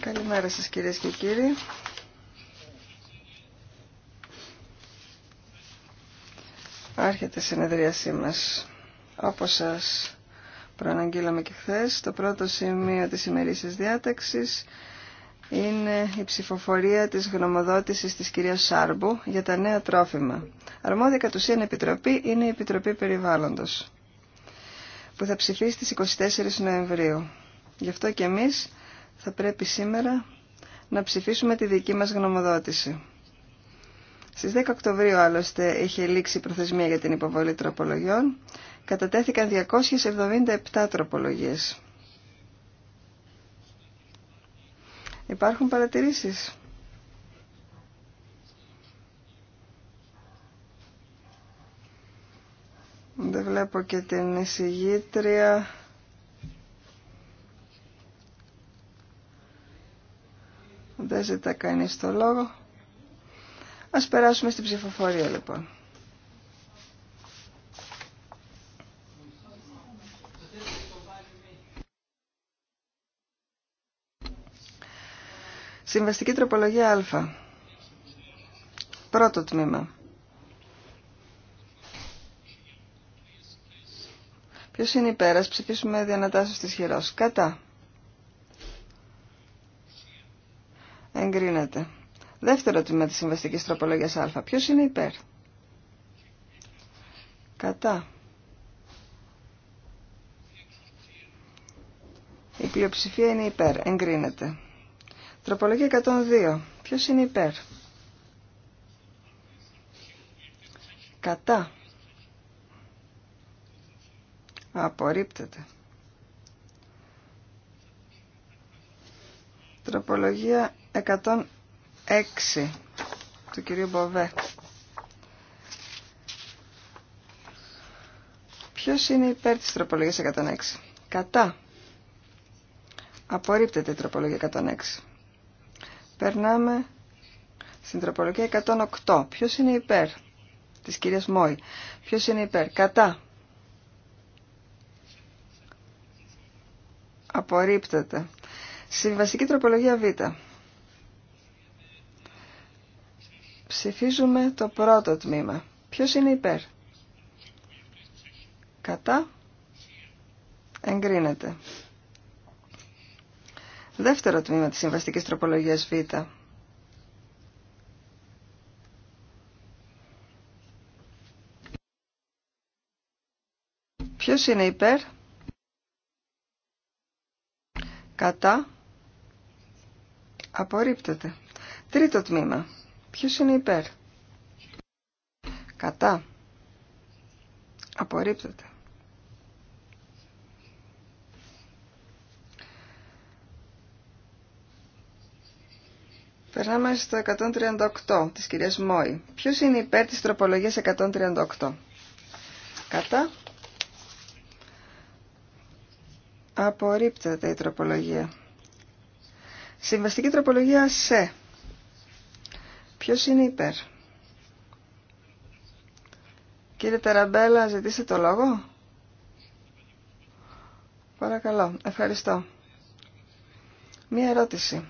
Καλημέρα σας κυρίες και κύριοι. Άρχεται η συνεδρίασή μας. Όπως σας προαναγγείλαμε και χθε, το πρώτο σημείο της ημερήσιας διάταξης είναι η ψηφοφορία της γνωμοδότησης της κυρίας Σάρμπου για τα νέα τρόφιμα. Αρμόδια κατ' ουσίαν επιτροπή είναι η Επιτροπή Περιβάλλοντος που θα ψηφίσει στις 24 Νοεμβρίου. Γι' αυτό και εμείς θα πρέπει σήμερα να ψηφίσουμε τη δική μας γνωμοδότηση. Στις 10 Οκτωβρίου άλλωστε είχε λήξει η προθεσμία για την υποβολή τροπολογιών. Κατατέθηκαν 277 τροπολογίες. Υπάρχουν παρατηρήσεις. Δεν βλέπω και την εισηγήτρια. Δεν ζητά κανείς το λόγο. Ας περάσουμε στην ψηφοφορία λοιπόν. Συμβαστική τροπολογία Α. Πρώτο τμήμα. Ποιος είναι υπέρας, ψηφίσουμε διανατάσεις της χειρός. Κατά. Εγκρίνεται. Δεύτερο τμήμα της συμβαστικής τροπολογίας α. Ποιος είναι υπέρ. Κατά. Η πλειοψηφία είναι υπέρ. Εγκρίνεται. Τροπολογία 102. Ποιος είναι υπέρ. Κατά. Απορρίπτεται. Τροπολογία 106 του κυρίου Μποβέ. Ποιος είναι υπέρ της τροπολογίας 106. Κατά. Απορρίπτεται η τροπολογία 106. Περνάμε στην τροπολογία 108. Ποιος είναι υπέρ της κυρίας Μόη. Ποιος είναι υπέρ. Κατά. Απορρίπτεται. Συμβασική τροπολογία Β. Ψηφίζουμε το πρώτο τμήμα. Ποιος είναι υπέρ. Κατά. Εγκρίνεται. Δεύτερο τμήμα της συμβαστικής τροπολογίας Β. Ποιος είναι υπέρ. Κατά. Απορρίπτεται. Τρίτο τμήμα. Ποιος είναι υπέρ. Κατά. Απορρίπτεται. Περνάμε στο 138 της κυρίας Μόη. Ποιος είναι υπέρ της τροπολογίας 138. Κατά. Απορρίπτεται η τροπολογία. Συμβαστική τροπολογία σε. Ποιος είναι υπέρ. Κύριε Ταραμπέλα, ζητήσετε το λόγο. Παρακαλώ, ευχαριστώ. Μία ερώτηση.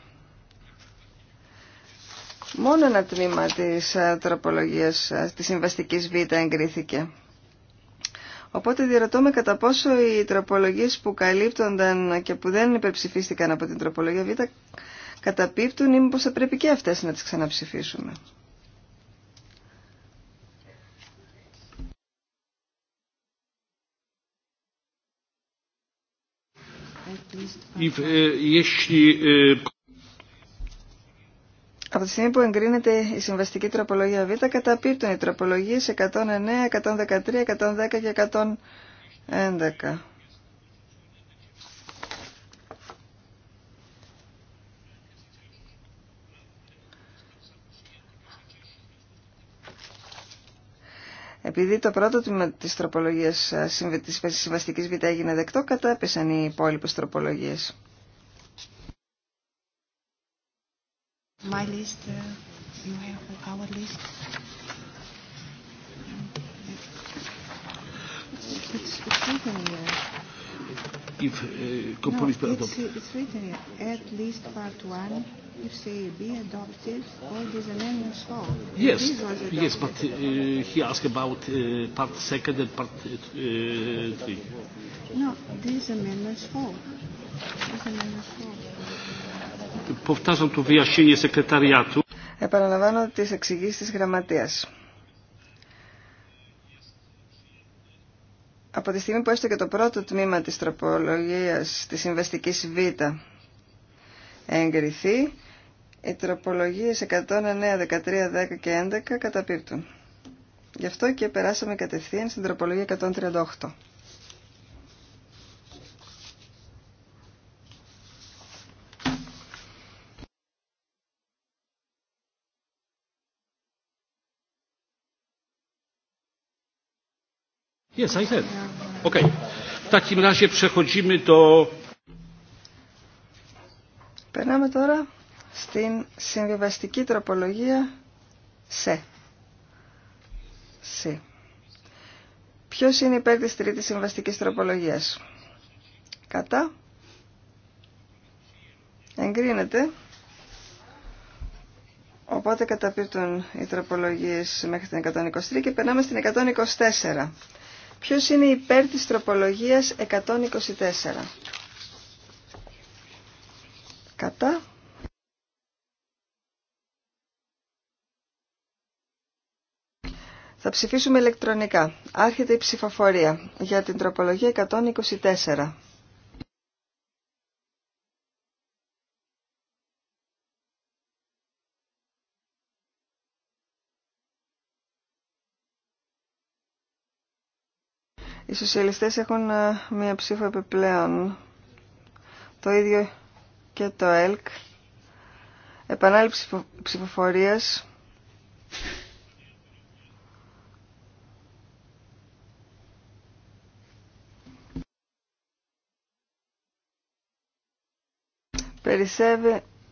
Μόνο ένα τμήμα της ε, τροπολογίας ε, της συμβαστικής Β εγκρίθηκε. Οπότε διαρωτούμε κατά πόσο οι τροπολογίες που καλύπτονταν και που δεν υπερψηφίστηκαν από την τροπολογία Β καταπίπτουν ή μήπως θα πρέπει και αυτές να τις ξαναψηφίσουμε. Uh, uh, Από τη στιγμή που εγκρίνεται η συμβαστική τροπολογία Β, καταπίπτουν οι τροπολογίες 109, 113, 110 και 111. Επειδή το πρώτο τμήμα της τροπολογίας ε, τη συμβαστικής β έγινε δεκτό, κατέπεσαν οι υπόλοιπε τροπολογίες if they be adopted, all these amendments fall. Yes, yes, but uh, he asked about uh, part second and part uh, three. No, these amendments fall. These amendments fall. Powtarzam το βιασύνη σεκρετάριάτου. Επαναλαμβάνω τις εξηγήσεις της γραμματείας. Από τη στιγμή που έστω και το πρώτο τμήμα της τροπολογίας της συμβαστικής Β εγκριθεί. Οι τροπολογίε 109, 13, 10 και 11 καταπίπτουν. Γι' αυτό και περάσαμε κατευθείαν στην τροπολογία 138. Yes, I said. Okay. W takim razie przechodzimy do Περνάμε τώρα στην συμβιβαστική τροπολογία σε. σε. Ποιος είναι υπέρ της τρίτης συμβαστικής τροπολογίας. Κατά. Εγκρίνεται. Οπότε καταπίπτουν οι τροπολογίες μέχρι την 123 και περνάμε στην 124. Ποιος είναι υπέρ της τροπολογίας 124. Θα ψηφίσουμε ηλεκτρονικά. Άρχεται η ψηφοφορία για την τροπολογία 124. Οι σοσιαλιστές έχουν ε, μία ψήφο επιπλέον. Το ίδιο και το ΕΛΚ επανάληψη ψηφοφορίας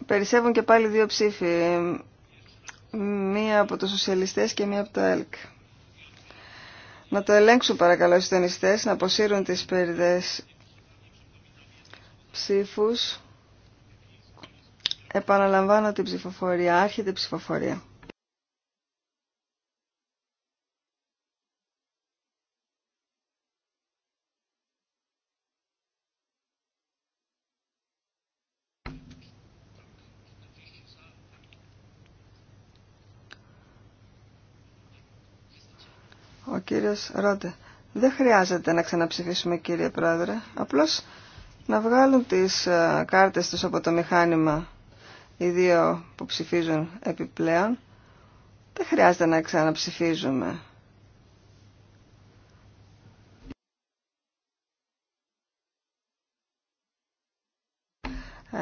Περισσεύουν και πάλι δύο ψήφοι, μία από τους σοσιαλιστές και μία από το ΕΛΚ. Να το ελέγξουν παρακαλώ οι συντονιστές, να αποσύρουν τις περιδές ψήφους. Επαναλαμβάνω την ψηφοφορία. Άρχεται ψηφοφορία. Ο κύριος Ρόντε. Δεν χρειάζεται να ξαναψηφίσουμε κύριε Πρόεδρε. Απλώς να βγάλουν τις ε, κάρτες τους από το μηχάνημα οι δύο που ψηφίζουν επιπλέον, δεν χρειάζεται να ξαναψηφίζουμε.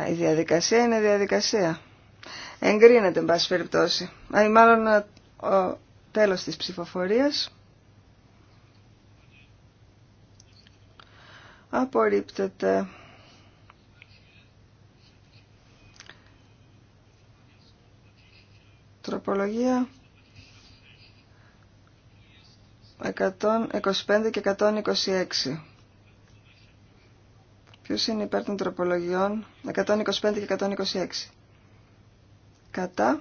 Η διαδικασία είναι διαδικασία. Εγκρίνεται, εν πάση περιπτώσει. Α, ή μάλλον ο τέλος της ψηφοφορίας. Απορρίπτεται. Τροπολογία 125 και 126. Ποιος είναι υπέρ των τροπολογιών 125 και 126. Κατά.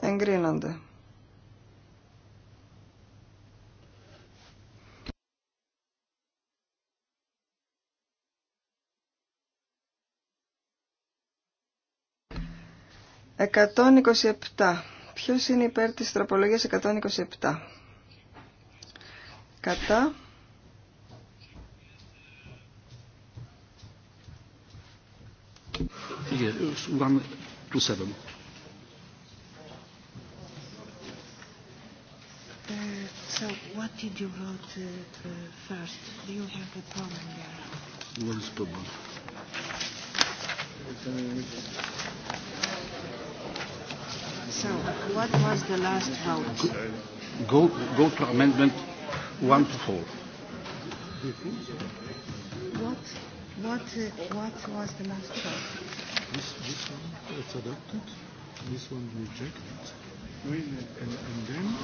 Εγκρίνονται. 127. Ποιος είναι υπέρ της τροπολογίας 127. Κατά. So what did you vote uh, first? Do you have a problem there? What is problem? So, what was the last vote? Go, go to amendment one to four. What, what, uh, what was the last vote? This, this one, it's adopted. This one rejected. And, and then,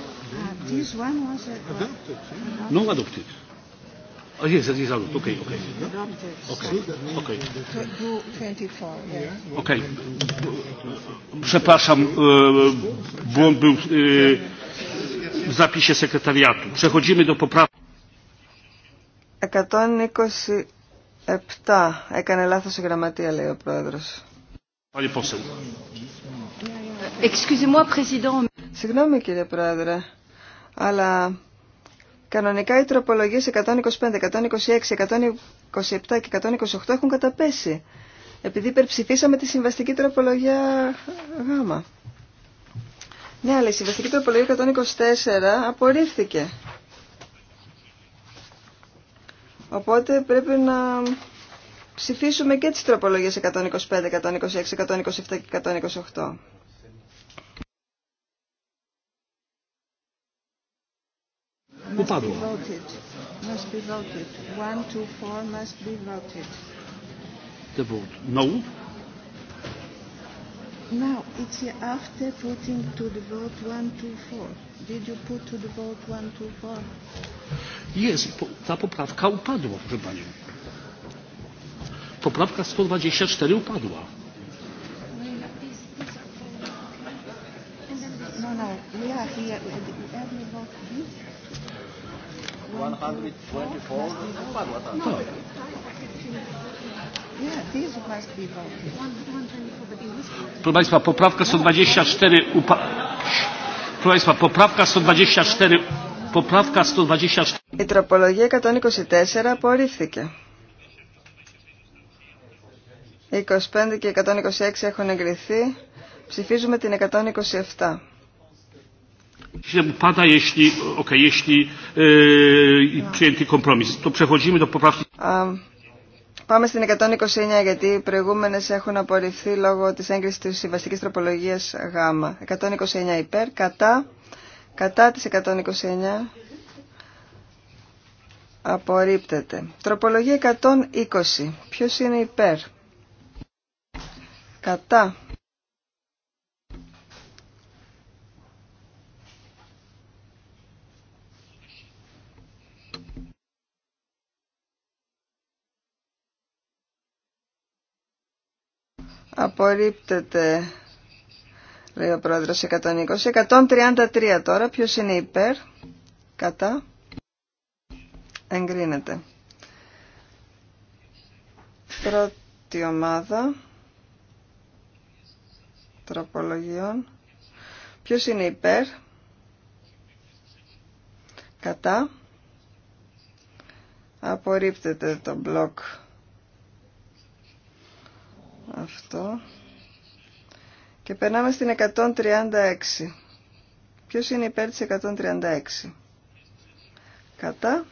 then this one was adopted. No, adopted. Oh, yes, these are good. Okay, okay. Okay, okay. Okay. Przepraszam, błąd był w zapisie sekretariatu. Przechodzimy do poprawki. 127. Έκανε λάθος η γραμματεία, λέει ο πρόεδρος. Πάλι πόσο. Συγγνώμη κύριε πρόεδρε, αλλά Κανονικά οι τροπολογίε 125, 126, 127 και 128 έχουν καταπέσει επειδή υπερψηφίσαμε τη συμβαστική τροπολογία Γ. Ναι, αλλά η συμβαστική τροπολογία 124 απορρίφθηκε. Οπότε πρέπει να ψηφίσουμε και τις τροπολογίες 125, 126, 127 και 128. Upadło. Must be voted. must be voted. The vote. No. Now it's after putting to the vote one, two, four. Did you put to the vote one, two, four? Jest. Ta poprawka upadła, proszę Pani. Poprawka 124 upadła. No, no. We are here. Every vote. 124. Proszę Państwa, poprawka 124 upa... Proszę Państwa, poprawka 124 poprawka 124 Η τροπολογία 124 απορρίφθηκε. 25 και 126 έχουν εγκριθεί. Ψηφίζουμε την 127. Um, πάμε στην 129 γιατί οι προηγούμενες έχουν απορριφθεί λόγω της έγκρισης της συμβαστικής τροπολογίας Γ. 129 υπέρ, κατά, κατά της 129 απορρίπτεται. Τροπολογία 120. Ποιος είναι υπέρ. Κατά. Απορρίπτεται, λέει ο πρόεδρος 120. 133 τώρα, ποιος είναι υπέρ, κατά, εγκρίνεται. Πρώτη ομάδα τροπολογιών. Ποιος είναι υπέρ, κατά, απορρίπτεται το μπλοκ αυτό. Και περνάμε στην 136. Ποιος είναι υπέρ της 136. Κατά.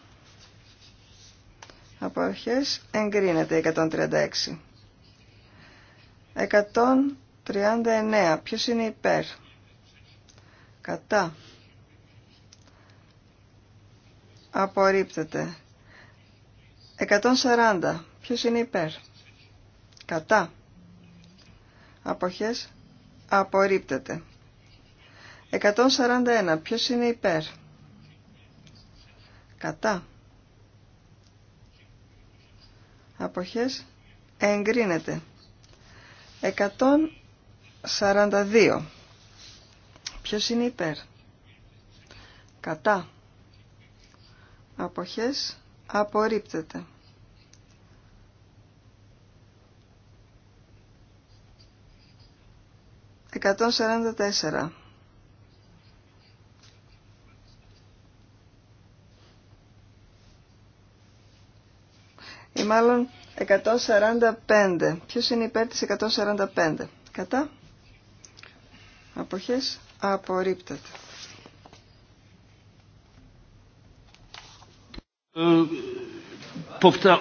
αρχές εγκρίνεται 136. 139. Ποιος είναι υπέρ. Κατά. Απορρίπτεται. 140. Ποιος είναι υπέρ. Κατά αποχές απορρίπτεται. 141. Ποιος είναι υπέρ. Κατά. Αποχές εγκρίνεται. 142. Ποιος είναι υπέρ. Κατά. Αποχές απορρίπτεται. 144. Ή μάλλον 145. Ποιος είναι υπέρ της 145. Κατά. Αποχές. Απορρίπτεται.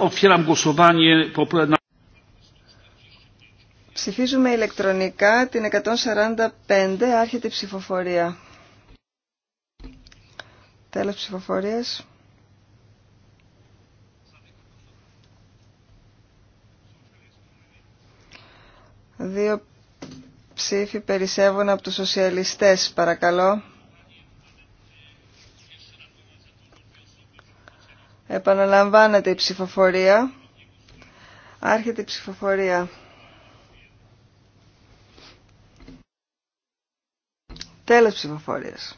Otwieram ε, głosowanie. Ψηφίζουμε ηλεκτρονικά την 145, άρχεται η ψηφοφορία. Τέλος ψηφοφορίας. Δύο ψήφοι περισσεύουν από τους σοσιαλιστές, παρακαλώ. Επαναλαμβάνεται η ψηφοφορία. Άρχεται η ψηφοφορία. Τέλος ψηφοφορίας.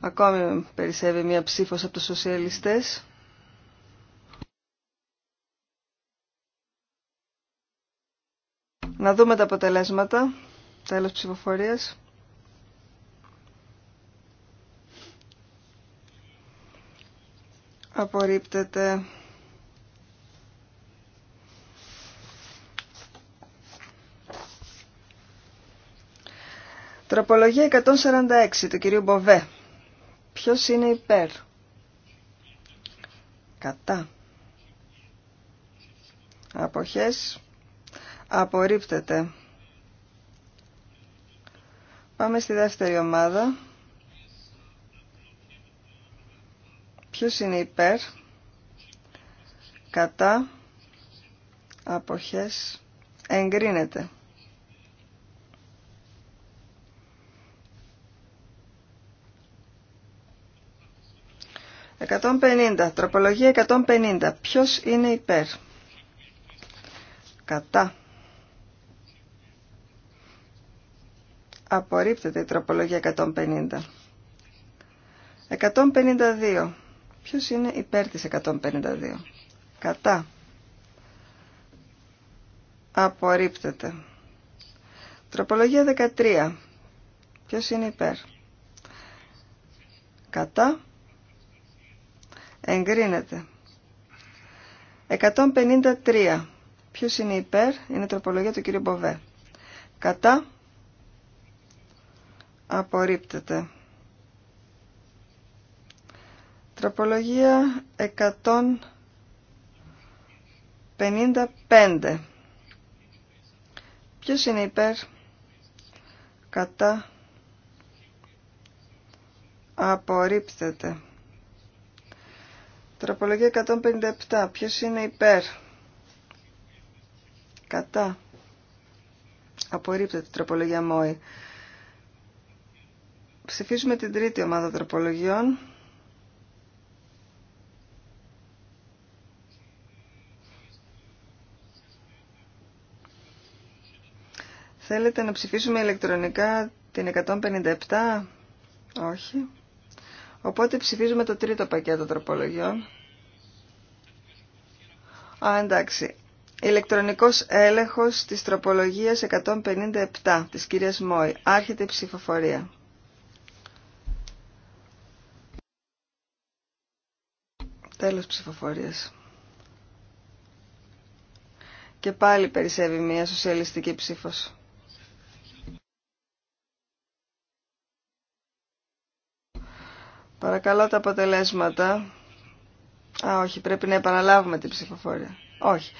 Ακόμη περισσεύει μία ψήφος από τους σοσιαλιστές. Να δούμε τα αποτελέσματα. Τέλος ψηφοφορίας. απορρίπτεται. Τροπολογία 146 του κυρίου Μποβέ. Ποιος είναι υπέρ. Κατά. Αποχές. Απορρίπτεται. Πάμε στη δεύτερη ομάδα. Ποιος είναι υπέρ, κατά, αποχές, εγκρίνεται. 150. τροπολογία 150. Ποιος είναι υπέρ. Κατά. Απορρίπτεται η τροπολογία 150. 152. Ποιος είναι υπέρ της 152. Κατά. Απορρίπτεται. Τροπολογία 13. Ποιος είναι υπέρ. Κατά. Εγκρίνεται. 153. Ποιος είναι υπέρ. Είναι τροπολογία του κ. Μποβέ. Κατά. Απορρίπτεται. Τροπολογία 155. Ποιος είναι υπέρ κατά απορρίπτεται. Τροπολογία 157. Ποιος είναι υπέρ κατά απορρίπτεται τροπολογία ΜΟΗ. Ψηφίσουμε την τρίτη ομάδα τροπολογιών. Θέλετε να ψηφίσουμε ηλεκτρονικά την 157? Όχι. Οπότε ψηφίζουμε το τρίτο πακέτο τροπολογιών. Α, εντάξει. Ηλεκτρονικός έλεγχος της τροπολογίας 157 της κυρίας Μόη. Άρχεται η ψηφοφορία. Τέλος ψηφοφορίας. Και πάλι περισσεύει μια σοσιαλιστική ψήφος. Παρακαλώ τα αποτελέσματα. Α, όχι, πρέπει να επαναλάβουμε την ψηφοφορία. Όχι.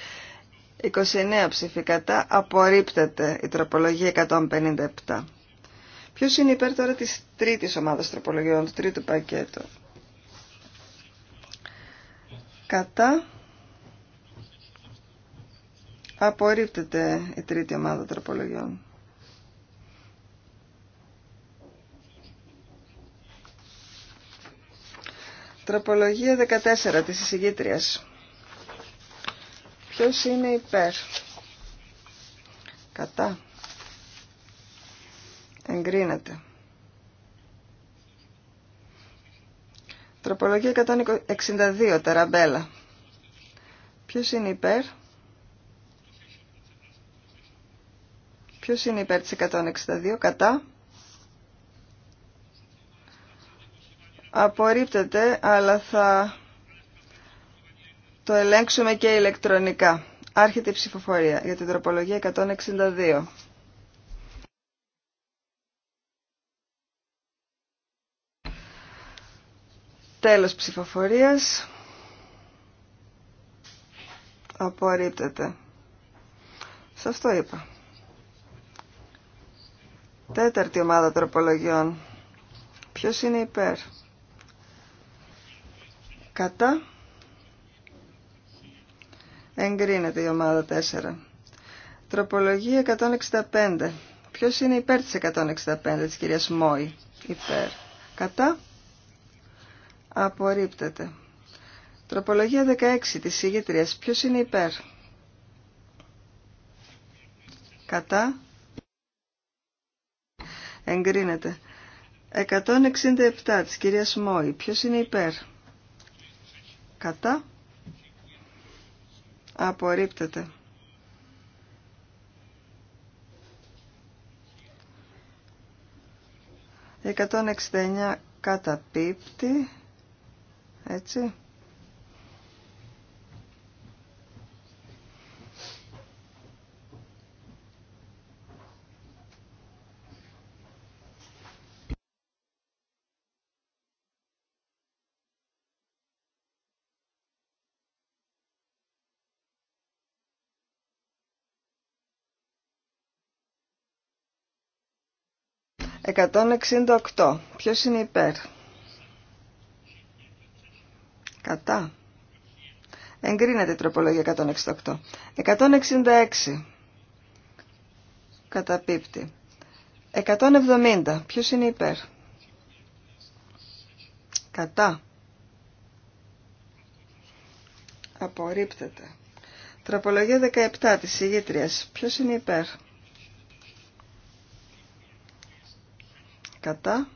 29 ψηφίκατα απορρίπτεται η τροπολογία 157. Ποιος είναι υπέρ τώρα της τρίτης ομάδας τροπολογιών, του τρίτου πακέτου. Κατά απορρίπτεται η τρίτη ομάδα τροπολογιών. Τροπολογία 14 της εισηγήτριας. Ποιος είναι υπέρ. Κατά. Εγκρίνεται. Τροπολογία 162, ταραμπέλα. Ποιος είναι υπέρ. Ποιος είναι υπέρ της 162, κατά. Απορρίπτεται, αλλά θα το ελέγξουμε και ηλεκτρονικά. Άρχεται η ψηφοφορία για την τροπολογία 162. Τέλος ψηφοφορίας. Απορρίπτεται. Σε αυτό είπα. Τέταρτη ομάδα τροπολογιών. Ποιος είναι υπέρ. Κατά. Εγκρίνεται η ομάδα 4. Τροπολογία 165. Ποιος είναι υπέρ της 165 της κυρίας Μόη. Υπέρ. Κατά. Απορρίπτεται. Τροπολογία 16 της ηγετρίας. Ποιος είναι υπέρ. Κατά. Εγκρίνεται. 167 της κυρίας Μόη. Ποιος είναι υπέρ. Κατά. Απορρίπτεται. 169 καταπίπτει. Έτσι. 168. Ποιος είναι υπέρ. Κατά. Εγκρίνεται η τροπολογία 168. 166. Καταπίπτει. 170. Ποιος είναι υπέρ. Κατά. Απορρίπτεται. Τροπολογία 17 της ηγήτριας. Ποιος είναι υπέρ. Κατά.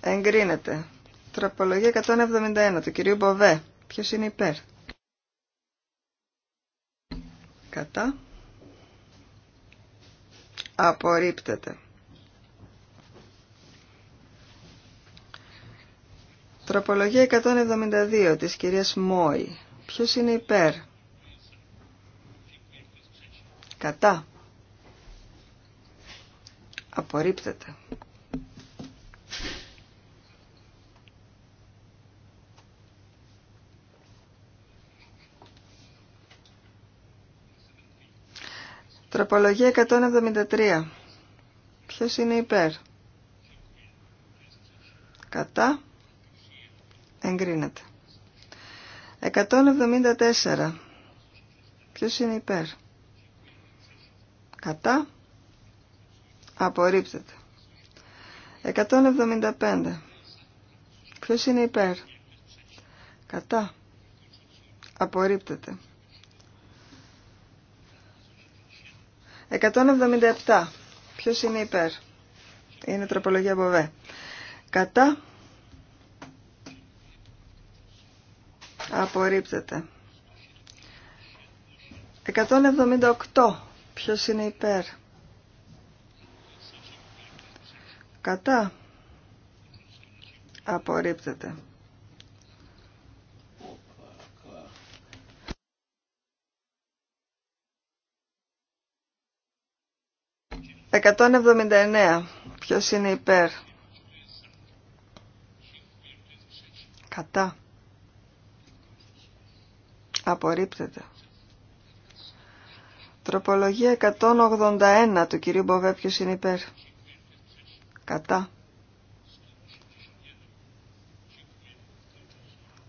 Εγκρίνεται. Τροπολογία 171 του κυρίου Μποβέ. Ποιος είναι υπέρ. Κατά. Απορρίπτεται. Τροπολογία 172 της κυρίας Μόη. Ποιος είναι υπέρ. Κατά. Απορρίπτεται. Τροπολογία 173. Ποιος είναι υπέρ. Κατά. Εγκρίνεται. 174. Ποιος είναι υπέρ. Κατά. Απορρίπτεται. 175. Ποιος είναι υπέρ. Κατά. Απορρίπτεται. 177. Ποιος είναι υπέρ. Είναι τροπολογία Μποβέ. Κατά. Απορρίπτεται. 178. Ποιος είναι υπέρ. Κατά. Απορρίπτεται. 179. Ποιος είναι υπέρ. Κατά. Απορρίπτεται. Τροπολογία 181 του κυρίου Μποβέ. Ποιος είναι υπέρ. Κατά.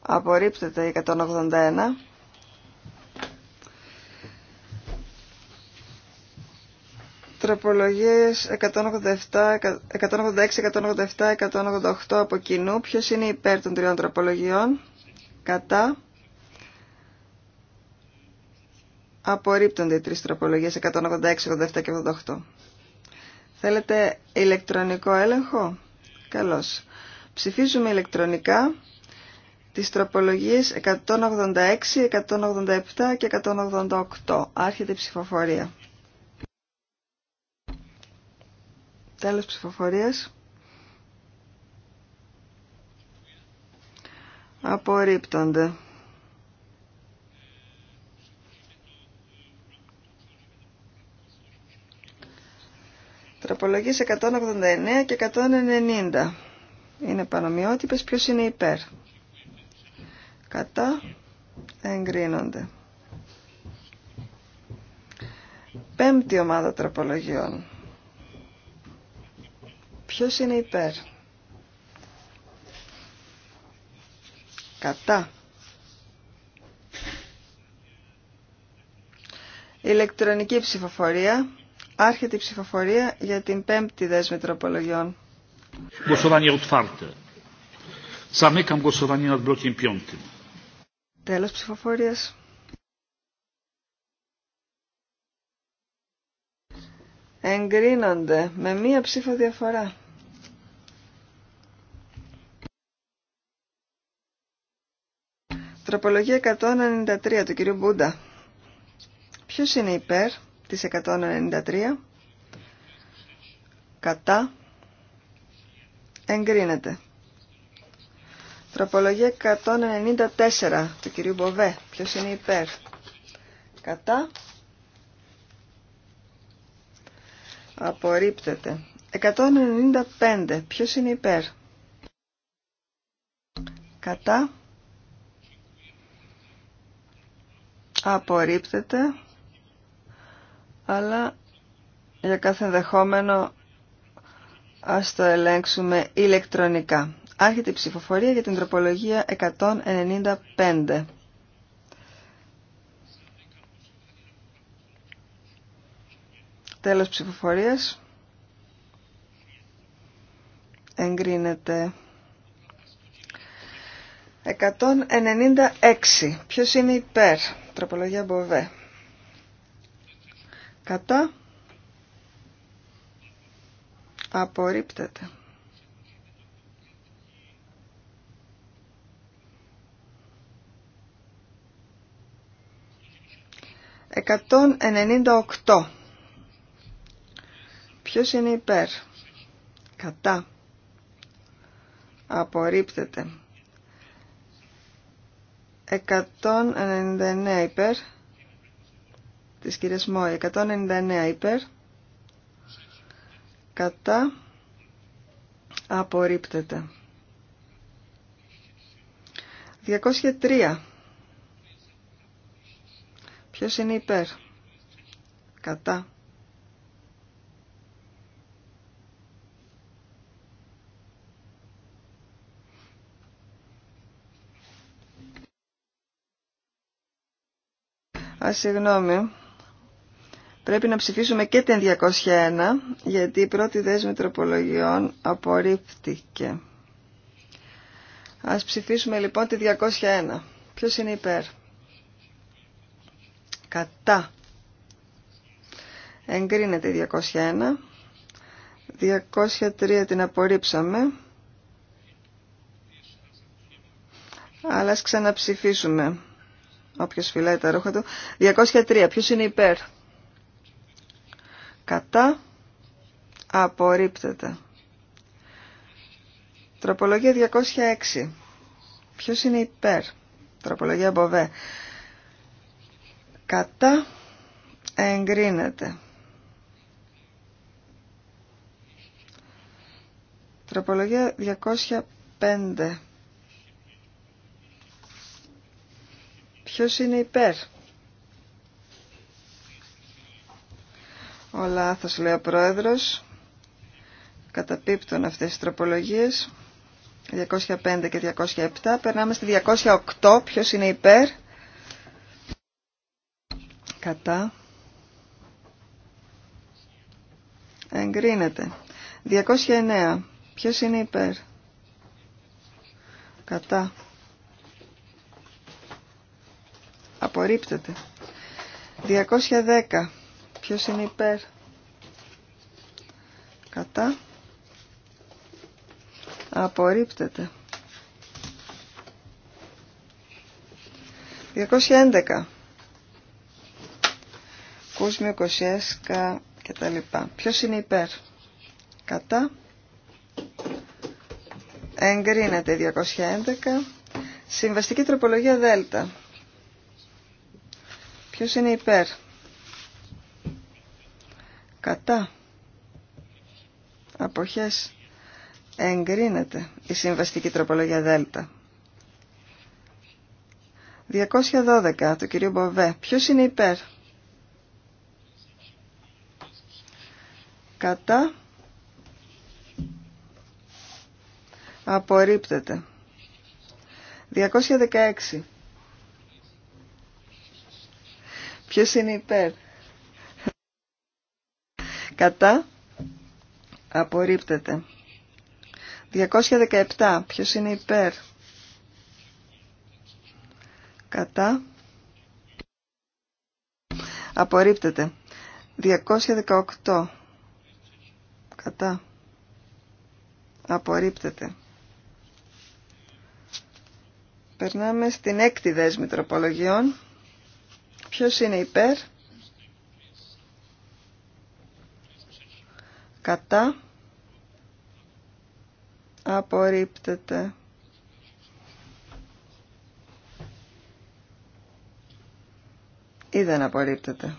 Απορρίπτεται η 181. Τροπολογίες 186, 187, 188 από κοινού. Ποιος είναι υπέρ των τριών τροπολογιών. Κατά. Απορρίπτονται οι τρεις τροπολογίες 186, 187 και 88. Θέλετε ηλεκτρονικό έλεγχο. Καλώς. Ψηφίζουμε ηλεκτρονικά τις τροπολογίες 186, 187 και 188. Άρχεται η ψηφοφορία. Τέλος ψηφοφορίας. Απορρίπτονται. Τροπολογίε 189 και 190. Είναι πανομοιότυπες. Ποιος είναι υπέρ. Κατά. Εγκρίνονται. Πέμπτη ομάδα τροπολογιών. Ποιος είναι υπέρ. Κατά. Ηλεκτρονική ψηφοφορία Άρχεται η ψηφοφορία για την πέμπτη δέσμη τροπολογιών. Τέλος ψηφοφορίας. Εγκρίνονται με μία ψήφο διαφορά. Τροπολογία 193 του κυρίου Μπούντα. Ποιος είναι υπέρ? της 193 κατά εγκρίνεται. Τροπολογία 194 του κυρίου Μποβέ. Ποιος είναι υπέρ. Κατά. Απορρίπτεται. 195. Ποιος είναι υπέρ. Κατά. Απορρίπτεται αλλά για κάθε ενδεχόμενο ας το ελέγξουμε ηλεκτρονικά. Άρχεται η ψηφοφορία για την τροπολογία 195. Τέλος ψηφοφορίας. Εγκρίνεται. 196. Ποιος είναι υπέρ. Τροπολογία Μποβέ. Κατά. Απορρίπτεται. Εκατόν ενενήντα οκτώ. Ποιος είναι υπέρ. Κατά. Απορρίπτεται. Εκατόν ενενήντα εννέα υπέρ της κυρίας Μόη. 199 υπέρ. Κατά. Απορρίπτεται. 203. Ποιος είναι υπέρ. Κατά. Α, συγγνώμη. Πρέπει να ψηφίσουμε και την 201, γιατί η πρώτη δέσμη τροπολογιών απορρίφθηκε. Ας ψηφίσουμε λοιπόν τη 201. Ποιος είναι υπέρ. Κατά. Εγκρίνεται η 201. 203 την απορρίψαμε. Αλλά ας ξαναψηφίσουμε. Όποιος φυλάει τα ρούχα του. 203. Ποιος είναι υπέρ. Κατά. Απορρίπτεται. Τροπολογία 206. Ποιος είναι υπέρ. Τροπολογία Μποβέ. Κατά. Εγκρίνεται. Τροπολογία 205. Ποιος είναι υπέρ. Ο λάθος λέει ο πρόεδρος. Καταπίπτουν αυτές τις τροπολογίες. 205 και 207. Περνάμε στη 208. Ποιος είναι υπέρ. Κατά. Εγκρίνεται. 209. Ποιος είναι υπέρ. Κατά. Απορρίπτεται. 210. Ποιος είναι υπέρ. Κατά. Απορρίπτεται. 211. Κούσμιο, Κοσιέσκα και τα λοιπά. Ποιος είναι υπέρ. Κατά. Εγκρίνεται 211. Συμβαστική τροπολογία Δέλτα. Ποιος είναι υπέρ κατά αποχές εγκρίνεται η συμβαστική τροπολογία Δέλτα. 212 Το κυρίου Μποβέ. Ποιος είναι υπέρ. Κατά. Απορρίπτεται. 216. Ποιος είναι υπέρ. Κατά. Απορρίπτεται. 217. Ποιος είναι υπέρ. Κατά. Απορρίπτεται. 218. Κατά. Απορρίπτεται. Περνάμε στην έκτη δέσμη τροπολογιών. Ποιος είναι υπέρ. κατά απορρίπτεται. Ή δεν απορρίπτεται.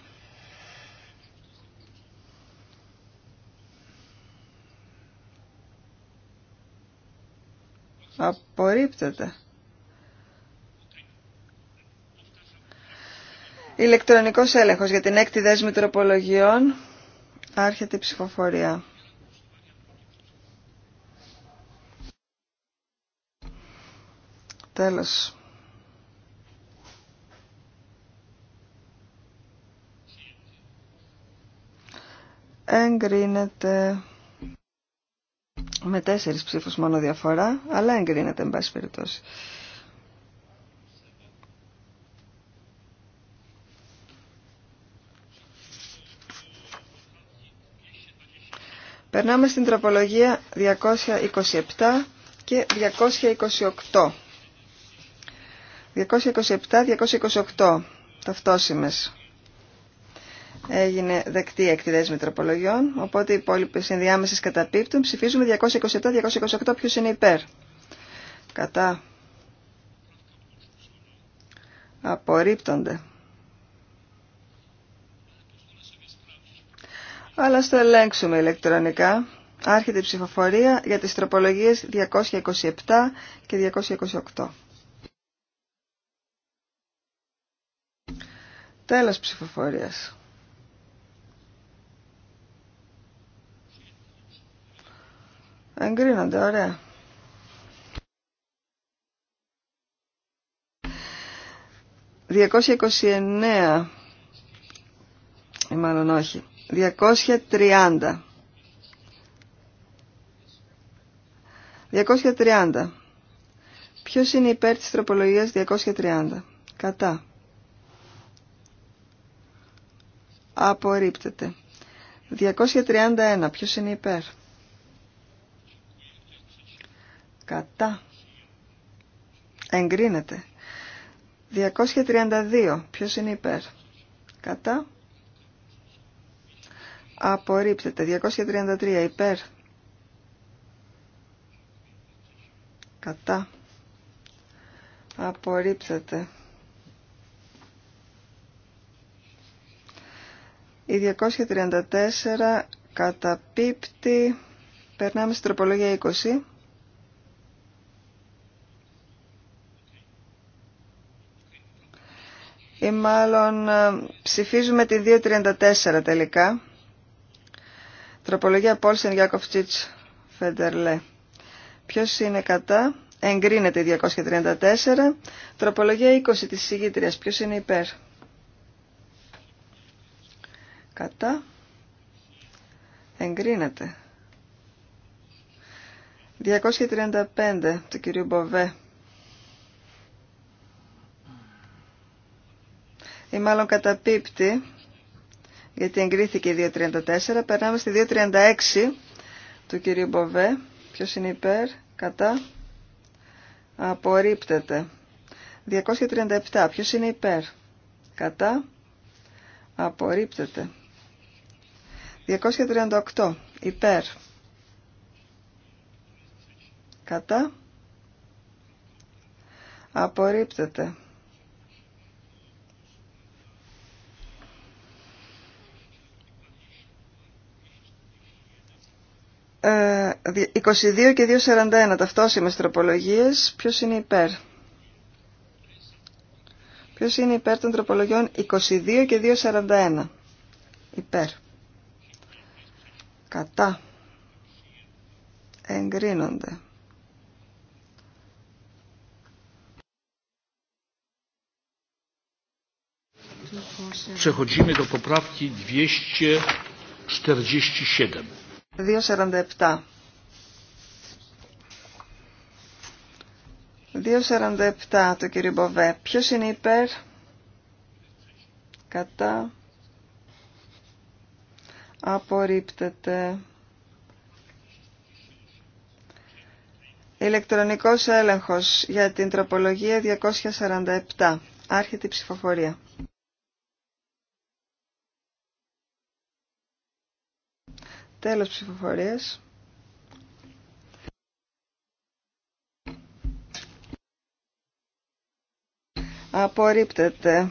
Απορρίπτεται. Ηλεκτρονικός έλεγχος για την έκτη δέσμη τροπολογιών. Άρχεται η ψηφοφορία. Τέλος. Εγκρίνεται με τέσσερις ψήφους μόνο διαφορά, αλλά εγκρίνεται με πάση περιπτώσει. Περνάμε στην τροπολογία 227 και 228. 227-228 ταυτόσημες έγινε δεκτή εκτιδέσμη τροπολογιών, οπότε οι υπόλοιπε ενδιάμεσε καταπίπτουν. Ψηφίζουμε 227-228. Ποιο είναι υπέρ. Κατά. Απορρίπτονται. Αλλά στο ελέγξουμε ηλεκτρονικά. Άρχεται η ψηφοφορία για τις τροπολογίες 227 και 228. Τέλος ψηφοφορίας. Εγκρίνονται, ωραία. «229» ή μάλλον όχι. 230. 230. Ποιος είναι υπέρ της τροπολογίας 230. Κατά. Απορρίπτεται. 231. Ποιος είναι υπέρ. Κατά. Εγκρίνεται. 232. Ποιος είναι υπέρ. Κατά. Απορρίπτεται. 233 υπέρ. Κατά. Απορρίπτεται. Η 234 καταπίπτει. Περνάμε στην τροπολογία 20. Ή μάλλον ε, ψηφίζουμε τη 234 τελικά. Τροπολογία Πόλσεν Γιάκοφτσιτς Φεντερλέ. Ποιος είναι κατά. Εγκρίνεται 234. Τροπολογία 20 της συγκήτριας. Ποιος είναι υπέρ. Κατά. Εγκρίνεται. 235 του κυρίου Μποβέ. Ή μάλλον καταπίπτει γιατί εγκρίθηκε η 2.34. Περνάμε στη 2.36 του κυρίου Μποβέ. Ποιο είναι υπέρ, κατά, απορρίπτεται. 237. Ποιο είναι υπέρ, κατά, απορρίπτεται. 238. Υπέρ. Κατά. Απορρίπτεται. 22 ε, και 241 ταυτόσιμες τροπολογίες. Ποιος είναι υπέρ. Ποιος είναι υπέρ των τροπολογιών 22 και 241. Υπέρ. Κατά. Εγκρίνονται. Przechodzimy do poprawki 247. 2.47 2.47 το κύριο Μποβέ. Ποιος είναι υπέρ, κατά, απορρίπτεται. Ηλεκτρονικός έλεγχος για την τροπολογία 247. Άρχεται η ψηφοφορία. Τέλος ψηφοφορίας. Απορρίπτεται.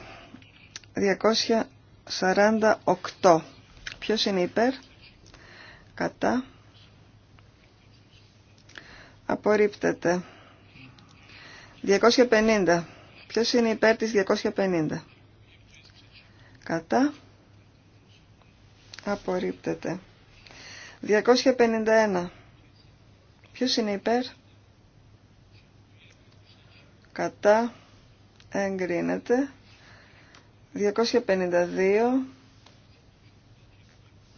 248. Ποιος είναι υπέρ. Κατά. Απορρίπτεται. 250. Ποιος είναι υπέρ της 250. Κατά. Απορρίπτεται. 251. Ποιος είναι υπέρ? Κατά. Εγκρίνεται. 252.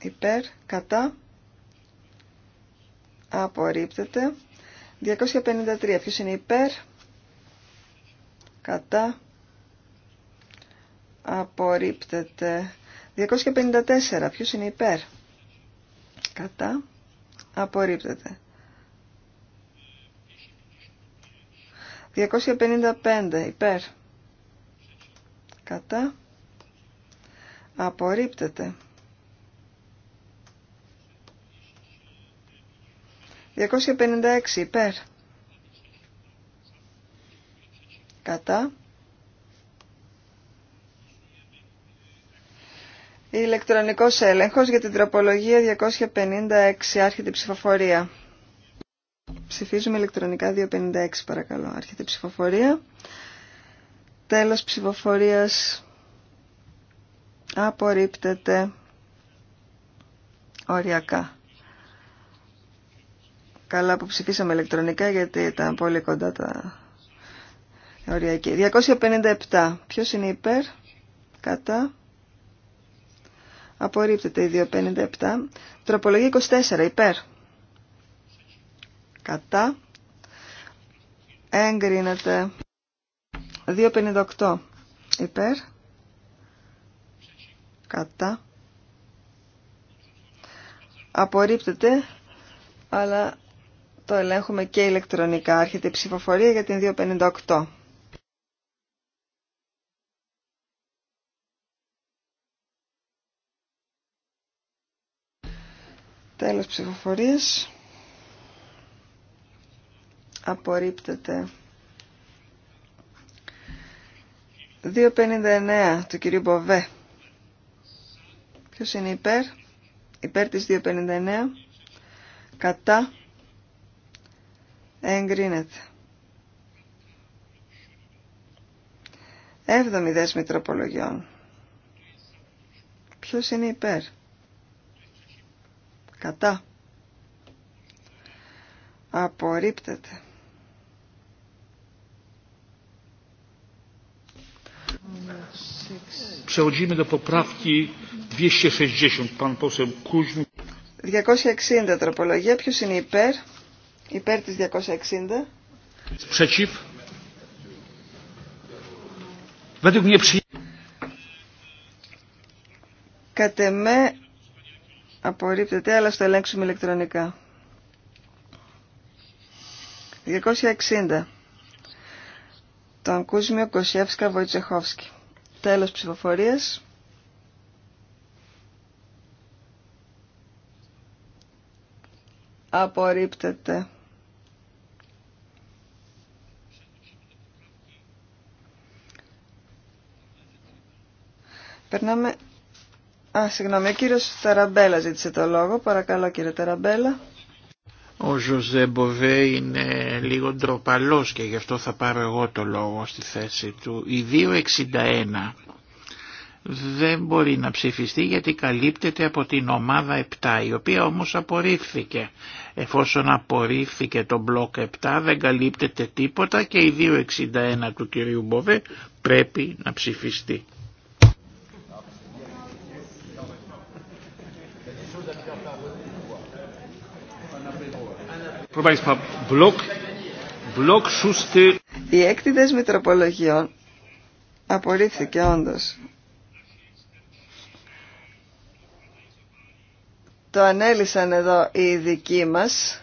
Υπέρ. Κατά. Απορρίπτεται. 253. Ποιος είναι υπέρ? Κατά. Απορρίπτεται. 254. Ποιος είναι υπέρ? Κατά. Απορρίπτεται. 255 υπέρ. Κατά. Απορρίπτεται. 256 υπέρ. Κατά. Ηλεκτρονικός έλεγχος για την τροπολογία 256. Άρχεται η ψηφοφορία. Ψηφίζουμε ηλεκτρονικά 256 παρακαλώ. Άρχεται η ψηφοφορία. Τέλος ψηφοφορίας απορρίπτεται οριακά. Καλά που ψηφίσαμε ηλεκτρονικά γιατί ήταν πολύ κοντά τα οριακή. 257. Ποιος είναι υπέρ, κατά, Απορρίπτεται η 257. Τροπολογή 24. Υπέρ. Κατά. Εγκρίνεται. 258. Υπέρ. Κατά. Απορρίπτεται. Αλλά το ελέγχουμε και ηλεκτρονικά. Άρχεται η ψηφοφορία για την 258. Τέλος ψηφοφορίας. Απορρίπτεται. 2.59 του κυρίου Μποβέ. Ποιος είναι υπέρ. Υπέρ της 2.59. Κατά. Εγκρίνεται. Έβδομη δέσμη τροπολογιών. Ποιος είναι υπέρ κατά απορρίπτεται. Przechodzimy do poprawki 260. Pan poseł Kuźmi. 260 tropologia, Ποιος είναι υπέρ? Υπέρ της 260. Sprzeciw. Według mnie przyjęto. Κατ' εμέ Απορρίπτεται, αλλά στο ελέγξουμε ηλεκτρονικά. 260. Το Κούσμιο Κοσιεύσκα Βοητσεχόφσκι. Τέλος ψηφοφορίας. Απορρίπτεται. Περνάμε Α, συγγνώμη, ο κύριος Ταραμπέλα ζήτησε το λόγο. Παρακαλώ κύριε Ταραμπέλα. Ο Ζωζέ Μποβέ είναι λίγο ντροπαλό και γι' αυτό θα πάρω εγώ το λόγο στη θέση του. Η 261 δεν μπορεί να ψηφιστεί γιατί καλύπτεται από την ομάδα 7 η οποία όμως απορρίφθηκε. Εφόσον απορρίφθηκε το μπλοκ 7 δεν καλύπτεται τίποτα και η 261 του κυρίου Μποβέ πρέπει να ψηφιστεί. Η έκτη δέσμη τροπολογιών απορρίφθηκε όντω. Το ανέλησαν εδώ οι ειδικοί μας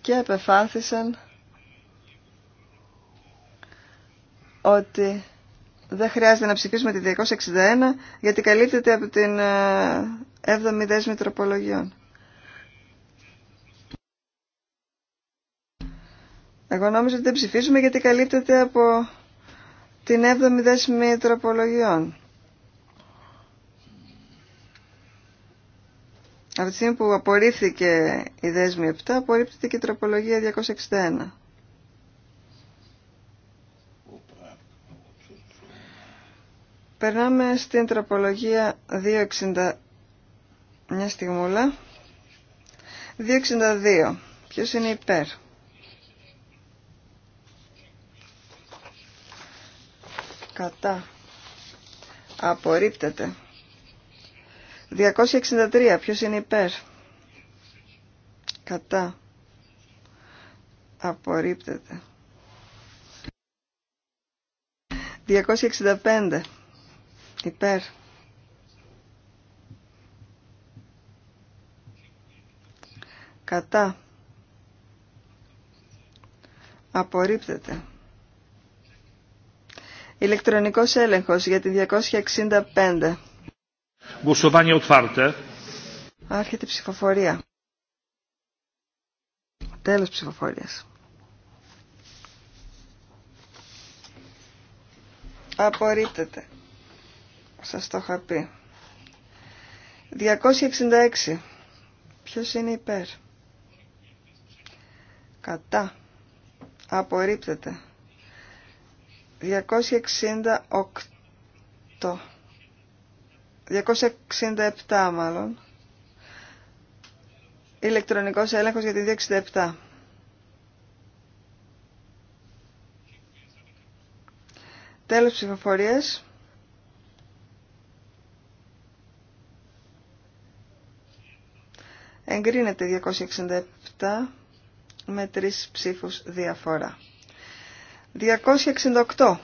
και επεφάνθησαν ότι δεν χρειάζεται να ψηφίσουμε τη 261 γιατί καλύπτεται από την 7η ε, δέσμη Εγώ νόμιζα ότι δεν ψηφίζουμε γιατί καλύπτεται από την 7η δέσμη τροπολογιών. Από τη στιγμή που απορρίφθηκε η δέσμη 7, η δεσμη τροπολογιων απο τη στιγμη που απορριφθηκε η δεσμη 7 απορρίφθηκε και η τροπολογία 261. Περνάμε στην τροπολογία 260. Μια στιγμούλα. 262. Ποιος είναι υπέρ. Κατά. Απορρίπτεται. 263. Ποιος είναι υπέρ. Κατά. Απορρίπτεται. 265. Υπέρ. Κατά. Απορρίπτεται. Ηλεκτρονικός έλεγχος για τη 265. Άρχεται η ψηφοφορία. Τέλος ψηφοφορίας. Απορρίπτεται. Σας το είχα πει. 266. Ποιος είναι υπέρ. Κατά. Απορρίπτεται. 268. 267 μάλλον. Ηλεκτρονικός έλεγχος για τη 267. Τέλος ψηφοφορίας. Εγκρίνεται 267 με τρεις ψήφους διαφορά. 268.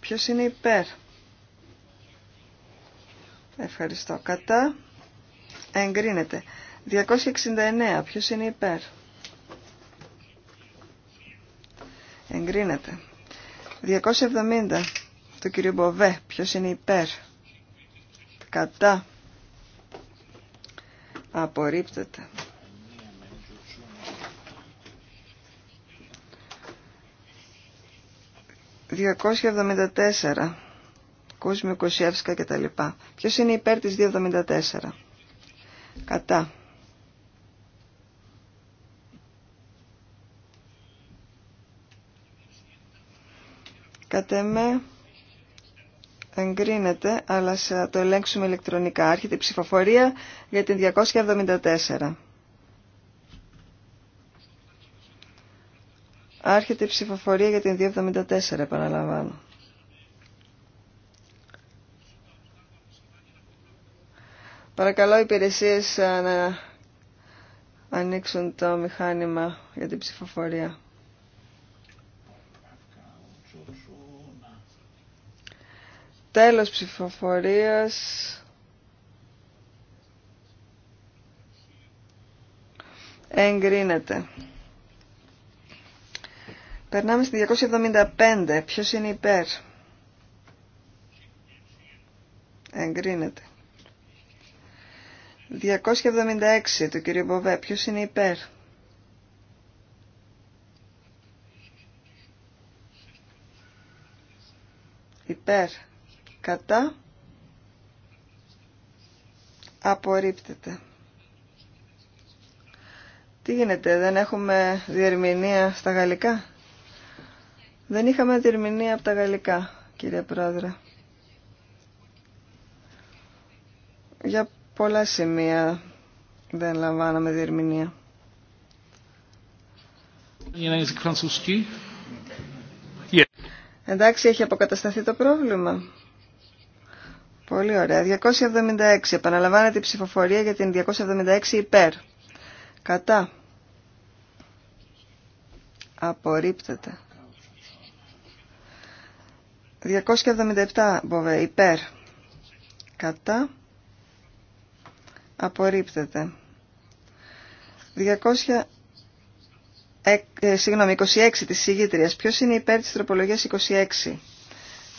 Ποιος είναι υπέρ. Ευχαριστώ. Κατά. Εγκρίνεται. 269. Ποιος είναι υπέρ. Εγκρίνεται. 270. Το κύριο Μποβέ. Ποιος είναι υπέρ. Κατά. Απορρίπτεται. 274. Κόσμιο Κουσιεύσκα κτλ. Ποιος είναι υπέρ τη 274. Κατά. Κατεμέ. εμέ εγκρίνεται, αλλά θα το ελέγξουμε ηλεκτρονικά. Άρχεται η ψηφοφορία για την 274. Άρχεται η ψηφοφορία για την 274, επαναλαμβάνω. Παρακαλώ οι υπηρεσίες να ανοίξουν το μηχάνημα για την ψηφοφορία. Τέλος ψηφοφορίας. Εγκρίνεται. Περνάμε στη 275. Ποιος είναι υπέρ. Εγκρίνεται. 276 του κύριου Μποβέ. Ποιος είναι υπέρ. Υπέρ. Κατά. Απορρίπτεται. Τι γίνεται, δεν έχουμε διερμηνία στα γαλλικά. Δεν είχαμε διερμηνία από τα γαλλικά, κύριε Πρόεδρε. Για πολλά σημεία δεν λαμβάναμε διερμηνία. Εντάξει, έχει αποκατασταθεί το πρόβλημα. Πολύ ωραία. 276. Επαναλαμβάνεται η ψηφοφορία για την 276 υπέρ. Κατά. Απορρίπτεται. 277 μποβέ υπέρ κατά απορρίπτεται. 200, 26 ε, ε, της ηγήτριας. Ποιος είναι υπέρ της τροπολογίας 26.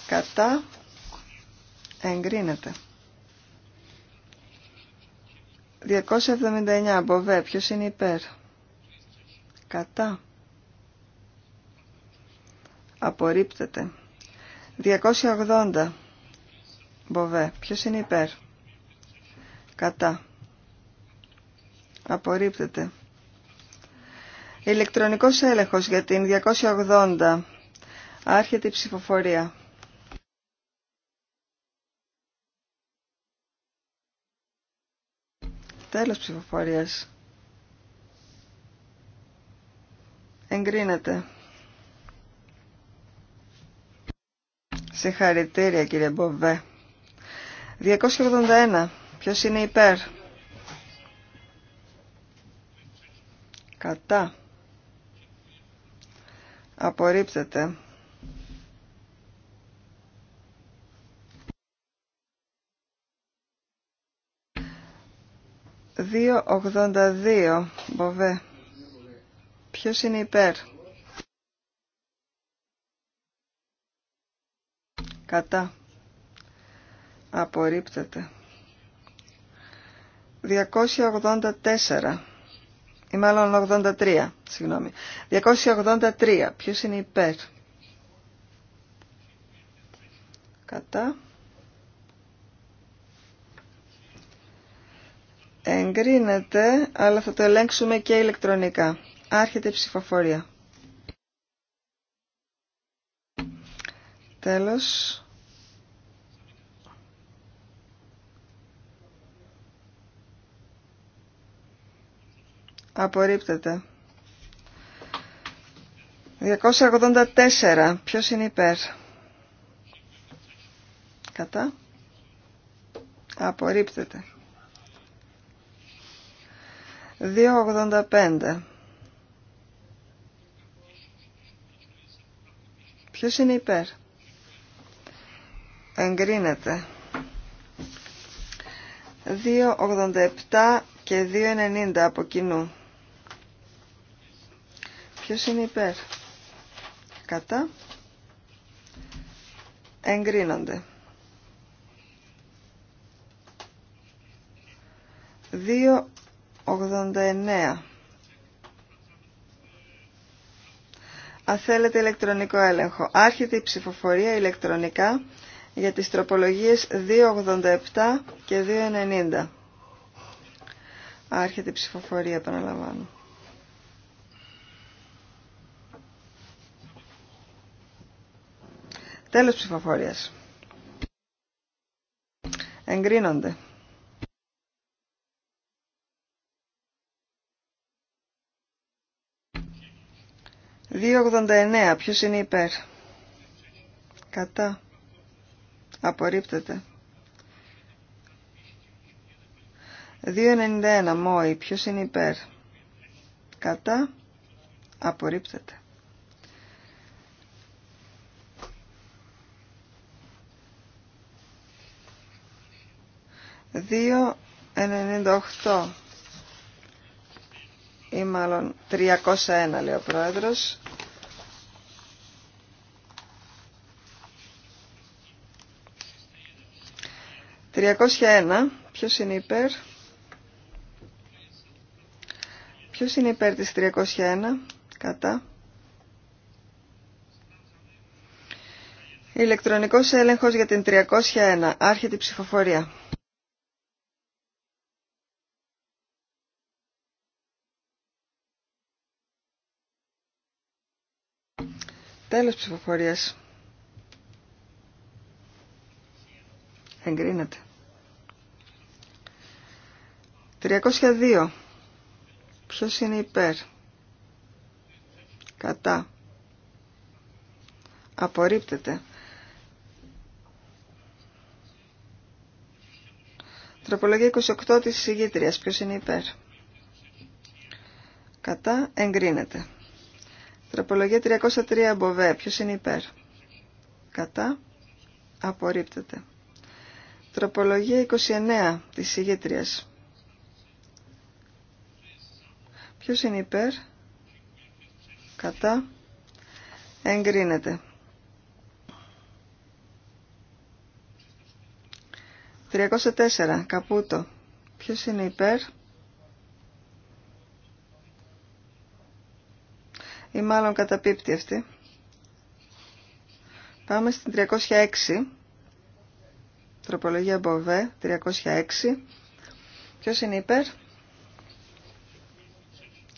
Κατά εγκρίνεται. 279 μποβέ. Ποιος είναι υπέρ. Κατά απορρίπτεται. 280. Μποβέ. Ποιος είναι υπέρ. Κατά. Απορρίπτεται. Ηλεκτρονικός έλεγχος για την 280. Άρχεται η ψηφοφορία. Τέλος ψηφοφορίας. Εγκρίνεται. Συγχαρητήρια κύριε Μποβέ. 281. Ποιος είναι υπέρ. Κατά. Απορρίπτεται. 282. ογδόντα Μποβέ. Ποιος είναι υπέρ. κατά απορρίπτεται 284 ή μάλλον 83 συγγνώμη 283 ποιος είναι υπέρ κατά εγκρίνεται αλλά θα το ελέγξουμε και ηλεκτρονικά άρχεται η ψηφοφορία τέλος Απορρίπτεται. 284. Ποιος είναι υπέρ. Κατά. Απορρίπτεται. 285. Ποιος είναι υπέρ. Εγκρίνεται. 287 και 290 από κοινού. Ποιος είναι υπέρ. Κατά. Εγκρίνονται. 2.89 Αν θέλετε ηλεκτρονικό έλεγχο, άρχεται η ψηφοφορία ηλεκτρονικά για τις τροπολογίες 2.87 και 2.90. Άρχεται η ψηφοφορία, επαναλαμβάνω. Τέλος ψηφοφορίας. Εγκρίνονται. Δύο ποιος είναι υπέρ. Κατά. Απορρίπτεται. 2.91 μόη. Ποιος είναι υπέρ. Κατά. Απορρίπτεται. 2.98 ή μάλλον 301 λέει ο πρόεδρος. «301. Ποιος είναι υπέρ» Ποιος είναι της 301 κατά Ηλεκτρονικός έλεγχος για την 301 Άρχεται η ψηφοφορία Τέλος ψηφοφορίας. Εγκρίνεται. 302. Ποιος είναι υπέρ. Κατά. Απορρίπτεται. Τροπολογία 28 της συγγήτριας. Ποιος είναι υπέρ. Κατά εγκρίνεται. Τροπολογία 303 Μποβέ. Ποιο είναι υπέρ. Κατά. Απορρίπτεται. Τροπολογία 29 της ηγετρίας. Ποιος είναι υπέρ. Κατά. Εγκρίνεται. 304. Καπούτο. Ποιος είναι υπέρ. ή μάλλον καταπίπτει αυτή. Πάμε στην 306, τροπολογία Μποβέ, 306. Ποιος είναι υπέρ,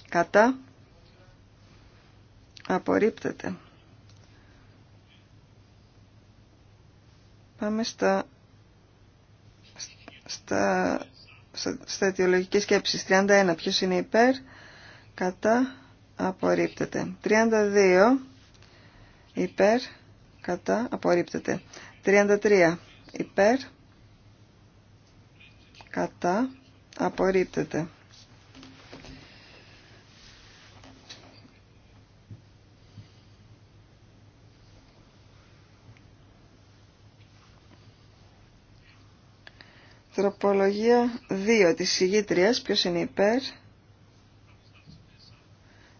κατά, απορρίπτεται. Πάμε στα, στα, στα, σκέψη. 31. Ποιος είναι υπέρ, κατά, απορρίπτεται. 32 υπέρ, κατά, απορρίπτεται. 33 υπέρ, κατά, απορρίπτεται. Τροπολογία 2 της ηγήτριας, ποιος είναι υπέρ,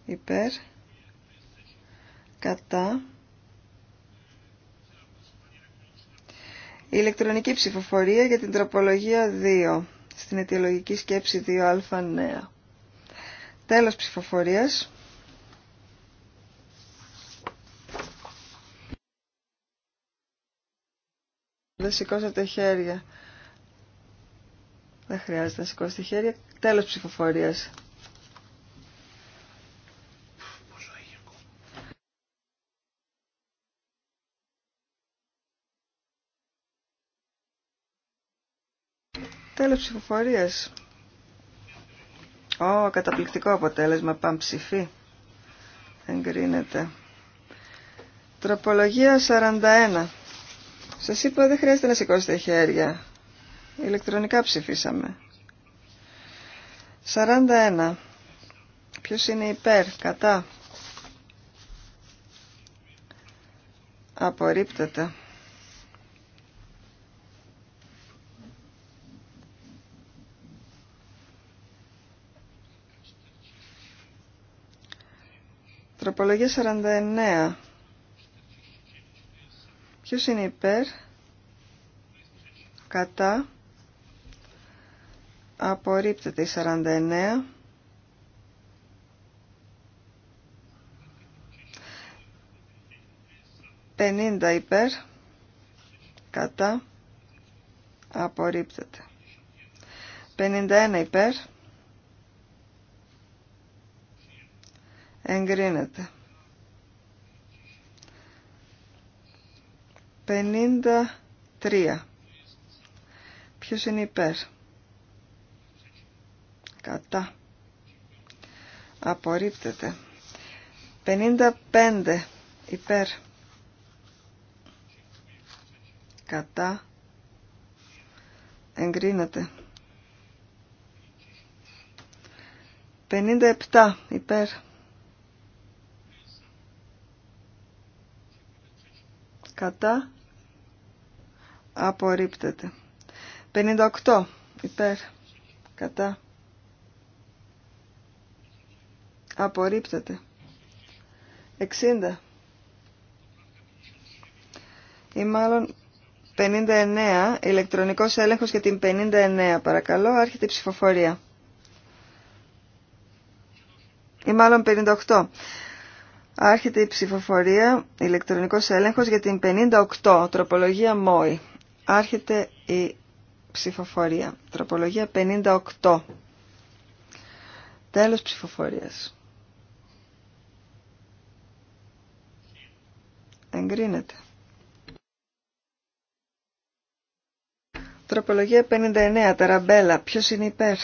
υπέρ κατά ηλεκτρονική ψηφοφορία για την τροπολογία 2 στην αιτιολογική σκέψη 2α νέα. Τέλος ψηφοφορίας. Δεν σηκώσατε χέρια. Δεν χρειάζεται να σηκώσετε χέρια. Τέλος ψηφοφορίας. τέλος ψηφοφορίας. Ω, καταπληκτικό αποτέλεσμα, Πανψηφί ψηφί. Εγκρίνεται. Τροπολογία 41. Σας είπα δεν χρειάζεται να σηκώσετε χέρια. Ηλεκτρονικά ψηφίσαμε. 41. Ποιος είναι υπέρ, κατά. Απορρίπτεται. Απολογία 49. Ποιος είναι υπέρ, κατά, απορρίπτεται η 49. 50 υπέρ, κατά, απορρίπτεται. 51 υπέρ, εγκρίνεται. 53. Ποιος είναι υπέρ. Κατά. Απορρίπτεται. 55. Υπέρ. Κατά. Εγκρίνεται. 57. Υπέρ. κατά απορρίπτεται. 58 υπέρ κατά απορρίπτεται. 60 ή μάλλον 59 ηλεκτρονικός έλεγχος για την 59 παρακαλώ άρχεται η ψηφοφορία ή μάλλον 58 Άρχεται η ψηφοφορία, ηλεκτρονικός έλεγχος για την 58, τροπολογία ΜΟΗ. Άρχεται η ψηφοφορία, τροπολογία 58. Τέλος ψηφοφορίας. Εγκρίνεται. Τροπολογία 59, ταραμπέλα. Ποιος είναι υπέρ.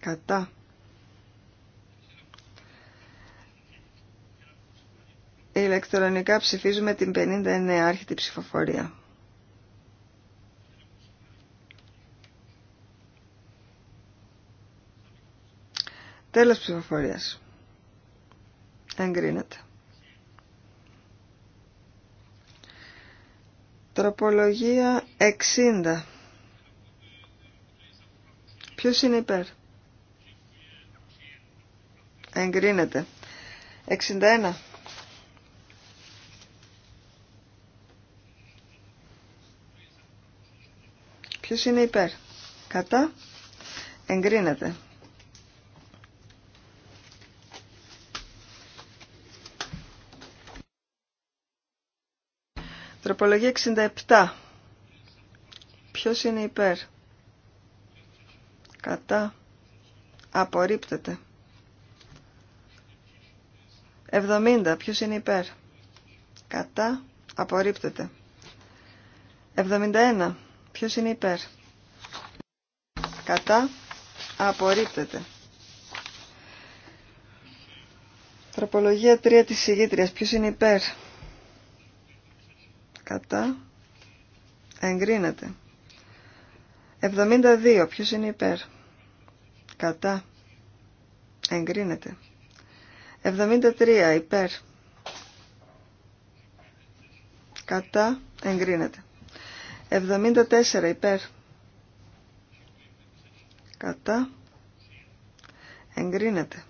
Κατά. Ηλεκτρονικά ψηφίζουμε την 59 άρχιτη ψηφοφορία. Τέλος ψηφοφορίας. Εγκρίνεται. Τροπολογία 60. Ποιος είναι υπέρ. Εγκρίνεται. 61. Ποιος είναι υπέρ. Κατά. Εγκρίνεται. Τροπολογία 67. Ποιος είναι υπέρ. Κατά. Απορρίπτεται. 70. Ποιος είναι υπέρ. Κατά. Απορρίπτεται. 71. Ποιος είναι υπέρ. Κατά. Απορρίπτεται. Τροπολογία 3 της ηγήτριας. Ποιος είναι υπέρ. Κατά. Εγκρίνεται. 72. Ποιος είναι υπέρ. Κατά. Εγκρίνεται. 73. Υπέρ. Κατά. Εγκρίνεται. 74 υπέρ. Κατά. Εγκρίνεται.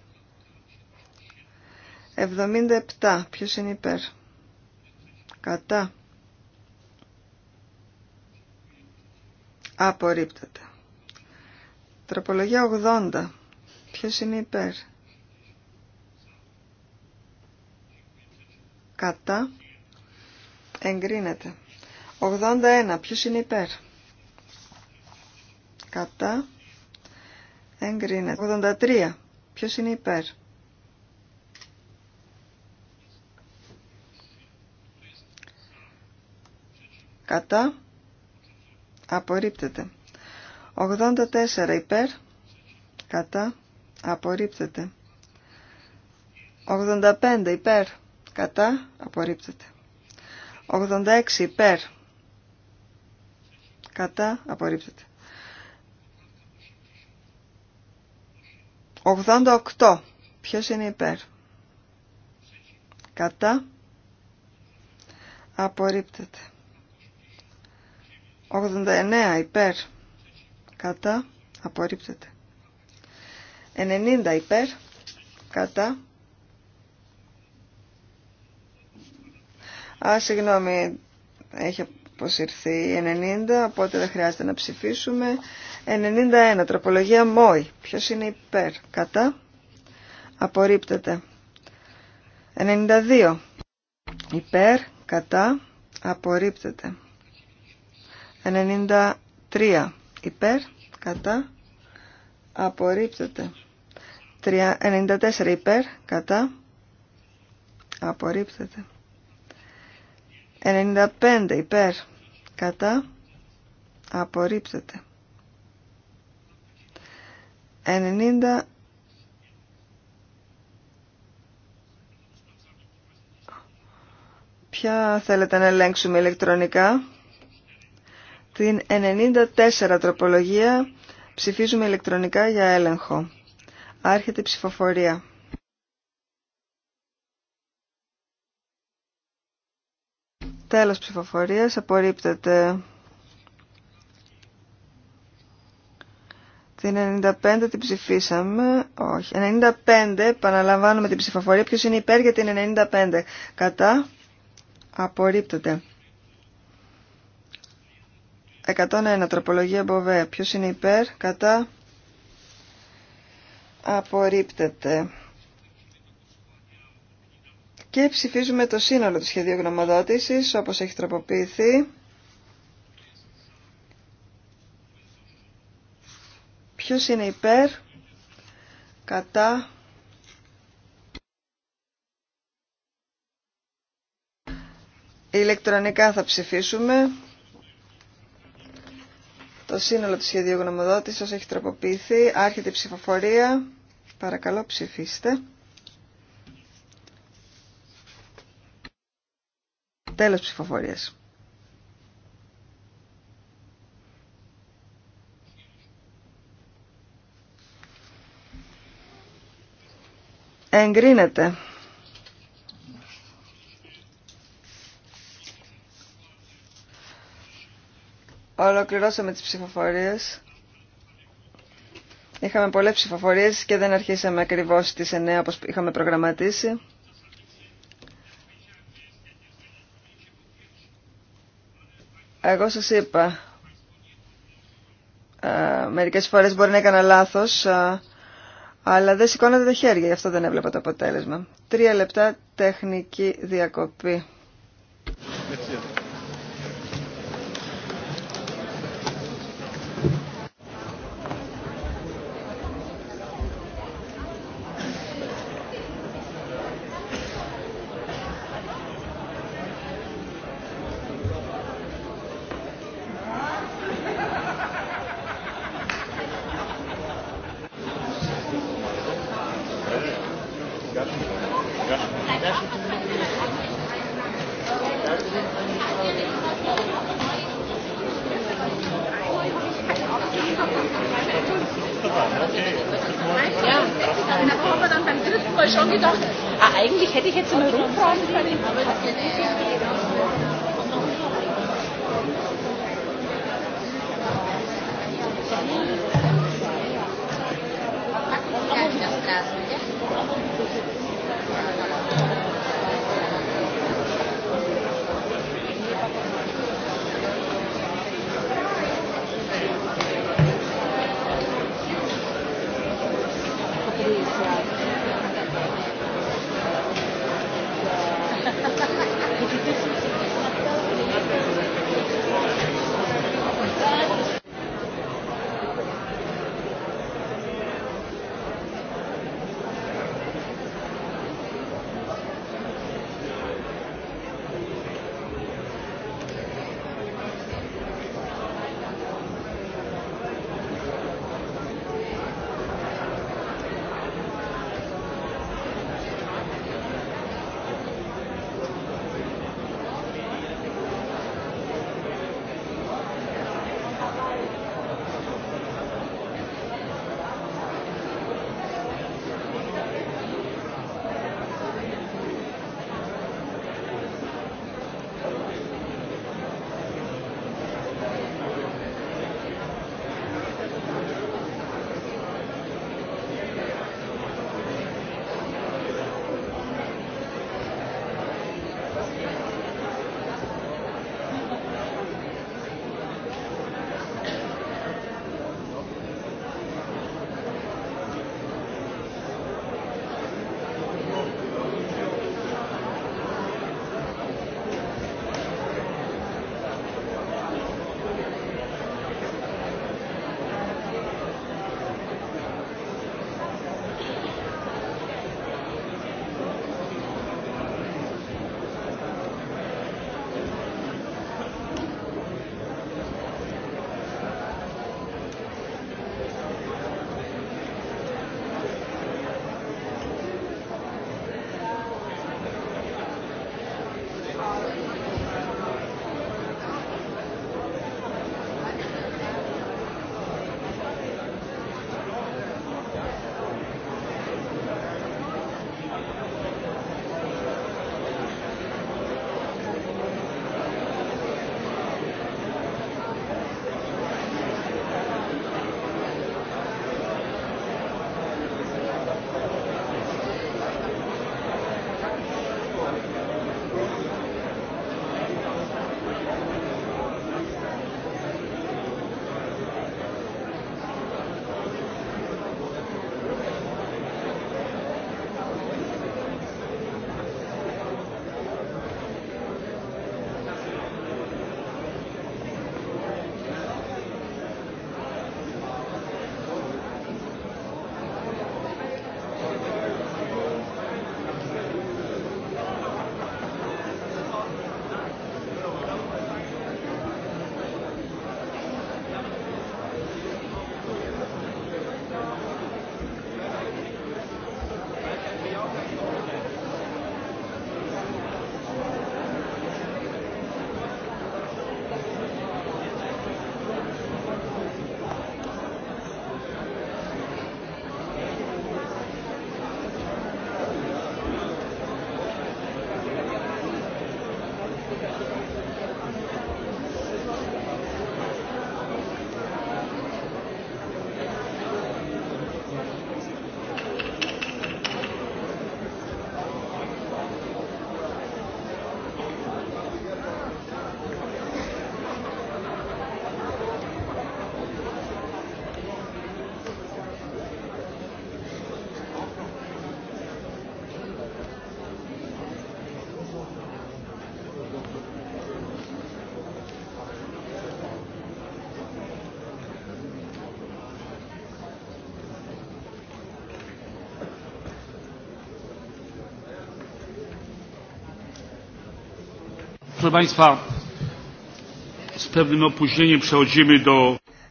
77. Ποιος είναι υπέρ. Κατά. Απορρίπτεται. Τροπολογία 80. Ποιος είναι υπέρ. Κατά. Εγκρίνεται. 81. Ποιος είναι υπέρ. Κατά. Εγκρίνεται. 83. Ποιος είναι υπέρ. Κατά. Απορρίπτεται. 84 υπέρ. Κατά. Απορρίπτεται. 85 υπέρ. Κατά. Απορρίπτεται. 86 υπέρ κατά απορρίπτεται. 88. Ποιος είναι υπέρ. Κατά. Απορρίπτεται. 89. Υπέρ. Κατά. Απορρίπτεται. 90. Υπέρ. Κατά. Α, συγγνώμη. Έχει η 90, οπότε δεν χρειάζεται να ψηφίσουμε. 91, τροπολογία ΜΟΙ. Ποιος είναι υπέρ, κατά. Απορρίπτεται. 92, υπέρ, κατά. Απορρίπτεται. 93, υπέρ, κατά. Απορρίπτεται. 94 υπέρ, κατά. Απορρίπτεται. 95 υπέρ, κατά απορρίπτεται 90 Ποια θέλετε να ελέγξουμε ηλεκτρονικά την 94 τροπολογία ψηφίζουμε ηλεκτρονικά για έλεγχο. Άρχεται η ψηφοφορία. Τέλος ψηφοφορίας. Απορρίπτεται. Την 95 την ψηφίσαμε. Όχι. 95. Παναλαμβάνουμε την ψηφοφορία. Ποιος είναι υπέρ για την 95. Κατά. Απορρίπτεται. 101. Τροπολογία Μποβέ. Ποιος είναι υπέρ. Κατά. Απορρίπτεται. Και ψηφίζουμε το σύνολο του σχεδίου γνωμοδότησης, όπως έχει τροποποιηθεί. Ποιος είναι υπέρ, κατά... Ηλεκτρονικά θα ψηφίσουμε το σύνολο του σχεδίου γνωμοδότησης, έχει τροποποιηθεί. Άρχεται η ψηφοφορία. Παρακαλώ ψηφίστε. Τέλος ψηφοφορίας. Εγκρίνεται. Ολοκληρώσαμε τις ψηφοφορίες. Είχαμε πολλές ψηφοφορίες και δεν αρχίσαμε ακριβώς τις 9 όπως είχαμε προγραμματίσει. Εγώ σας είπα, ε, μερικές φορές μπορεί να έκανα λάθος, ε, αλλά δεν σηκώνατε τα χέρια, γι' αυτό δεν έβλεπα το αποτέλεσμα. Τρία λεπτά τεχνική διακοπή.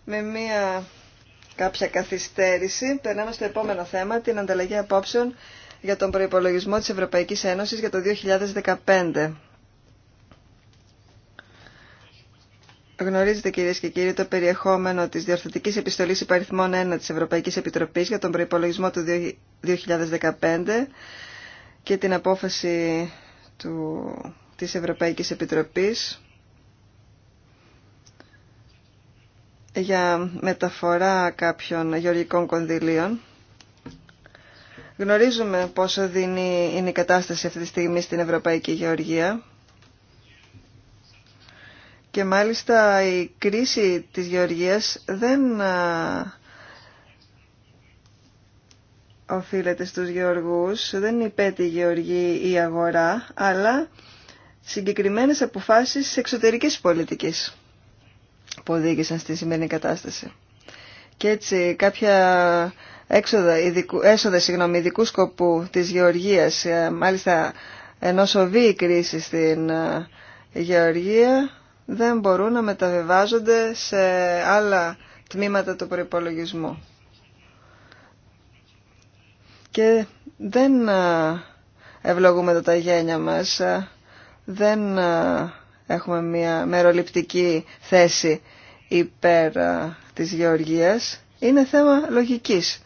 Με μία κάποια καθυστέρηση περνάμε στο επόμενο θέμα, την ανταλλαγή απόψεων για τον προϋπολογισμό της Ευρωπαϊκής Ένωσης για το 2015. Γνωρίζετε κυρίες και κύριοι το περιεχόμενο της διορθωτικής επιστολής υπαριθμών 1 της Ευρωπαϊκής Επιτροπής για τον προϋπολογισμό του 2015 και την απόφαση του της Ευρωπαϊκής Επιτροπής για μεταφορά κάποιων γεωργικών κονδυλίων. Γνωρίζουμε πόσο δίνει, είναι η κατάσταση αυτή τη στιγμή στην Ευρωπαϊκή Γεωργία. Και μάλιστα η κρίση της γεωργίας δεν οφείλεται στους γεωργούς, δεν υπέτει η η αγορά, αλλά συγκεκριμένες αποφάσεις εξωτερικής πολιτικής που οδήγησαν στη σημερινή κατάσταση. Και έτσι κάποια έξοδα, ειδικού, έσοδα συγγνώμη, ειδικού σκοπού της γεωργίας, ε, μάλιστα ενώ σοβεί κρίση στην ε, γεωργία, δεν μπορούν να μεταβεβάζονται σε άλλα τμήματα του προϋπολογισμού. Και δεν ε, ευλογούμε τα γένια μας δεν ε, έχουμε μια μεροληπτική θέση υπέρ ε, της γεωργίας. Είναι θέμα λογικής.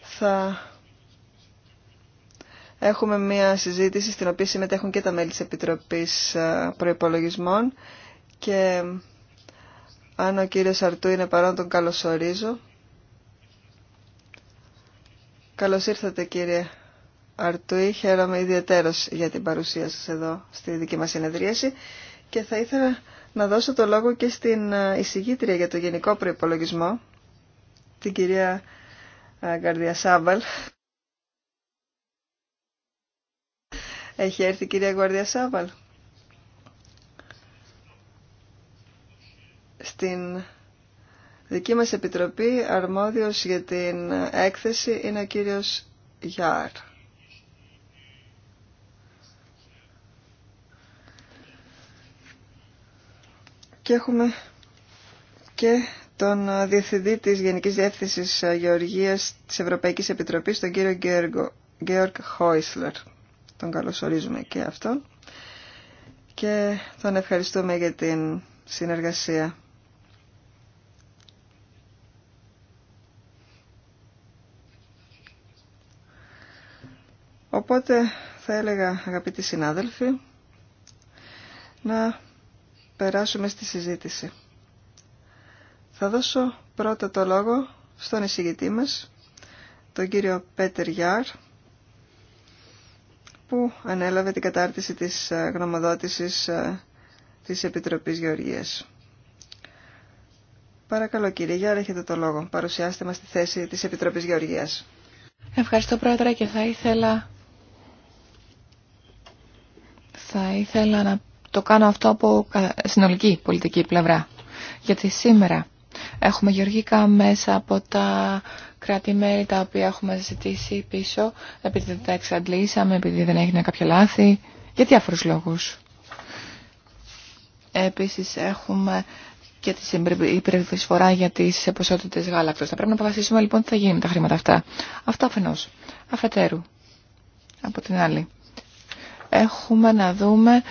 Θα έχουμε μια συζήτηση στην οποία συμμετέχουν και τα μέλη της Επιτροπής ε, Προϋπολογισμών και αν ο κύριος Αρτού είναι παρόν τον καλωσορίζω Καλώς ήρθατε κύριε Αρτουή. Χαίρομαι ιδιαίτερος για την παρουσία σας εδώ στη δική μα συνεδρίαση και θα ήθελα να δώσω το λόγο και στην ε, εισηγήτρια για το Γενικό Προϋπολογισμό, την κυρία ε, Γκαρδία Σάμπαλ. Έχει έρθει η κυρία Γκαρδία Σάμπαλ. Στην δική μας επιτροπή αρμόδιος για την έκθεση είναι ο κύριος Γιάρ. Και έχουμε και τον Διευθυντή της Γενικής Διεύθυνσης Γεωργίας της Ευρωπαϊκής Επιτροπής, τον κύριο Γέργο, Χόισλερ. Τον καλωσορίζουμε και αυτόν και τον ευχαριστούμε για την συνεργασία Οπότε θα έλεγα αγαπητοί συνάδελφοι να περάσουμε στη συζήτηση. Θα δώσω πρώτα το λόγο στον εισηγητή μας, τον κύριο Πέτερ Γιάρ, που ανέλαβε την κατάρτιση της ε, γνωμοδότησης ε, της Επιτροπής Γεωργίας. Παρακαλώ κύριε Γιάρ, έχετε το λόγο. Παρουσιάστε μας τη θέση της Επιτροπής Γεωργίας. Ευχαριστώ πρόεδρε και θα ήθελα θα ήθελα να το κάνω αυτό από συνολική πολιτική πλευρά. Γιατί σήμερα έχουμε γεωργικά μέσα από τα κρατη μελη τα οποία έχουμε ζητήσει πίσω, επειδή δεν τα εξαντλήσαμε, επειδή δεν έγινε κάποιο λάθη, για διάφορους λόγους. Επίσης έχουμε και τη υπερδοσφορά για τις ποσότητες γάλακτος. Θα πρέπει να αποφασίσουμε λοιπόν τι θα γίνουν τα χρήματα αυτά. Αυτά αφενός. Αφετέρου. Από την άλλη έχουμε να δούμε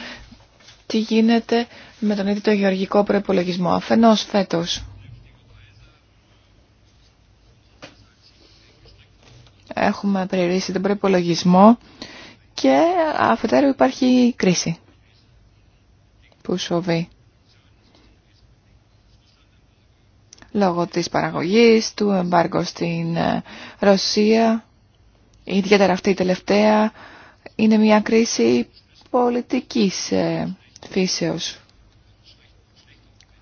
τι γίνεται με τον ίδιο το γεωργικό προϋπολογισμό. Αφενός φέτος έχουμε περιορίσει τον προϋπολογισμό και αφετέρου υπάρχει κρίση που σοβεί. Λόγω της παραγωγής, του εμπάργου στην ε, Ρωσία, ιδιαίτερα αυτή η τελευταία είναι μια κρίση πολιτικής ε, φύσεως.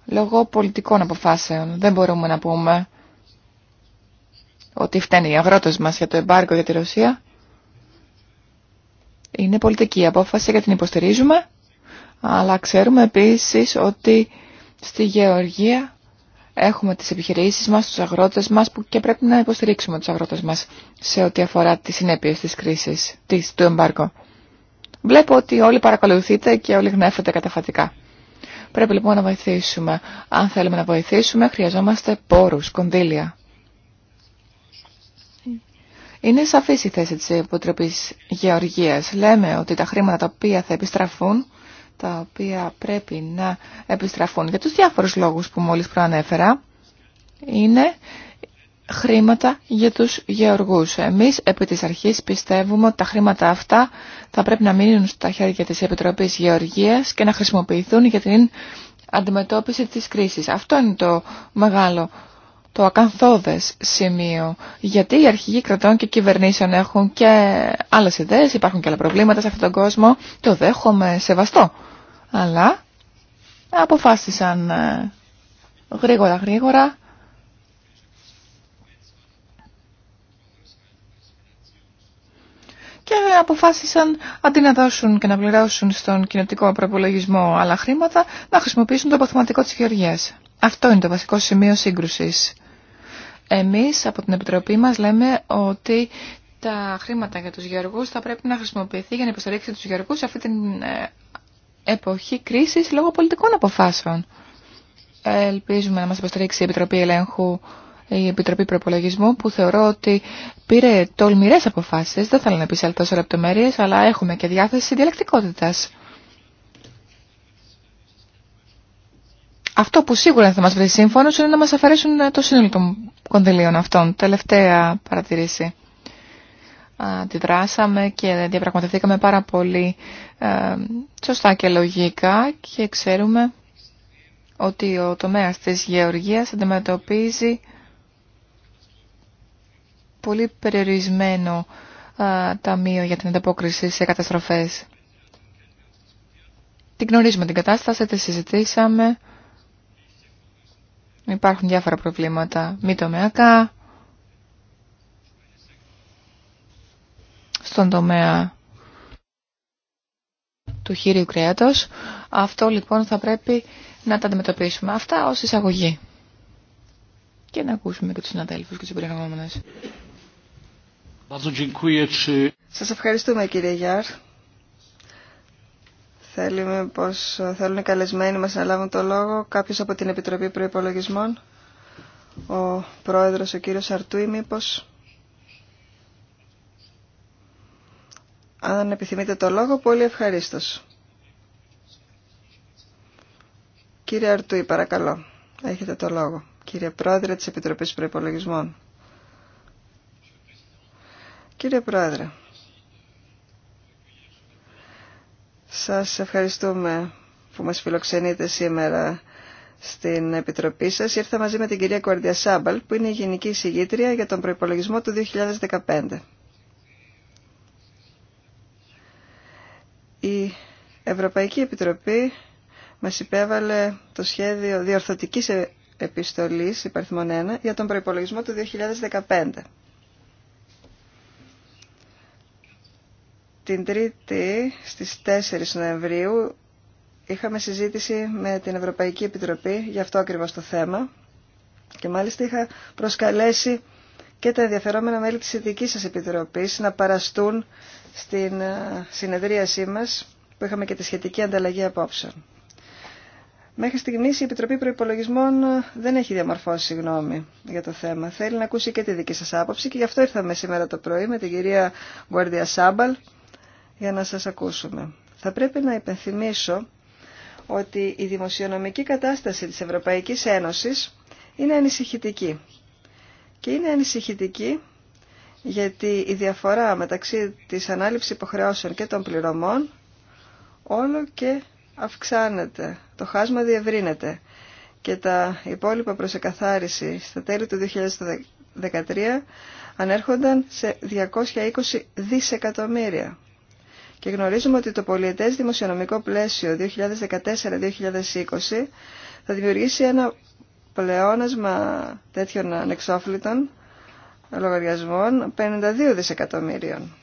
Λόγω πολιτικών αποφάσεων. Δεν μπορούμε να πούμε ότι φταίνει η αγρότες μας για το εμπάρκο για τη Ρωσία. Είναι πολιτική απόφαση και την υποστηρίζουμε, αλλά ξέρουμε επίσης ότι στη Γεωργία έχουμε τις επιχειρήσεις μας, τους αγρότες μας που και πρέπει να υποστηρίξουμε τους αγρότες μας σε ό,τι αφορά τις συνέπειες της κρίσης, της, του εμπάρκου. Βλέπω ότι όλοι παρακολουθείτε και όλοι γνέφετε καταφατικά. Πρέπει λοιπόν να βοηθήσουμε. Αν θέλουμε να βοηθήσουμε χρειαζόμαστε πόρους, κονδύλια. Είναι σαφής η θέση της Επιτροπής Γεωργίας. Λέμε ότι τα χρήματα τα οποία θα επιστραφούν τα οποία πρέπει να επιστραφούν για τους διάφορους λόγους που μόλις προανέφερα είναι χρήματα για τους γεωργούς. Εμείς επί της αρχής πιστεύουμε ότι τα χρήματα αυτά θα πρέπει να μείνουν στα χέρια της Επιτροπής Γεωργίας και να χρησιμοποιηθούν για την αντιμετώπιση της κρίσης. Αυτό είναι το μεγάλο το ακαθόδες σημείο. Γιατί οι αρχηγοί κρατών και κυβερνήσεων έχουν και άλλες ιδέες, υπάρχουν και άλλα προβλήματα σε αυτόν τον κόσμο. Το δέχομαι σεβαστό. Αλλά αποφάσισαν ε, γρήγορα γρήγορα και αποφάσισαν αντί να δώσουν και να πληρώσουν στον κοινοτικό προπολογισμό άλλα χρήματα να χρησιμοποιήσουν το αποθυματικό της γεωργίας. Αυτό είναι το βασικό σημείο σύγκρουσης. Εμείς από την Επιτροπή μας λέμε ότι τα χρήματα για τους γεωργούς θα πρέπει να χρησιμοποιηθεί για να υποστηρίξει τους γεωργούς σε αυτή την ε, εποχή κρίσης λόγω πολιτικών αποφάσεων. Ελπίζουμε να μας υποστηρίξει η Επιτροπή Ελέγχου, η Επιτροπή Προπολογισμού που θεωρώ ότι πήρε τολμηρές αποφάσεις. Δεν θέλω να πεί σε λεπτομέρειες, αλλά έχουμε και διάθεση διαλεκτικότητας. Αυτό που σίγουρα θα μας βρει σύμφωνο είναι να μας αφαιρέσουν ε, το σύνολο των κονδυλίων αυτών. Τελευταία παρατηρήση. Αντιδράσαμε και διαπραγματευτήκαμε πάρα πολύ ε, σωστά και λογικά και ξέρουμε ότι ο τομέας της γεωργίας αντιμετωπίζει πολύ περιορισμένο ε, ταμείο για την ανταπόκριση σε καταστροφές. Την γνωρίζουμε την κατάσταση, τη συζητήσαμε. Υπάρχουν διάφορα προβλήματα μη τομεακά, στον τομέα του χείριου κρέατος. Αυτό λοιπόν θα πρέπει να τα αντιμετωπίσουμε αυτά ως εισαγωγή. Και να ακούσουμε και τους συναδέλφους και τους εμπειρογνώμονες. Σας ευχαριστούμε κύριε Γιάρ πως θέλουν οι καλεσμένοι μας να λάβουν το λόγο. Κάποιος από την Επιτροπή Προϋπολογισμών, ο πρόεδρος, ο κύριος Αρτούη, μήπως... Αν επιθυμείτε το λόγο, πολύ ευχαρίστως. Κύριε Αρτούη, παρακαλώ. Έχετε το λόγο. Κύριε Πρόεδρε της Επιτροπής Προϋπολογισμών. Κύριε Πρόεδρε, Σας ευχαριστούμε που μας φιλοξενείτε σήμερα στην Επιτροπή σας. Ήρθα μαζί με την κυρία Κουαρδιά Σάμπαλ, που είναι η Γενική Συγγήτρια για τον προϋπολογισμό του 2015. Η Ευρωπαϊκή Επιτροπή μας υπέβαλε το σχέδιο διορθωτικής επιστολής υπαριθμών 1 για τον προϋπολογισμό του 2015. Την Τρίτη στις 4 Νοεμβρίου είχαμε συζήτηση με την Ευρωπαϊκή Επιτροπή για αυτό ακριβώς το θέμα και μάλιστα είχα προσκαλέσει και τα ενδιαφερόμενα μέλη της ειδική σας Επιτροπής να παραστούν στην ε, συνεδρίασή μας που είχαμε και τη σχετική ανταλλαγή απόψεων. Μέχρι στιγμή η Επιτροπή προπολογισμών ε, δεν έχει διαμορφώσει γνώμη για το θέμα. Θέλει να ακούσει και τη δική σα άποψη και γι' αυτό ήρθαμε σήμερα το πρωί με την κυρία Γουαρδία Σάμπαλ για να σας ακούσουμε. Θα πρέπει να υπενθυμίσω ότι η δημοσιονομική κατάσταση της Ευρωπαϊκής Ένωσης είναι ανησυχητική. Και είναι ανησυχητική γιατί η διαφορά μεταξύ της ανάληψης υποχρεώσεων και των πληρωμών όλο και αυξάνεται, το χάσμα διευρύνεται και τα υπόλοιπα προς στα τέλη του 2013 ανέρχονταν σε 220 δισεκατομμύρια. Και γνωρίζουμε ότι το πολιετές δημοσιονομικό πλαίσιο 2014-2020 θα δημιουργήσει ένα πλεόνασμα τέτοιων ανεξόφλητων λογαριασμών 52 δισεκατομμύριων.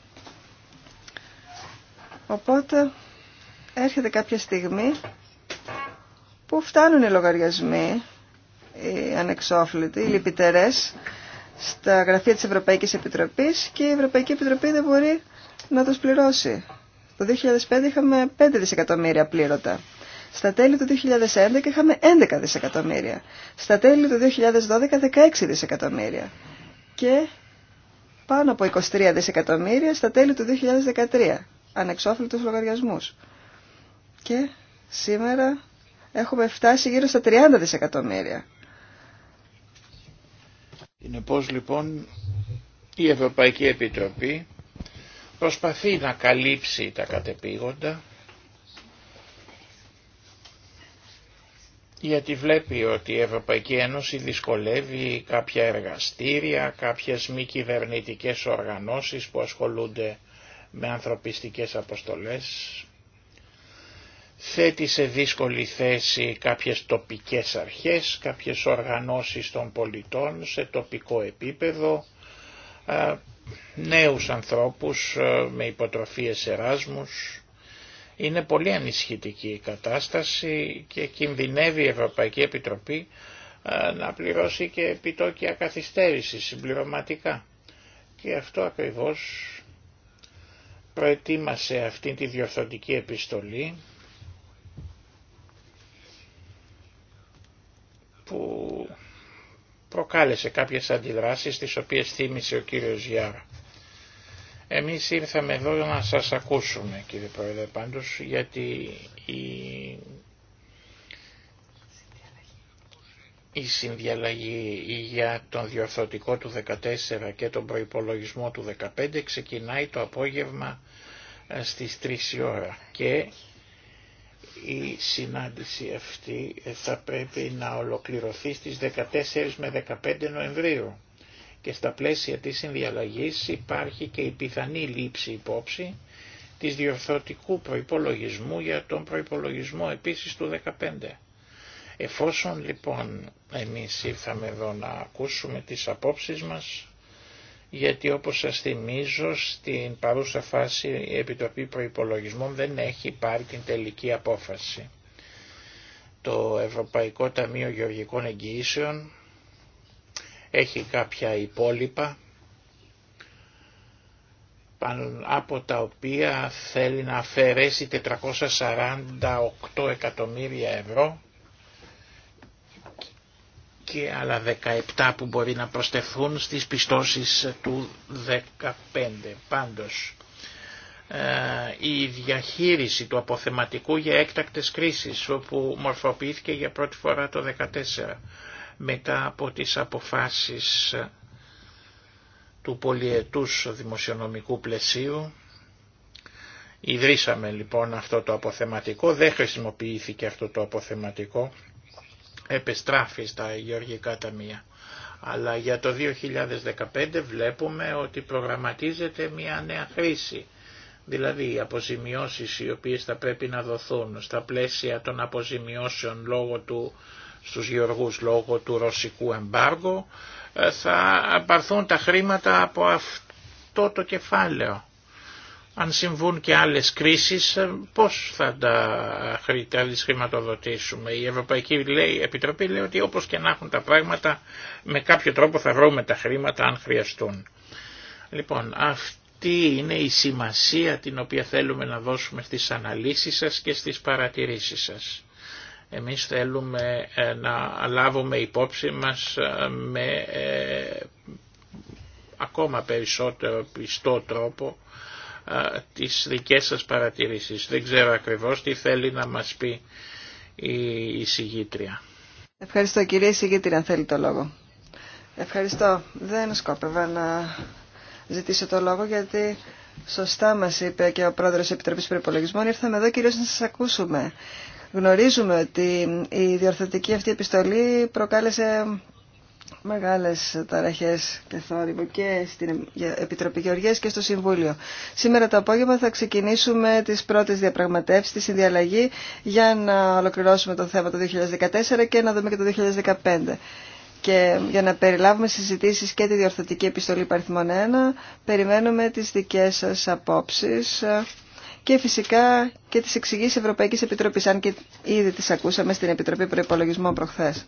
Οπότε έρχεται κάποια στιγμή που φτάνουν οι λογαριασμοί, οι ανεξόφλητοι, οι λυπητερές, στα γραφεία της Ευρωπαϊκής Επιτροπής και η Ευρωπαϊκή Επιτροπή δεν μπορεί να τους πληρώσει. Το 2005 είχαμε 5 δισεκατομμύρια πλήρωτα. Στα τέλη του 2011 είχαμε 11 δισεκατομμύρια. Στα τέλη του 2012 16 δισεκατομμύρια. Και πάνω από 23 δισεκατομμύρια στα τέλη του 2013. Ανεξόφλητους λογαριασμούς. Και σήμερα έχουμε φτάσει γύρω στα 30 δισεκατομμύρια. Είναι λοιπόν η Ευρωπαϊκή Επιτροπή προσπαθεί να καλύψει τα κατεπήγοντα γιατί βλέπει ότι η Ευρωπαϊκή Ένωση δυσκολεύει κάποια εργαστήρια, κάποιες μη κυβερνητικέ οργανώσεις που ασχολούνται με ανθρωπιστικές αποστολές, θέτει σε δύσκολη θέση κάποιες τοπικές αρχές, κάποιες οργανώσεις των πολιτών σε τοπικό επίπεδο, νέους ανθρώπους ε, με υποτροφίες εράσμους. Είναι πολύ ανισχυτική η κατάσταση και κινδυνεύει η Ευρωπαϊκή Επιτροπή ε, να πληρώσει και επιτόκια καθυστέρηση συμπληρωματικά. Και αυτό ακριβώς προετοίμασε αυτή τη διορθωτική επιστολή που προκάλεσε κάποιες αντιδράσεις τις οποίες θύμισε ο κύριος Γιάρα. Εμείς ήρθαμε εδώ να σας ακούσουμε κύριε Πρόεδρε πάντως γιατί η, η συνδιαλλαγή για τον διορθωτικό του 14 και τον προϋπολογισμό του 15 ξεκινάει το απόγευμα ε, στις 3 η ώρα και η συνάντηση αυτή θα πρέπει να ολοκληρωθεί στις 14 με 15 Νοεμβρίου και στα πλαίσια της συνδιαλλαγής υπάρχει και η πιθανή λήψη υπόψη της διορθωτικού προϋπολογισμού για τον προϋπολογισμό επίσης του 15. Εφόσον λοιπόν εμείς ήρθαμε εδώ να ακούσουμε τις απόψεις μας, γιατί όπως σας θυμίζω στην παρούσα φάση η Επιτροπή Προϋπολογισμών δεν έχει πάρει την τελική απόφαση. Το Ευρωπαϊκό Ταμείο Γεωργικών Εγγυήσεων έχει κάποια υπόλοιπα από τα οποία θέλει να αφαιρέσει 448 εκατομμύρια ευρώ και άλλα 17 που μπορεί να προστεθούν στις πιστώσεις του 15. Πάντως, ε, η διαχείριση του αποθεματικού για έκτακτες κρίσεις όπου μορφοποιήθηκε για πρώτη φορά το 2014 μετά από τις αποφάσεις του πολιετούς δημοσιονομικού πλαισίου. Ιδρύσαμε λοιπόν αυτό το αποθεματικό, δεν χρησιμοποιήθηκε αυτό το αποθεματικό επεστράφει στα γεωργικά ταμεία. Αλλά για το 2015 βλέπουμε ότι προγραμματίζεται μια νέα χρήση. Δηλαδή οι αποζημιώσεις οι οποίες θα πρέπει να δοθούν στα πλαίσια των αποζημιώσεων λόγω του, στους γεωργούς λόγω του ρωσικού εμπάργου ε, θα απαρθούν τα χρήματα από αυτό το κεφάλαιο. Αν συμβούν και άλλες κρίσεις, ε, πώς θα τα χρηματοδοτήσουμε. Η Ευρωπαϊκή Επιτροπή λέει ότι όπως και να έχουν τα πράγματα, με κάποιο τρόπο θα βρούμε τα χρήματα αν χρειαστούν. Λοιπόν, αυτή είναι η σημασία την οποία θέλουμε να δώσουμε στις αναλύσεις σας και στις παρατηρήσεις σας. Εμείς θέλουμε ε, να λάβουμε υπόψη μας ε, με ακόμα περισσότερο πιστό τρόπο τις δικές σας παρατηρήσεις. Δεν ξέρω ακριβώς τι θέλει να μας πει η συγγήτρια. Ευχαριστώ κυρία συγγήτρια αν θέλει το λόγο. Ευχαριστώ. Δεν σκόπευα να ζητήσω το λόγο γιατί σωστά μας είπε και ο πρόεδρος της Επιτροπής Περιπολογισμών ήρθαμε εδώ κυρίως να σας ακούσουμε. Γνωρίζουμε ότι η διορθωτική αυτή επιστολή προκάλεσε μεγάλες ταραχές και θόρυβο και στην Επιτροπή Γεωργίας και στο Συμβούλιο. Σήμερα το απόγευμα θα ξεκινήσουμε τις πρώτες διαπραγματεύσεις, τη συνδιαλλαγή για να ολοκληρώσουμε το θέμα το 2014 και να δούμε και το 2015. Και για να περιλάβουμε συζητήσεις και τη διορθωτική επιστολή παριθμών 1, περιμένουμε τις δικές σας απόψεις και φυσικά και τις εξηγήσεις Ευρωπαϊκής Επιτροπής, αν και ήδη τις ακούσαμε στην Επιτροπή Προϋπολογισμών προχθές.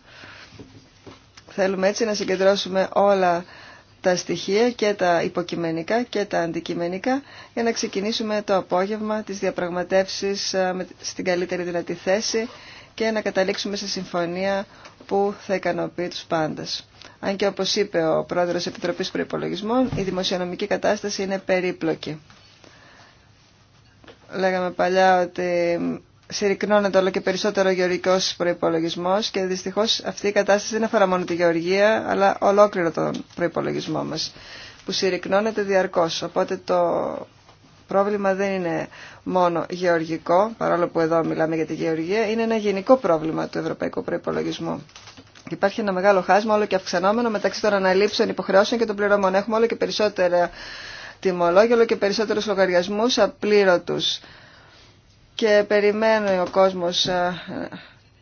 Θέλουμε έτσι να συγκεντρώσουμε όλα τα στοιχεία και τα υποκειμενικά και τα αντικειμενικά για να ξεκινήσουμε το απόγευμα της διαπραγματεύσεις ε, στην καλύτερη δυνατή θέση και να καταλήξουμε σε συμφωνία που θα ικανοποιεί τους πάντες. Αν και όπως είπε ο πρόεδρος Επιτροπής Προϋπολογισμών, η δημοσιονομική κατάσταση είναι περίπλοκη. Λέγαμε παλιά ότι συρρυκνώνεται όλο και περισσότερο ο γεωργικός προϋπολογισμός και δυστυχώ αυτή η κατάσταση δεν αφορά μόνο τη γεωργία αλλά ολόκληρο τον προπολογισμό μα, που συρρυκνώνεται διαρκώ. Οπότε το πρόβλημα δεν είναι μόνο γεωργικό, παρόλο που εδώ μιλάμε για τη γεωργία, είναι ένα γενικό πρόβλημα του ευρωπαϊκού προπολογισμού. Υπάρχει ένα μεγάλο χάσμα όλο και αυξανόμενο μεταξύ των αναλήψεων υποχρεώσεων και των πληρωμών. Έχουμε όλο και περισσότερα τιμολόγια, όλο και περισσότερου λογαριασμούς απλήρωτους και περιμένει ο κόσμος ε,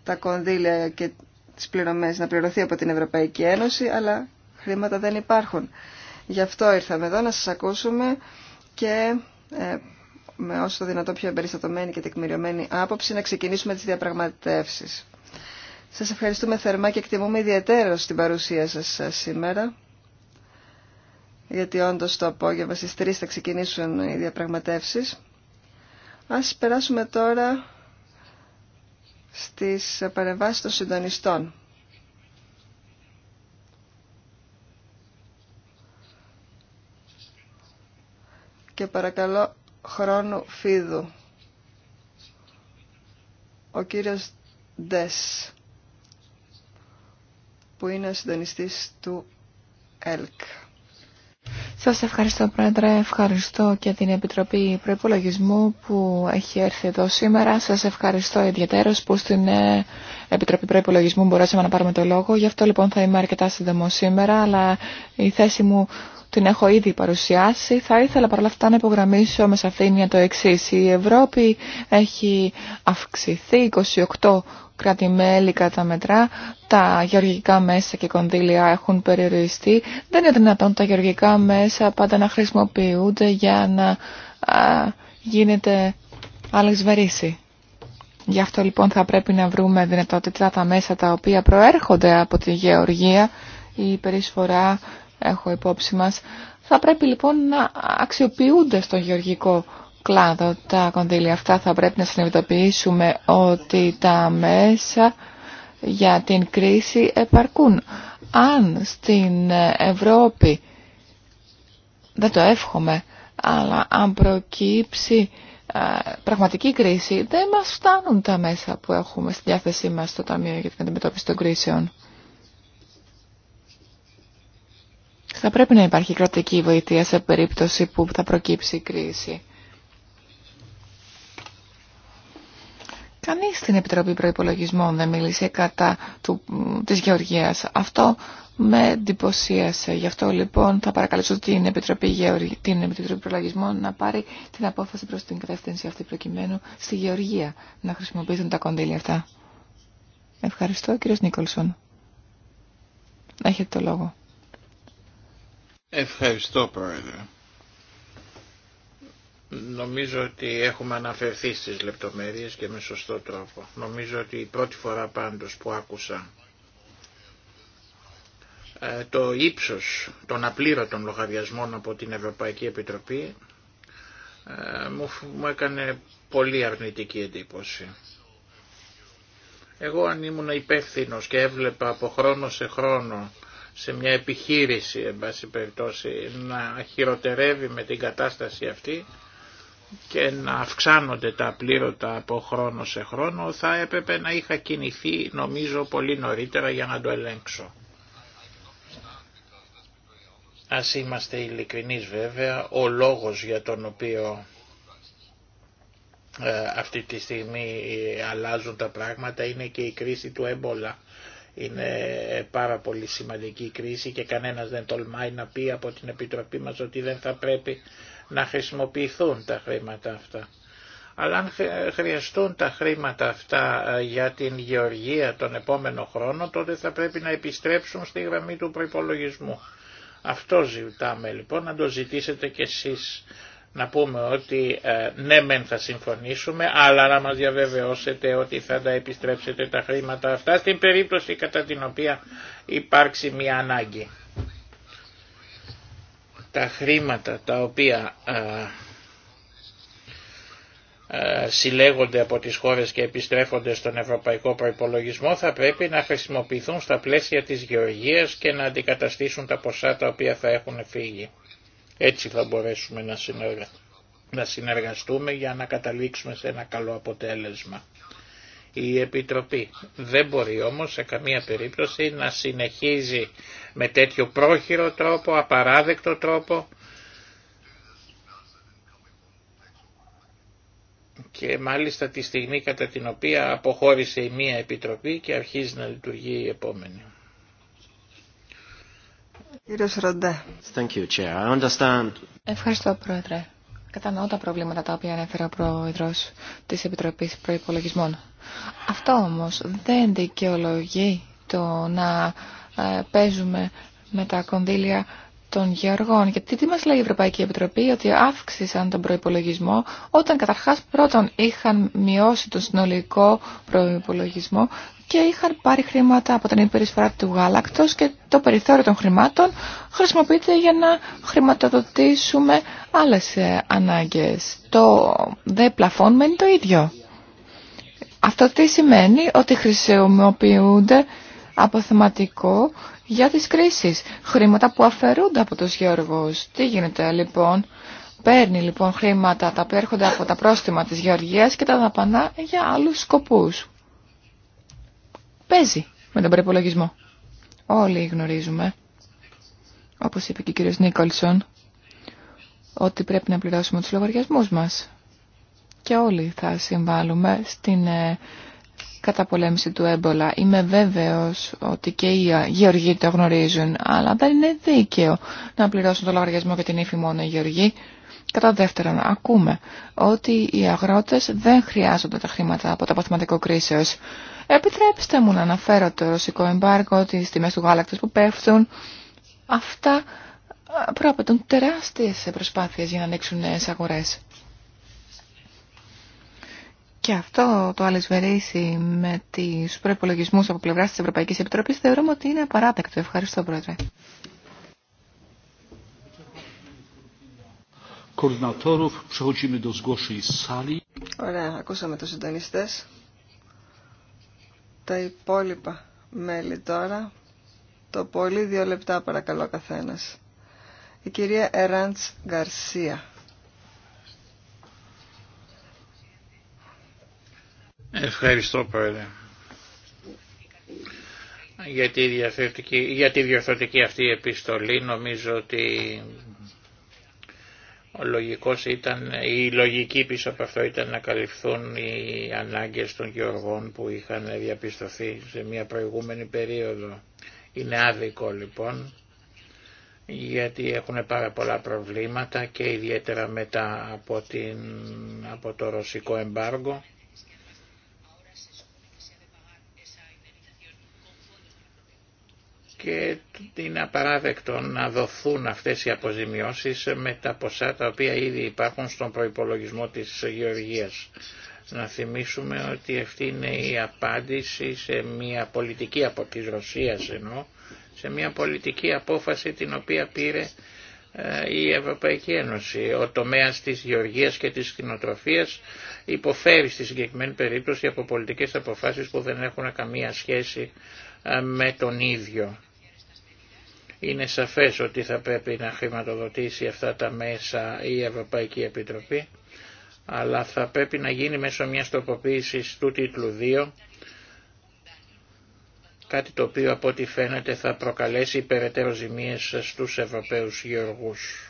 τα κονδύλια και τις πληρωμές να πληρωθεί από την Ευρωπαϊκή Ένωση, αλλά χρήματα δεν υπάρχουν. Γι' αυτό ήρθαμε εδώ να σας ακούσουμε και ε, με όσο το δυνατό πιο εμπεριστατωμένη και τεκμηριωμένη άποψη να ξεκινήσουμε τις διαπραγματεύσεις. Σας ευχαριστούμε θερμά και εκτιμούμε ιδιαίτερα στην παρουσία σας ε, σήμερα γιατί όντως το απόγευμα στις 3 θα ξεκινήσουν οι διαπραγματεύσεις. Ας περάσουμε τώρα στις παρεμβάσεις των συντονιστών. Και παρακαλώ χρόνου φίδου. Ο κύριος Ντες, που είναι ο συντονιστής του ΕΛΚ. Σας ευχαριστώ Πρόεδρε, ευχαριστώ και την Επιτροπή Προϋπολογισμού που έχει έρθει εδώ σήμερα. Σας ευχαριστώ ιδιαίτερως που στην ε, Επιτροπή Προϋπολογισμού μπορέσαμε να πάρουμε το λόγο. Γι' αυτό λοιπόν θα είμαι αρκετά σύντομο σήμερα, αλλά η θέση μου την έχω ήδη παρουσιάσει. Θα ήθελα παρ' αυτά να υπογραμμίσω με σαφήνεια το εξή. Η Ευρώπη έχει αυξηθεί 28 κράτη-μέλη κατά μετρά, τα γεωργικά μέσα και κονδύλια έχουν περιοριστεί. Δεν είναι δυνατόν τα γεωργικά μέσα πάντα να χρησιμοποιούνται για να α, γίνεται αλεξβερήση. Γι' αυτό λοιπόν θα πρέπει να βρούμε δυνατότητα τα μέσα τα οποία προέρχονται από τη γεωργία, η περισφορά έχω υπόψη μας. Θα πρέπει λοιπόν να αξιοποιούνται στο γεωργικό κλάδο τα κονδύλια αυτά. Θα πρέπει να συνειδητοποιήσουμε ότι τα μέσα για την κρίση επαρκούν. Αν στην Ευρώπη, δεν το εύχομαι, αλλά αν προκύψει πραγματική κρίση, δεν μας φτάνουν τα μέσα που έχουμε στη διάθεσή μας στο Ταμείο για την αντιμετώπιση των κρίσεων. Θα πρέπει να υπάρχει κρατική βοήθεια σε περίπτωση που θα προκύψει η κρίση. Κανείς στην Επιτροπή Προϋπολογισμών δεν μίλησε κατά του, της Γεωργίας. Αυτό με εντυπωσίασε. Γι' αυτό λοιπόν θα παρακαλέσω την Επιτροπή, την Επιτροπή Προϋπολογισμών να πάρει την απόφαση προς την κατεύθυνση αυτή προκειμένου στη Γεωργία να χρησιμοποιήσουν τα κονδύλια αυτά. Ευχαριστώ κύριος Νίκολσον. Έχετε το λόγο. Ευχαριστώ Πρόεδρε. Νομίζω ότι έχουμε αναφερθεί στις λεπτομέρειες και με σωστό τρόπο. Νομίζω ότι η πρώτη φορά πάντως που άκουσα ε, το ύψος των απλήρωτων λογαριασμών από την Ευρωπαϊκή Επιτροπή ε, μου έκανε πολύ αρνητική εντύπωση. Εγώ αν ήμουν υπεύθυνο και έβλεπα από χρόνο σε χρόνο σε μια επιχείρηση, εν περιπτώσει, να χειροτερεύει με την κατάσταση αυτή και να αυξάνονται τα πλήρωτα από χρόνο σε χρόνο, θα έπρεπε να είχα κινηθεί νομίζω πολύ νωρίτερα για να το ελέγξω. Ας είμαστε ειλικρινείς βέβαια, ο λόγος για τον οποίο ε, αυτή τη στιγμή αλλάζουν τα πράγματα είναι και η κρίση του έμπολα είναι πάρα πολύ σημαντική η κρίση και κανένας δεν τολμάει να πει από την Επιτροπή μας ότι δεν θα πρέπει να χρησιμοποιηθούν τα χρήματα αυτά. Αλλά αν χρειαστούν τα χρήματα αυτά ε, για την γεωργία τον επόμενο χρόνο, τότε θα πρέπει να επιστρέψουν στη γραμμή του προϋπολογισμού. Αυτό ζητάμε λοιπόν, να το ζητήσετε κι εσείς να πούμε ότι ε, ναι μεν θα συμφωνήσουμε αλλά να μας διαβεβαιώσετε ότι θα τα επιστρέψετε τα χρήματα αυτά στην περίπτωση κατά την οποία υπάρξει μια ανάγκη. Τα χρήματα τα οποία ε, ε, συλλέγονται από τις χώρες και επιστρέφονται στον ευρωπαϊκό προϋπολογισμό θα πρέπει να χρησιμοποιηθούν στα πλαίσια της γεωργίας και να αντικαταστήσουν τα ποσά τα οποία θα έχουν φύγει. Έτσι θα μπορέσουμε να, να συνεργαστούμε για να καταλήξουμε σε ένα καλό αποτέλεσμα. Η Επιτροπή δεν μπορεί όμως σε καμία περίπτωση να συνεχίζει με τέτοιο πρόχειρο τρόπο, απαράδεκτο τρόπο, και μάλιστα τη στιγμή κατά την οποία αποχώρησε η μία επιτροπή και αρχίζει να λειτουργεί η επόμενη. Ευχαριστώ, Πρόεδρε. Κατανοώ τα προβλήματα τα οποία ανέφερε ο Πρόεδρος της Επιτροπής Προϋπολογισμών. Αυτό όμως δεν δικαιολογεί το να ε, παίζουμε με τα κονδύλια των γεωργών. Γιατί τι μας λέει η Ευρωπαϊκή Επιτροπή ότι αύξησαν τον προϋπολογισμό όταν καταρχάς πρώτον είχαν μειώσει τον συνολικό προϋπολογισμό και είχαν πάρει χρήματα από την υπερισφορά του γάλακτος και το περιθώριο των χρημάτων χρησιμοποιείται για να χρηματοδοτήσουμε άλλες ε, ανάγκες. Το δε πλαφόν μένει το ίδιο. Αυτό τι σημαίνει ότι χρησιμοποιούνται αποθεματικό για τις κρίσεις. Χρήματα που αφαιρούνται από τους γεωργούς. Τι γίνεται λοιπόν. Παίρνει λοιπόν χρήματα τα οποία έρχονται από τα πρόστιμα της γεωργίας και τα δαπανά για άλλους σκοπούς. Παίζει με τον προπολογισμό. Όλοι γνωρίζουμε, όπως είπε και ο κύριος Νίκολσον, ότι πρέπει να πληρώσουμε τους λογαριασμούς μας. Και όλοι θα συμβάλλουμε στην ε, καταπολέμηση του έμπολα. Είμαι βέβαιος ότι και οι γεωργοί το γνωρίζουν, αλλά δεν είναι δίκαιο να πληρώσουν το λογαριασμό και την ύφη μόνο οι γεωργοί. Κατά δεύτερον, ακούμε ότι οι αγρότες δεν χρειάζονται τα χρήματα από το παθηματικό κρίσεως. Επιτρέψτε μου να αναφέρω το ρωσικό εμπάρκο, τι τιμές του γάλακτος που πέφτουν. Αυτά προαπαιτούν τεράστιες προσπάθειες για να ανοίξουν νέες αγορές και αυτό το αλεσβερίσι με τις προπολογισμού από πλευρά της Ευρωπαϊκής Επιτροπής θεωρούμε ότι είναι απαράδεκτο. Ευχαριστώ, Πρόεδρε. Ωραία, ακούσαμε τους συντονιστές. Τα υπόλοιπα μέλη τώρα. Το πολύ δύο λεπτά παρακαλώ καθένας. Η κυρία Εράντς Γκαρσία. Ευχαριστώ Πρόεδρε για τη, διορθωτική, για αυτή επιστολή νομίζω ότι ο λογικός ήταν, η λογική πίσω από αυτό ήταν να καλυφθούν οι ανάγκες των γεωργών που είχαν διαπιστωθεί σε μια προηγούμενη περίοδο. Είναι άδικο λοιπόν γιατί έχουν πάρα πολλά προβλήματα και ιδιαίτερα μετά από, την, από το ρωσικό εμπάργο και είναι απαράδεκτο να δοθούν αυτές οι αποζημιώσεις με τα ποσά τα οποία ήδη υπάρχουν στον προϋπολογισμό της Γεωργίας. Να θυμίσουμε ότι αυτή είναι η απάντηση σε μια πολιτική από της Ρωσίας ενώ, σε μια πολιτική απόφαση την οποία πήρε ε, η Ευρωπαϊκή Ένωση. Ο τομέας της γεωργίας και της κοινοτροφίας υποφέρει στη συγκεκριμένη περίπτωση από πολιτικές αποφάσεις που δεν έχουν καμία σχέση ε, με τον ίδιο. Είναι σαφές ότι θα πρέπει να χρηματοδοτήσει αυτά τα μέσα η Ευρωπαϊκή Επιτροπή, αλλά θα πρέπει να γίνει μέσω μιας τροποποίησης του τίτλου 2, κάτι το οποίο από ό,τι φαίνεται θα προκαλέσει περαιτέρω ζημίες στους Ευρωπαίους γεωργούς.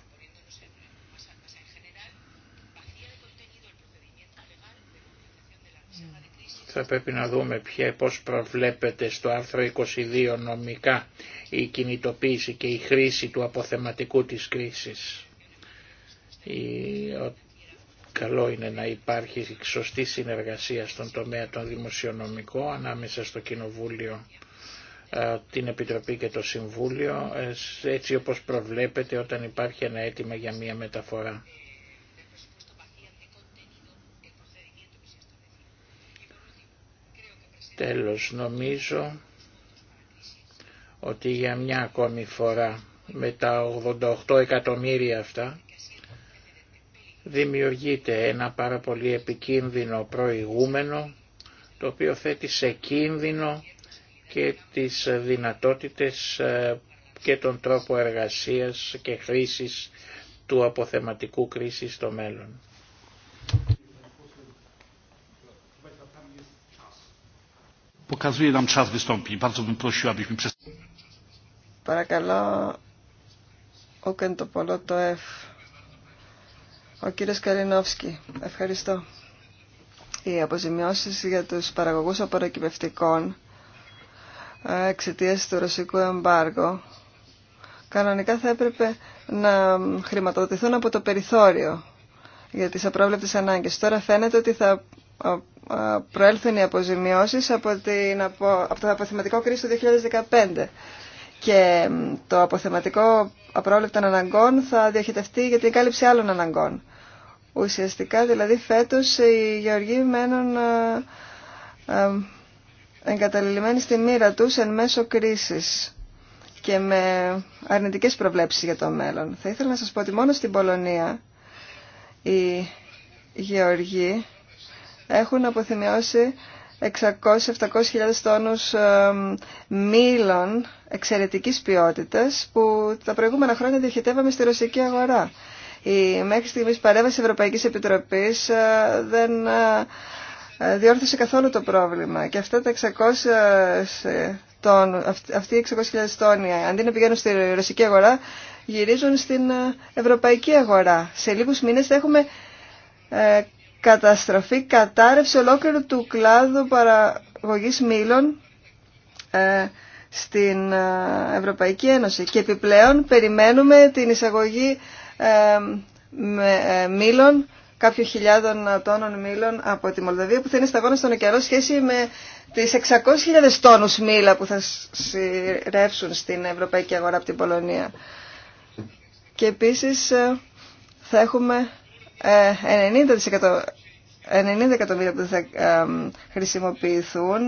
θα πρέπει να δούμε ποια, πώς προβλέπεται στο άρθρο 22 νομικά η κινητοποίηση και η χρήση του αποθεματικού της κρίσης. Καλό είναι να υπάρχει σωστή συνεργασία στον τομέα των δημοσιονομικών ανάμεσα στο Κοινοβούλιο, ε, την Επιτροπή και το Συμβούλιο, ε, έτσι όπως προβλέπεται όταν υπάρχει ένα αίτημα για μία μεταφορά. Τέλος νομίζω ότι για μια ακόμη φορά με τα 88 εκατομμύρια αυτά δημιουργείται ένα πάρα πολύ επικίνδυνο προηγούμενο το οποίο θέτει σε κίνδυνο και τις δυνατότητες ε, και τον τρόπο εργασίας και χρήσης του αποθεματικού κρίσης στο μέλλον. Παρακαλώ, ο Κέντοπολο Ο κύριος Καρινόφσκι, ευχαριστώ. Οι αποζημιώσεις για τους παραγωγούς απορροκυπευτικών ε, εξαιτία του ρωσικού εμπάργου κανονικά θα έπρεπε να χρηματοδοτηθούν από το περιθώριο για τις απρόβλεπτες ανάγκες. Τώρα φαίνεται ότι θα ε, προέλθουν οι αποζημιώσεις από, το αποθεματικό κρίση του 2015 και το αποθεματικό απρόβλεπτων αναγκών θα διοχετευτεί για την κάλυψη άλλων αναγκών. Ουσιαστικά δηλαδή φέτος οι γεωργοί μένουν ε, ε, εγκαταλειμμένοι στη μοίρα τους εν μέσω κρίσης και με αρνητικές προβλέψεις για το μέλλον. Θα ήθελα να σας πω ότι μόνο στην Πολωνία οι γεωργοί έχουν αποθυμιώσει 600-700 τόνους ε, μήλων εξαιρετικής ποιότητας που τα προηγούμενα χρόνια διοχετεύαμε στη ρωσική αγορά. Η μέχρι στιγμής παρέμβαση Ευρωπαϊκής Επιτροπής ε, δεν ε, διόρθωσε καθόλου το πρόβλημα και αυτά τα 600 τόν, αυτοί οι 600.000 τόνοι αντί να πηγαίνουν στη ρωσική αγορά γυρίζουν στην ευρωπαϊκή αγορά. Σε λίγους μήνες θα έχουμε καταστροφή, κατάρρευση ολόκληρου του κλάδου παραγωγής μήλων ε, στην ε, Ευρωπαϊκή Ένωση. Και επιπλέον περιμένουμε την εισαγωγή ε, μήλων, κάποιων χιλιάδων τόνων μήλων από τη Μολδαβία που θα είναι σταγόνα στον ωκεανό σχέση με τις 600.000 τόνους μήλα που θα συρρεύσουν στην Ευρωπαϊκή Αγορά από την Πολωνία. Και επίσης θα έχουμε 90, ε, εκατομμύρια που θα ε, χρησιμοποιηθούν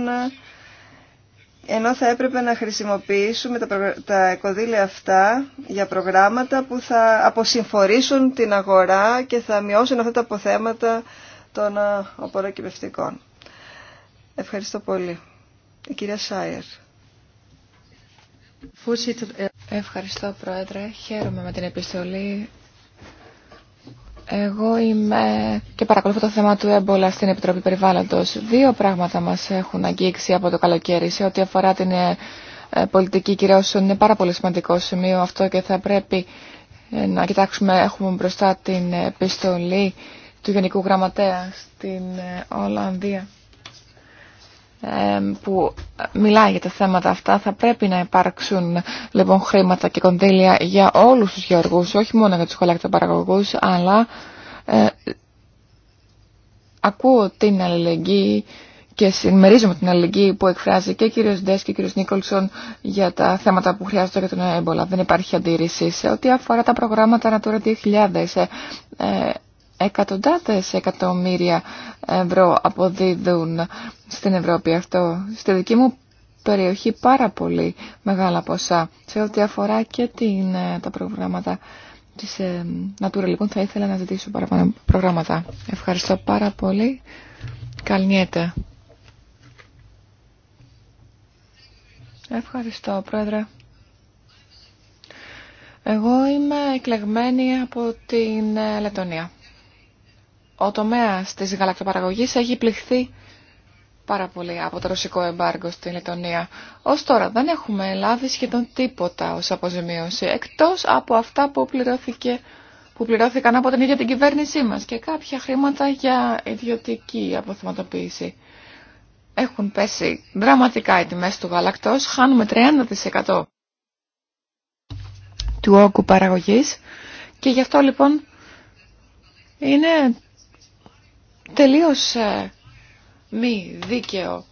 ενώ θα έπρεπε να χρησιμοποιήσουμε τα κονδύλια αυτά για προγράμματα που θα αποσυμφορήσουν την αγορά και θα μειώσουν αυτά τα αποθέματα των απορροκυπευτικών. Ε, ευχαριστώ πολύ. Η κυρία Σάιερ. Ευχαριστώ Πρόεδρε. Χαίρομαι με την επιστολή εγώ είμαι και παρακολουθώ το θέμα του έμπολα στην Επιτροπή Περιβάλλοντος. Δύο πράγματα μας έχουν αγγίξει από το καλοκαίρι σε ό,τι αφορά την ε, ε, πολιτική κυρώσεων. Είναι πάρα πολύ σημαντικό σημείο αυτό και θα πρέπει ε, να κοιτάξουμε. Έχουμε μπροστά την επιστολή του Γενικού Γραμματέα στην Ολλανδία που μιλάει για τα θέματα αυτά θα πρέπει να υπάρξουν λοιπόν χρήματα και κονδύλια για όλους τους γεωργούς, όχι μόνο για τους παραγωγούς, αλλά ε, ακούω την αλληλεγγύη και συμμερίζομαι την αλληλεγγύη που εκφράζει και ο κύριος Ντές και ο κύριος Νίκολσον για τα θέματα που χρειάζονται για τον έμπολα. Δεν υπάρχει αντίρρηση σε ό,τι αφορά τα προγράμματα Natura 2000. Ε, ε εκατοντάδες εκατομμύρια ευρώ αποδίδουν στην Ευρώπη αυτό. Στη δική μου περιοχή πάρα πολύ μεγάλα ποσά σε ό,τι αφορά και την, ε, τα προγράμματα της ε, Natura. Λοιπόν, θα ήθελα να ζητήσω παραπάνω προγράμματα. Ευχαριστώ πάρα πολύ. Καλνιέται. Ευχαριστώ, Πρόεδρε. Εγώ είμαι εκλεγμένη από την ε, Λετωνία. Ο τομέας της γαλακτοπαραγωγής έχει πληχθεί πάρα πολύ από το ρωσικό εμπάργκο στην Λετωνία. Ω τώρα δεν έχουμε λάβει σχεδόν τίποτα ως αποζημίωση, εκτός από αυτά που, πληρώθηκε, που πληρώθηκαν από την ίδια την κυβέρνησή μας και κάποια χρήματα για ιδιωτική αποθυματοποίηση. Έχουν πέσει δραματικά οι τιμές του γαλακτός, χάνουμε 30% του όγκου παραγωγής και γι' αυτό λοιπόν είναι τελείως ε, μη δίκαιο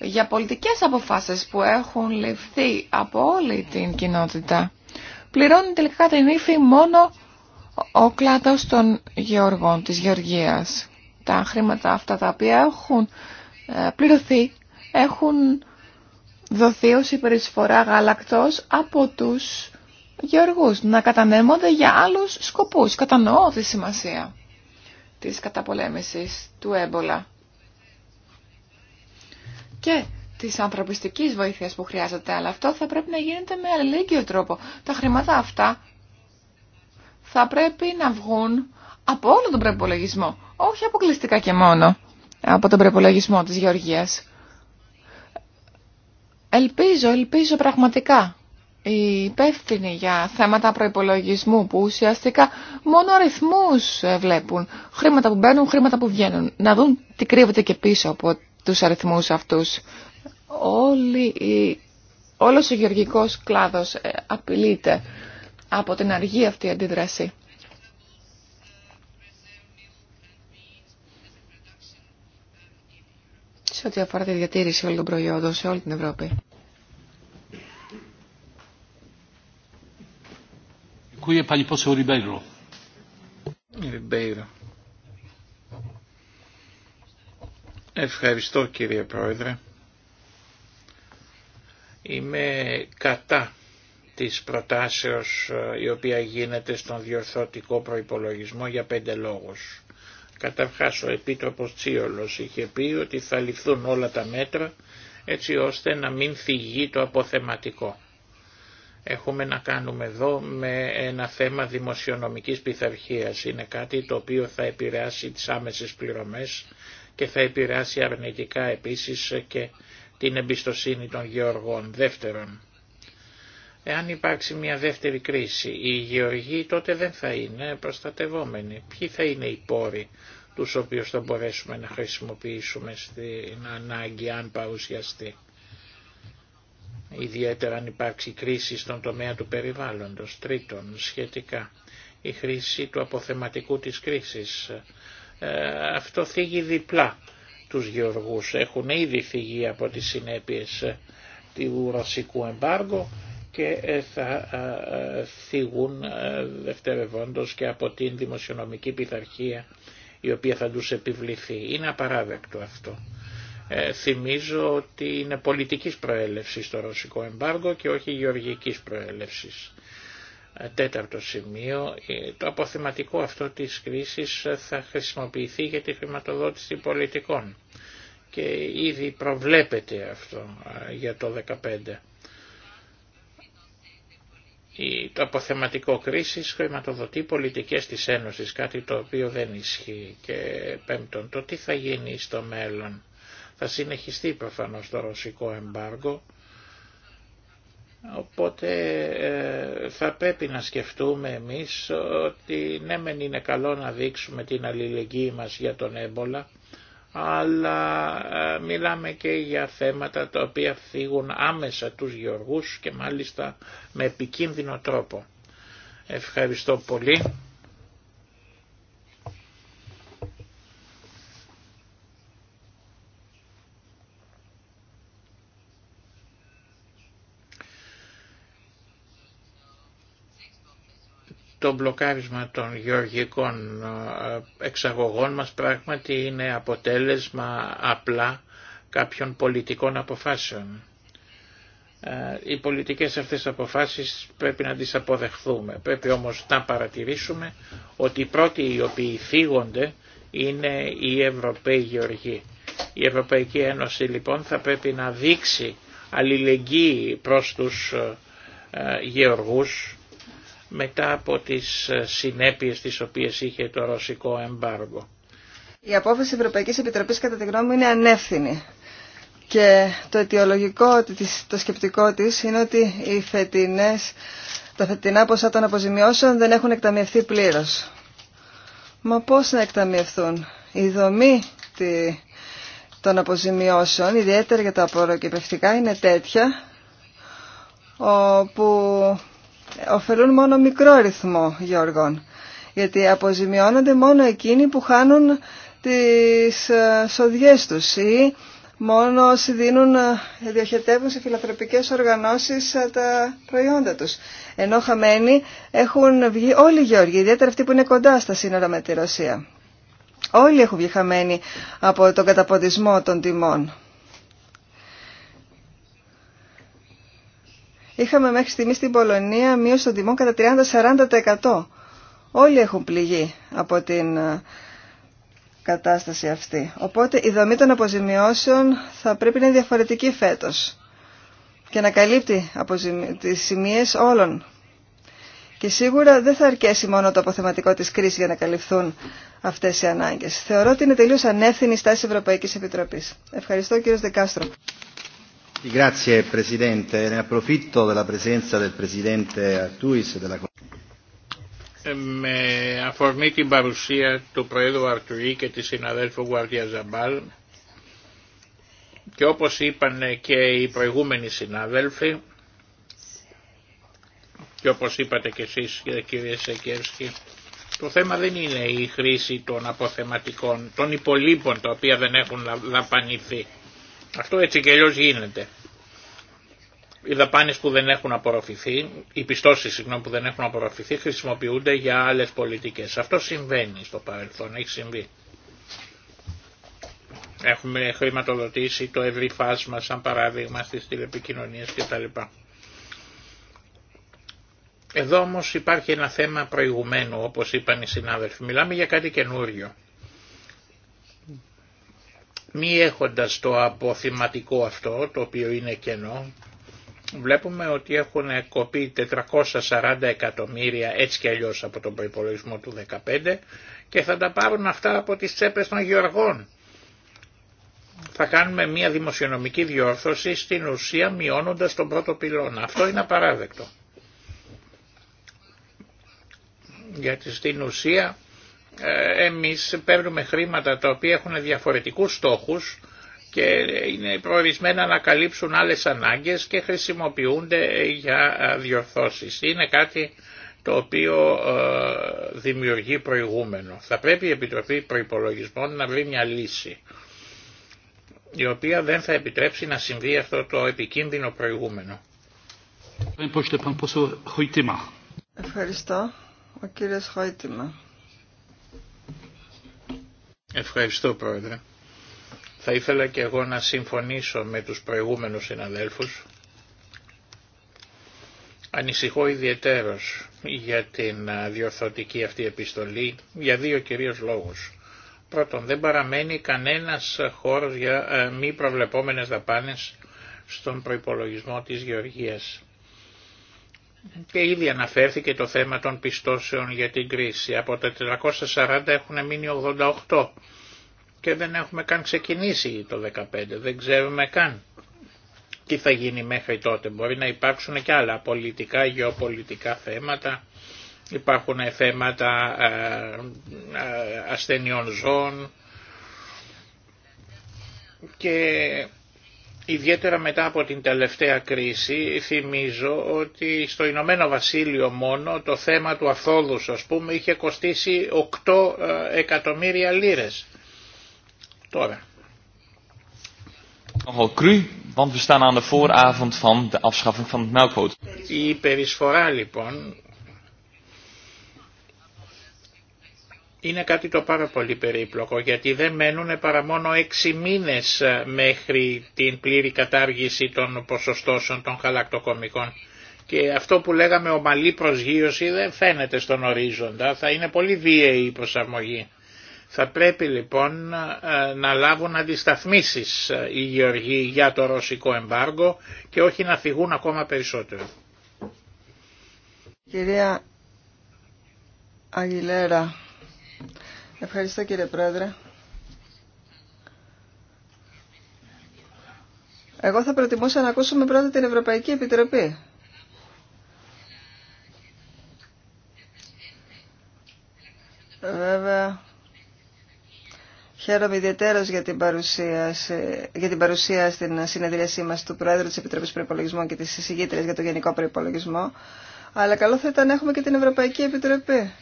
για πολιτικές αποφάσεις που έχουν ληφθεί από όλη την κοινότητα. Πληρώνει τελικά την ύφη μόνο ο κλάδος των γεωργών της γεωργίας. Τα χρήματα αυτά τα οποία έχουν ε, πληρωθεί έχουν δοθεί ως υπερισφορά γαλακτός από τους γεωργούς να κατανέμονται για άλλους σκοπούς. Κατανοώ τη σημασία της καταπολέμησης του έμπολα και της ανθρωπιστικής βοήθειας που χρειάζεται. Αλλά αυτό θα πρέπει να γίνεται με αλληλέγγυο τρόπο. Τα χρήματα αυτά θα πρέπει να βγουν από όλο τον προπολογισμό, όχι αποκλειστικά και μόνο από τον προπολογισμό της Γεωργίας. Ελπίζω, ελπίζω πραγματικά οι υπεύθυνοι για θέματα προϋπολογισμού που ουσιαστικά μόνο αριθμούς βλέπουν. Χρήματα που μπαίνουν, χρήματα που βγαίνουν. Να δουν τι κρύβεται και πίσω από τους αριθμούς αυτούς. Όλοι, Όλος ο γεωργικός κλάδος ε, απειλείται από την αργή αυτή αντίδραση. Σε ό,τι αφορά τη διατήρηση όλων των προϊόντων σε όλη την Ευρώπη. Ευχαριστώ κύριε Πρόεδρε. Είμαι κατά της προτάσεως ε, η οποία γίνεται στον διορθωτικό προϋπολογισμό για πέντε λόγους. Καταρχάς ο Επίτροπος Τσίολος είχε πει ότι θα ληφθούν όλα τα μέτρα έτσι ώστε να μην θυγεί το αποθεματικό έχουμε να κάνουμε εδώ με ένα θέμα δημοσιονομικής πειθαρχίας. Είναι κάτι το οποίο θα επηρεάσει τις άμεσες πληρωμές και θα επηρεάσει αρνητικά επίσης και την εμπιστοσύνη των γεωργών. Δεύτερον, εάν υπάρξει μια δεύτερη κρίση, οι γεωργοί τότε δεν θα είναι προστατευόμενοι. Ποιοι θα είναι οι πόροι τους οποίους θα μπορέσουμε να χρησιμοποιήσουμε στην ανάγκη αν παρουσιαστεί ιδιαίτερα αν υπάρξει κρίση στον τομέα του περιβάλλοντος. Τρίτον, σχετικά η χρήση του αποθεματικού της κρίσης. Ε, αυτό θίγει διπλά τους γεωργούς. Έχουν ήδη φυγεί από τις συνέπειες του ρωσικού εμπάργου και ε, θα ε, θυγούν δευτερευόντως και από την δημοσιονομική πειθαρχία η οποία θα τους επιβληθεί. Είναι απαράδεκτο αυτό. Ε, θυμίζω ότι είναι πολιτικής προέλευσης το ρωσικό εμπάργκο και όχι γεωργικής προέλευσης. Ε, τέταρτο σημείο, ε, το αποθεματικό αυτό της κρίσης θα χρησιμοποιηθεί για τη χρηματοδότηση πολιτικών και ήδη προβλέπεται αυτό για το 2015. Το αποθεματικό κρίσης χρηματοδοτεί πολιτικές της Ένωσης, κάτι το οποίο δεν ισχύει. Και πέμπτον, το τι θα γίνει στο μέλλον θα συνεχιστεί προφανώς το ρωσικό εμπάργο, οπότε ε, θα πρέπει να σκεφτούμε εμείς ότι ναι μεν είναι καλό να δείξουμε την αλληλεγγύη μας για τον έμπολα, αλλά ε, μιλάμε και για θέματα τα οποία φύγουν άμεσα τους γεωργούς και μάλιστα με επικίνδυνο τρόπο. Ευχαριστώ πολύ. το μπλοκάρισμα των γεωργικών ε, εξαγωγών μας πράγματι είναι αποτέλεσμα απλά κάποιων πολιτικών αποφάσεων. Ε, οι πολιτικές αυτές αποφάσεις πρέπει να τις αποδεχθούμε. Πρέπει όμως να παρατηρήσουμε ότι οι πρώτοι οι οποίοι φύγονται είναι οι Ευρωπαίοι Γεωργοί. Η Ευρωπαϊκή Ένωση λοιπόν θα πρέπει να δείξει αλληλεγγύη προς τους ε, γεωργούς μετά από τις ε, συνέπειες τις οποίες είχε το ρωσικό εμπάργο. Η απόφαση Ευρωπαϊκής Επιτροπής κατά τη γνώμη μου είναι ανεύθυνη. Και το αιτιολογικό, το σκεπτικό της είναι ότι οι φετινές, τα φετινά ποσά των αποζημιώσεων δεν έχουν εκταμιευθεί πλήρως. Μα πώς να εκταμιευθούν. Η δομή των αποζημιώσεων, ιδιαίτερα για τα απορροκυπευτικά, είναι τέτοια όπου ωφελούν μόνο μικρό αριθμό γεωργών. Γιατί αποζημιώνονται μόνο εκείνοι που χάνουν τις ε, σοδιές τους ή μόνο όσοι δίνουν, ε, διοχετεύουν σε φιλαθροπικές οργανώσεις ε, τα προϊόντα τους. Ενώ χαμένοι έχουν βγει όλοι οι γεωργοί, ιδιαίτερα αυτοί που είναι κοντά στα σύνορα με τη Ρωσία. Όλοι έχουν βγει χαμένοι από τον καταποντισμό των τιμών. Είχαμε μέχρι στιγμή στην Πολωνία μείωση των τιμών κατά 30-40%. Όλοι έχουν πληγεί από την ε, κατάσταση αυτή. Οπότε η δομή των αποζημιώσεων θα πρέπει να είναι διαφορετική φέτος και να καλύπτει τις σημείες όλων. Και σίγουρα δεν θα αρκέσει μόνο το αποθεματικό της κρίσης για να καλυφθούν αυτές οι ανάγκες. Θεωρώ ότι είναι τελείως ανεύθυνη η στάση Ευρωπαϊκής Επιτροπής. Ευχαριστώ κύριος Δεκάστρο. Grazie Presidente. Ne del Presidente e ε, με αφορμή την παρουσία του Προέδρου Αρτουρί και της συναδέλφου Γουαρδία Ζαμπάλ και όπως είπαν και οι προηγούμενοι συνάδελφοι και όπως είπατε και εσείς κύριε Σεκέρσκι το θέμα δεν είναι η χρήση των αποθεματικών, των υπολείπων τα οποία δεν έχουν δαπανηθεί. Αυτό έτσι και αλλιώς γίνεται. Οι δαπάνες που δεν έχουν απορροφηθεί, οι πιστώσεις συγγνώμη, που δεν έχουν απορροφηθεί χρησιμοποιούνται για άλλες πολιτικές. Αυτό συμβαίνει στο παρελθόν, έχει συμβεί. Έχουμε χρηματοδοτήσει το ευρύ φάσμα σαν παράδειγμα στις τηλεπικοινωνίες κτλ. Εδώ όμως υπάρχει ένα θέμα προηγουμένου όπως είπαν οι συνάδελφοι. Μιλάμε για κάτι καινούριο. Μη έχοντας το αποθηματικό αυτό, το οποίο είναι κενό, βλέπουμε ότι έχουν κοπεί 440 εκατομμύρια έτσι και αλλιώς από τον προϋπολογισμό του 2015 και θα τα πάρουν αυτά από τις τσέπες των γεωργών. Θα κάνουμε μια δημοσιονομική διόρθωση στην ουσία μειώνοντας τον πρώτο πυλώνα. Αυτό είναι απαράδεκτο. Γιατί στην ουσία ε, εμείς παίρνουμε χρήματα τα οποία έχουν διαφορετικούς στόχους και είναι προορισμένα να καλύψουν άλλες ανάγκες και χρησιμοποιούνται για ε, διορθώσεις. Είναι κάτι το οποίο ε, δημιουργεί προηγούμενο. Θα πρέπει η Επιτροπή Προϋπολογισμών να βρει μια λύση η οποία δεν θα επιτρέψει να συμβεί αυτό το επικίνδυνο προηγούμενο. Ευχαριστώ. Ο κύριος Χόιτιμα. Ευχαριστώ Πρόεδρε. Θα ήθελα και εγώ να συμφωνήσω με τους προηγούμενους συναδέλφους. Ανησυχώ ιδιαιτέρως για την διορθωτική αυτή επιστολή για δύο κυρίως λόγους. Πρώτον, δεν παραμένει κανένας χώρος για μη προβλεπόμενες δαπάνες στον προϋπολογισμό της Γεωργίας. Και ήδη αναφέρθηκε το θέμα των πιστώσεων για την κρίση. Από τα 440 έχουν μείνει 88 και δεν έχουμε καν ξεκινήσει το 15. Δεν ξέρουμε καν τι θα γίνει μέχρι τότε. Μπορεί να υπάρξουν και άλλα πολιτικά, γεωπολιτικά θέματα. Υπάρχουν θέματα ε, ε, ασθενειών ζώων και Ιδιαίτερα μετά από την τελευταία κρίση θυμίζω ότι στο Ηνωμένο Βασίλειο μόνο το θέμα του αθόδους, ας πούμε είχε κοστίσει 8 ε, εκατομμύρια λίρες. Τώρα. Η περισφορά, λοιπόν είναι κάτι το πάρα πολύ περίπλοκο γιατί δεν μένουν παρά μόνο έξι μήνες ε, μέχρι την πλήρη κατάργηση των ποσοστώσεων των χαλακτοκομικών και αυτό που λέγαμε ομαλή προσγείωση δεν φαίνεται στον ορίζοντα, θα είναι πολύ βίαιη η προσαρμογή. Θα πρέπει λοιπόν ε, να λάβουν αντισταθμίσεις ε, οι γεωργοί για το ρωσικό εμπάργκο και όχι να φυγούν ακόμα περισσότερο. Κυρία Αγγιλέρα, Ευχαριστώ κύριε Πρόεδρε. Εγώ θα προτιμούσα να ακούσουμε πρώτα την Ευρωπαϊκή Επιτροπή. Βέβαια, χαίρομαι ιδιαίτερω για, την παρουσία, για την παρουσία στην συνεδρίασή μας του Πρόεδρου της Επιτροπής Προϋπολογισμών και της εισηγήτριας για το Γενικό Προϋπολογισμό, αλλά καλό θα ήταν να έχουμε και την Ευρωπαϊκή Επιτροπή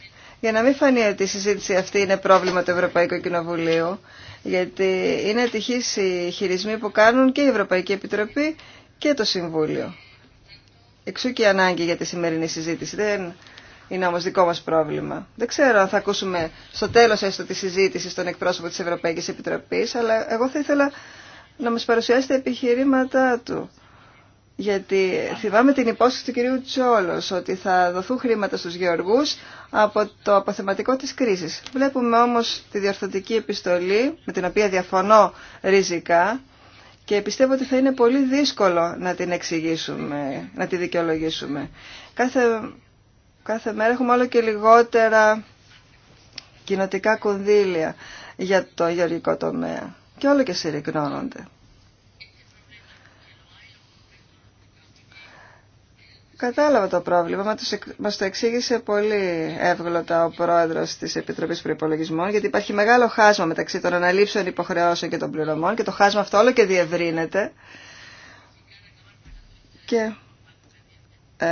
για να μην φανεί ότι η συζήτηση αυτή είναι πρόβλημα του Ευρωπαϊκού Κοινοβουλίου, γιατί είναι ατυχή οι χειρισμοί που κάνουν και η Ευρωπαϊκή Επιτροπή και το Συμβούλιο. Εξού και η ανάγκη για τη σημερινή συζήτηση. Δεν είναι όμως δικό μας πρόβλημα. Δεν ξέρω αν θα ακούσουμε στο τέλος έστω τη συζήτηση τον εκπρόσωπο τη Ευρωπαϊκή Επιτροπής, αλλά εγώ θα ήθελα να μας παρουσιάσετε επιχειρήματά του γιατί θυμάμαι την υπόσχεση του κυρίου Τσόλο ότι θα δοθούν χρήματα στους γεωργού από το αποθεματικό της κρίσης. Βλέπουμε όμως τη διορθωτική επιστολή με την οποία διαφωνώ ριζικά και πιστεύω ότι θα είναι πολύ δύσκολο να την εξηγήσουμε, να τη δικαιολογήσουμε. Κάθε, κάθε μέρα έχουμε όλο και λιγότερα κοινοτικά κονδύλια για το γεωργικό τομέα και όλο και συρρυκνώνονται. Κατάλαβα το πρόβλημα, μας το εξήγησε πολύ εύγλωτα ο πρόεδρο της Επιτροπής Προϋπολογισμών, γιατί υπάρχει μεγάλο χάσμα μεταξύ των αναλήψεων υποχρεώσεων και των πληρωμών και το χάσμα αυτό όλο και διευρύνεται. Και ε,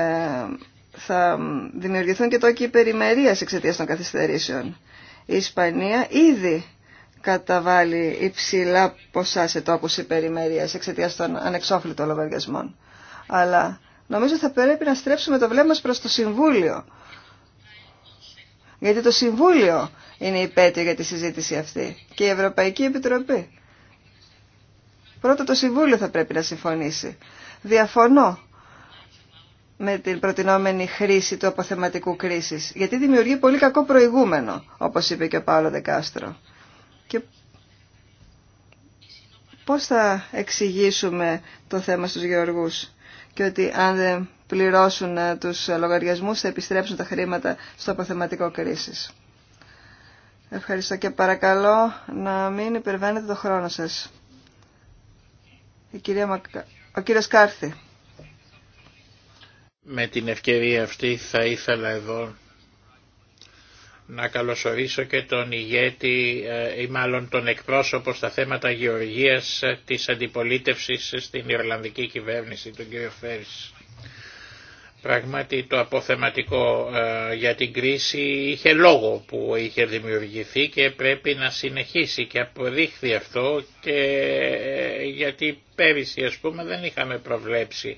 θα δημιουργηθούν και τόκοι περιμερία εξαιτία των καθυστερήσεων. Η Ισπανία ήδη καταβάλει υψηλά ποσά σε τόκους υπερημερίας εξαιτία των ανεξόφλητων λογαριασμών. Αλλά Νομίζω θα πρέπει να στρέψουμε το βλέμμα μας προς το Συμβούλιο. Γιατί το Συμβούλιο είναι υπέτειο για τη συζήτηση αυτή και η Ευρωπαϊκή Επιτροπή. Πρώτα το Συμβούλιο θα πρέπει να συμφωνήσει. Διαφωνώ με την προτινόμενη χρήση του αποθεματικού κρίσης, γιατί δημιουργεί πολύ κακό προηγούμενο, όπως είπε και ο Παύλο Δεκάστρο. Και πώς θα εξηγήσουμε το θέμα στους γεωργούς και ότι αν δεν πληρώσουν ε, τους λογαριασμούς θα επιστρέψουν τα χρήματα στο αποθεματικό κρίσης. Ευχαριστώ και παρακαλώ να μην υπερβαίνετε το χρόνο σας. Η κυρία Ο κύριος Κάρθη. Με την ευκαιρία αυτή θα ήθελα εδώ να καλωσορίσω και τον ηγέτη ε, ή μάλλον τον εκπρόσωπο στα θέματα γεωργίας ε, της αντιπολίτευσης στην Ιρλανδική κυβέρνηση, τον κύριο Φέρης. Πράγματι το αποθεματικό ε, για την κρίση είχε λόγο που είχε δημιουργηθεί και πρέπει να συνεχίσει και αποδείχθη αυτό και γιατί πέρυσι ας πούμε δεν είχαμε προβλέψει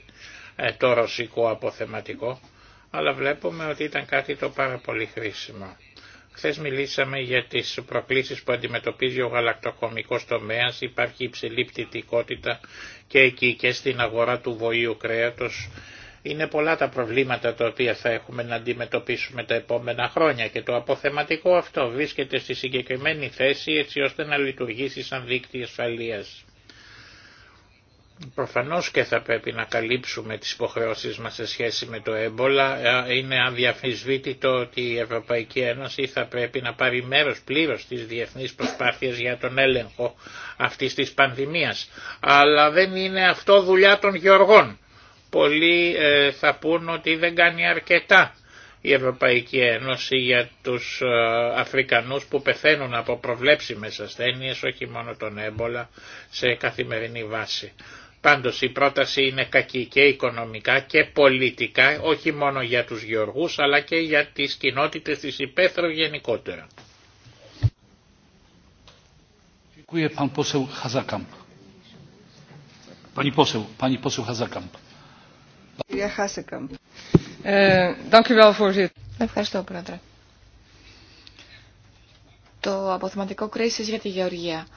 το ρωσικό αποθεματικό αλλά βλέπουμε ότι ήταν κάτι το πάρα πολύ χρήσιμο. Χθε μιλήσαμε για τις προκλήσει που αντιμετωπίζει ο γαλακτοκομικό τομέας. Υπάρχει υψηλή πτυτικότητα και εκεί και στην αγορά του βοήου κρέατο. Είναι πολλά τα προβλήματα τα οποία θα έχουμε να αντιμετωπίσουμε τα επόμενα χρόνια και το αποθεματικό αυτό βρίσκεται στη συγκεκριμένη θέση έτσι ώστε να λειτουργήσει σαν δίκτυο ασφαλείας. Προφανώς και θα πρέπει να καλύψουμε τις υποχρεώσεις μας σε σχέση με το έμπολα. Ε, είναι αδιαφυσβήτητο ότι η Ευρωπαϊκή Ένωση θα πρέπει να πάρει μέρος πλήρως στις διεθνείς προσπάθειες για τον έλεγχο αυτής της πανδημίας. Αλλά δεν είναι αυτό δουλειά των γεωργών. Πολλοί ε, θα πούν ότι δεν κάνει αρκετά η Ευρωπαϊκή Ένωση για τους ε, Αφρικανούς που πεθαίνουν από προβλέψιμες ασθένειες, όχι μόνο τον έμπολα, σε καθημερινή βάση. Πάντως η πρόταση είναι κακή και οικονομικά και πολιτικά, όχι μόνο για τους γεωργούς αλλά και για τις κοινότητες της υπαίθρου γενικότερα. Ευχαριστώ, Πρόεδρε. Το αποθεματικό κρίσης για τη Γεωργία.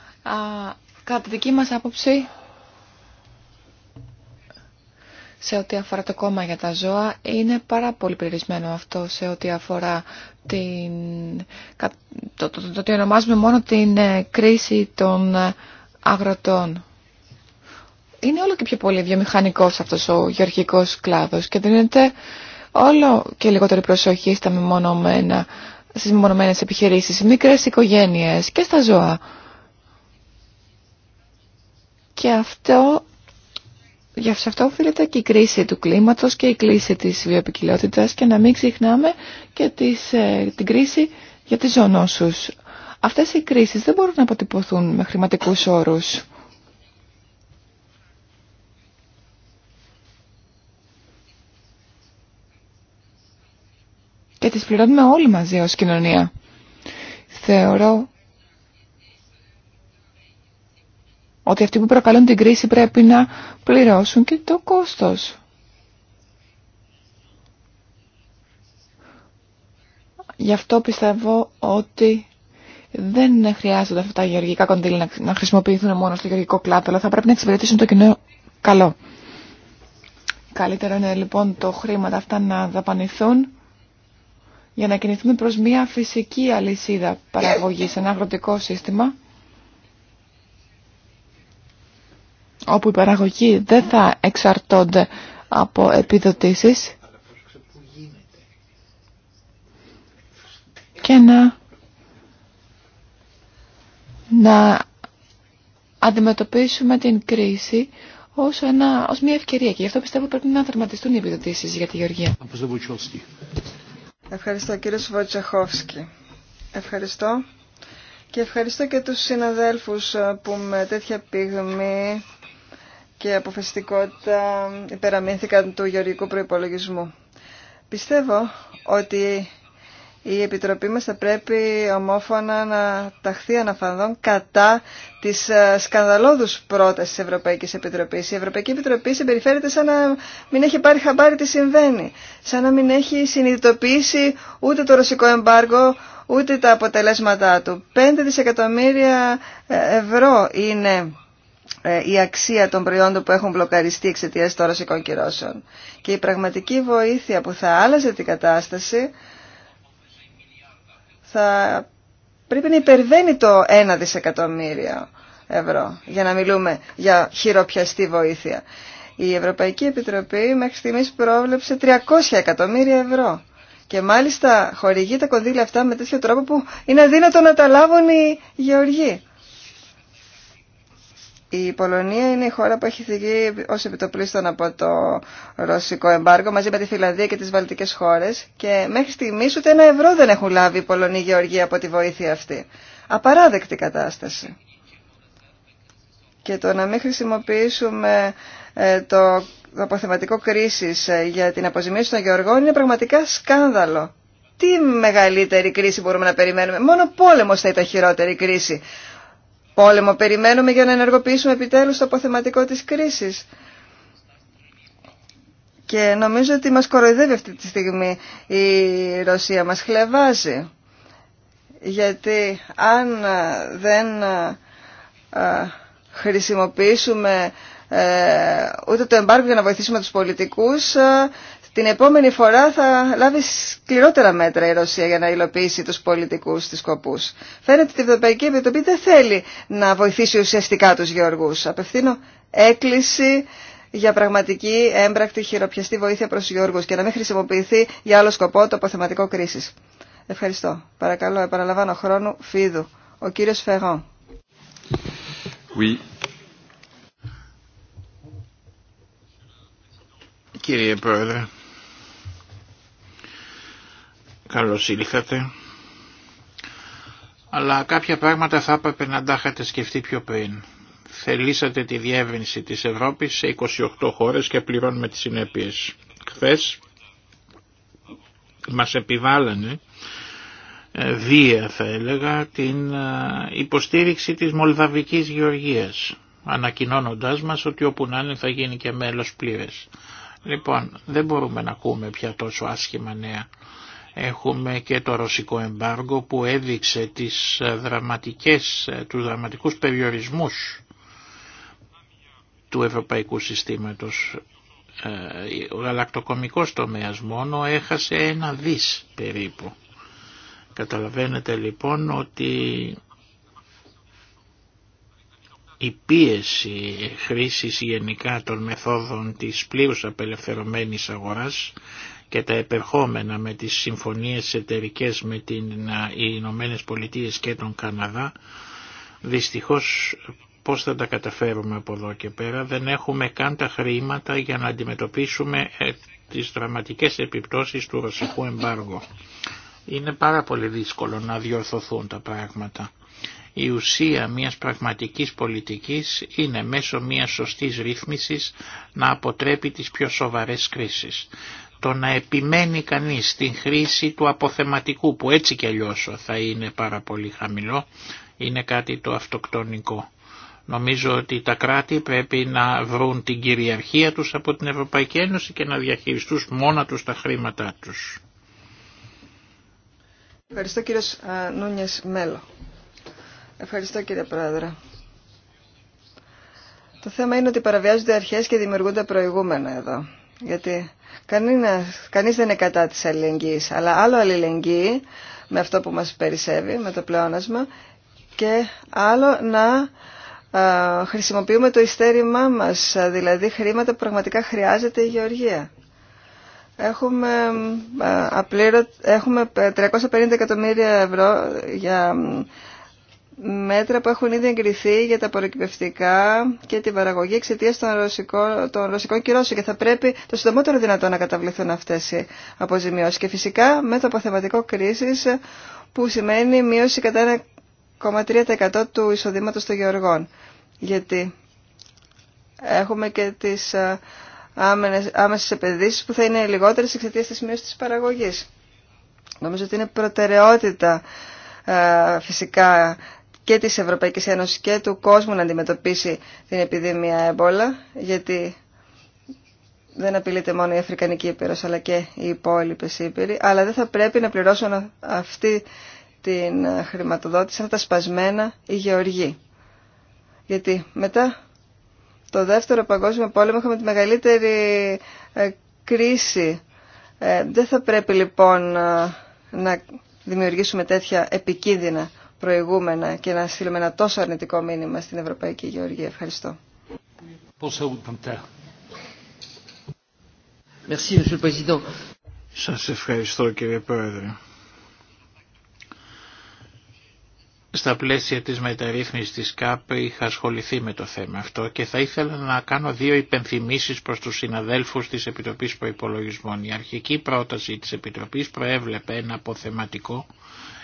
κατά τη δική μας άποψη, σε ό,τι αφορά το κόμμα για τα ζώα είναι πάρα πολύ περιορισμένο αυτό σε ό,τι αφορά την, το, το, το, ότι ονομάζουμε μόνο την ε, κρίση των ε, αγροτών. Είναι όλο και πιο πολύ βιομηχανικός αυτός ο γεωργικός κλάδος και δίνεται όλο και λιγότερη προσοχή στα μεμονωμένα, στις μεμονωμένες επιχειρήσεις, μικρές οικογένειες και στα ζώα. Και αυτό Γι' αυτό οφείλεται και η κρίση του κλίματος και η κρίση της βιοπικιλότητας και να μην ξεχνάμε και τις, ε, την κρίση για τις ζωνόσους. Αυτές οι κρίσεις δεν μπορούν να αποτυπωθούν με χρηματικούς όρους. Και τις πληρώνουμε όλοι μαζί ως κοινωνία. Θεωρώ ότι αυτοί που προκαλούν την κρίση πρέπει να πληρώσουν και το κόστος. Γι' αυτό πιστεύω ότι δεν χρειάζονται αυτά τα γεωργικά κοντήλια να χρησιμοποιηθούν μόνο στο γεωργικό κλάδο, αλλά θα πρέπει να εξυπηρετήσουν το κοινό καλό. Καλύτερο είναι λοιπόν το χρήματα αυτά να δαπανηθούν για να κινηθούμε προς μια φυσική αλυσίδα παραγωγής, ένα αγροτικό σύστημα όπου οι παραγωγοί δεν θα εξαρτώνται από επιδοτήσεις και να, να αντιμετωπίσουμε την κρίση ως, ένα, ως μια ευκαιρία και γι' αυτό πιστεύω πρέπει να θερματιστούν οι επιδοτήσεις για τη Γεωργία. Ευχαριστώ κύριε Σβοτσαχόφσκι. Ευχαριστώ. Και ευχαριστώ και τους συναδέλφους που με τέτοια πυγμή και αποφασιστικότητα υπεραμήθηκαν του γεωργικού προϋπολογισμού. Πιστεύω ότι η Επιτροπή μας θα πρέπει ομόφωνα να ταχθεί αναφανδόν κατά της ε, σκανδαλώδους πρότασης της Ευρωπαϊκής Επιτροπής. Η Ευρωπαϊκή Επιτροπή συμπεριφέρεται σαν να μην έχει πάρει χαμπάρι τι συμβαίνει, σαν να μην έχει συνειδητοποιήσει ούτε το ρωσικό εμπάργο, ούτε τα αποτελέσματά του. 5 δισεκατομμύρια ε, ευρώ είναι ε, η αξία των προϊόντων που έχουν μπλοκαριστεί εξαιτία των ρωσικών κυρώσεων. Και η πραγματική βοήθεια που θα άλλαζε την κατάσταση θα πρέπει να υπερβαίνει το 1 δισεκατομμύριο ευρώ για να μιλούμε για χειροπιαστή βοήθεια. Η Ευρωπαϊκή Επιτροπή μέχρι στιγμή πρόβλεψε 300 εκατομμύρια ευρώ. Και μάλιστα χορηγεί τα κονδύλια αυτά με τέτοιο τρόπο που είναι αδύνατο να τα λάβουν οι γεωργοί. Η Πολωνία είναι η χώρα που έχει θυγεί ως επιτοπλίστων από το ρωσικό εμπάργο μαζί με τη Φιλανδία και τις βαλτικές χώρες και μέχρι στιγμής ούτε ένα ευρώ δεν έχουν λάβει η Πολωνή Γεωργία από τη βοήθεια αυτή. Απαράδεκτη κατάσταση. Και το να μην χρησιμοποιήσουμε ε, το αποθεματικό κρίσης ε, για την αποζημίωση των γεωργών είναι πραγματικά σκάνδαλο. Τι μεγαλύτερη κρίση μπορούμε να περιμένουμε. Μόνο πόλεμος θα ήταν χειρότερη κρίση πόλεμο περιμένουμε για να ενεργοποιήσουμε επιτέλους το αποθεματικό της κρίσης. Και νομίζω ότι μας κοροϊδεύει αυτή τη στιγμή η Ρωσία, μας χλεβάζει. Γιατί αν δεν ε, χρησιμοποιήσουμε ε, ούτε το εμπάρκο για να βοηθήσουμε τους πολιτικούς, ε, την επόμενη φορά θα λάβει σκληρότερα μέτρα η Ρωσία για να υλοποιήσει τους πολιτικούς της σκοπούς. Φαίνεται ότι η Ευρωπαϊκή Επιτροπή δεν θέλει να βοηθήσει ουσιαστικά τους Γιώργους. Απευθύνω έκκληση για πραγματική έμπρακτη χειροπιαστή βοήθεια προς του γεωργούς και να μην χρησιμοποιηθεί για άλλο σκοπό το αποθεματικό κρίση. Ευχαριστώ. Παρακαλώ, επαναλαμβάνω χρόνο φίδου. Ο κύριος Φεγόν. Oui. Κύριε Πρόεδρε, Καλώς ήλθατε. Αλλά κάποια πράγματα θα έπρεπε να τα είχατε σκεφτεί πιο πριν. Θελήσατε τη διεύρυνση της Ευρώπης σε 28 χώρες και πληρώνουμε τις συνέπειες. Χθε μας επιβάλλανε ε, βία θα έλεγα την ε, υποστήριξη της Μολδαβικής Γεωργίας ανακοινώνοντάς μας ότι όπου να είναι θα γίνει και μέλος πλήρες. Λοιπόν, δεν μπορούμε να ακούμε πια τόσο άσχημα νέα. Έχουμε και το ρωσικό εμπάργο που έδειξε τις ε, δραματικές, ε, τους δραματικούς περιορισμούς του ευρωπαϊκού συστήματος. Ε, ο γαλακτοκομικός τομέας μόνο έχασε ένα δις περίπου. Καταλαβαίνετε λοιπόν ότι η πίεση χρήσης γενικά των μεθόδων της πλήρους απελευθερωμένης αγοράς και τα επερχόμενα με τις συμφωνίες εταιρικές με την, ε, οι Ηνωμένε Πολιτείε και τον Καναδά, δυστυχώς πώς θα τα καταφέρουμε από εδώ και πέρα, δεν έχουμε καν τα χρήματα για να αντιμετωπίσουμε ε, τις δραματικές επιπτώσεις του ρωσικού εμπάργου. Είναι πάρα πολύ δύσκολο να διορθωθούν τα πράγματα. Η ουσία μιας πραγματικής πολιτικής είναι μέσω μιας σωστής ρύθμισης να αποτρέπει τις πιο σοβαρές κρίσεις το να επιμένει κανείς στην χρήση του αποθεματικού που έτσι κι αλλιώς θα είναι πάρα πολύ χαμηλό είναι κάτι το αυτοκτονικό. Νομίζω ότι τα κράτη πρέπει να βρουν την κυριαρχία τους από την Ευρωπαϊκή Ένωση και να διαχειριστούν μόνα τους τα χρήματά τους. Ευχαριστώ κύριε ε, Νούνιες Μέλο. Ευχαριστώ κύριε Πρόεδρε. Το θέμα είναι ότι παραβιάζονται αρχές και δημιουργούνται προηγούμενα εδώ. Γιατί κανεί κανείς δεν είναι κατά της αλληλεγγύης, αλλά άλλο αλληλεγγύη με αυτό που μας περισσεύει, με το πλεόνασμα και άλλο να α, χρησιμοποιούμε το ειστέρημά μας, δηλαδή χρήματα που πραγματικά χρειάζεται η γεωργία. Έχουμε, α, έχουμε 350 εκατομμύρια ευρώ για μέτρα που έχουν ήδη εγκριθεί για τα προεκπαιδευτικά και την παραγωγή εξαιτία των, ρωσικών, των ρωσικών κυρώσεων και θα πρέπει το συντομότερο δυνατό να καταβληθούν αυτές οι αποζημιώσεις. Και φυσικά με το αποθεματικό κρίσης που σημαίνει μείωση κατά 1,3% του εισοδήματος των γεωργών. Γιατί έχουμε και τις ε, άμεσες επενδύσεις που θα είναι λιγότερες εξαιτία της μείωσης της παραγωγής. Νομίζω ότι είναι προτεραιότητα ε, φυσικά και της Ευρωπαϊκής Ένωσης και του κόσμου να αντιμετωπίσει την επιδημία έμπολα, γιατί δεν απειλείται μόνο η Αφρικανική Ήπειρος αλλά και οι υπόλοιπε Ήπειροι, αλλά δεν θα πρέπει να πληρώσουν αυτή την χρηματοδότηση, αυτά τα σπασμένα οι Γιατί μετά το δεύτερο παγκόσμιο πόλεμο είχαμε τη μεγαλύτερη ε, κρίση. Ε, δεν θα πρέπει λοιπόν ε, να δημιουργήσουμε τέτοια επικίνδυνα προηγούμενα και να στείλουμε ένα τόσο αρνητικό μήνυμα στην Ευρωπαϊκή Γεωργία. Ευχαριστώ. Σα ευχαριστώ κύριε Πρόεδρε. Στα πλαίσια της μεταρρύθμισης της ΚΑΠ είχα ασχοληθεί με το θέμα αυτό και θα ήθελα να κάνω δύο υπενθυμίσεις προς τους συναδέλφους της Επιτροπής Προϋπολογισμών. Η αρχική πρόταση της Επιτροπής προέβλεπε ένα αποθεματικό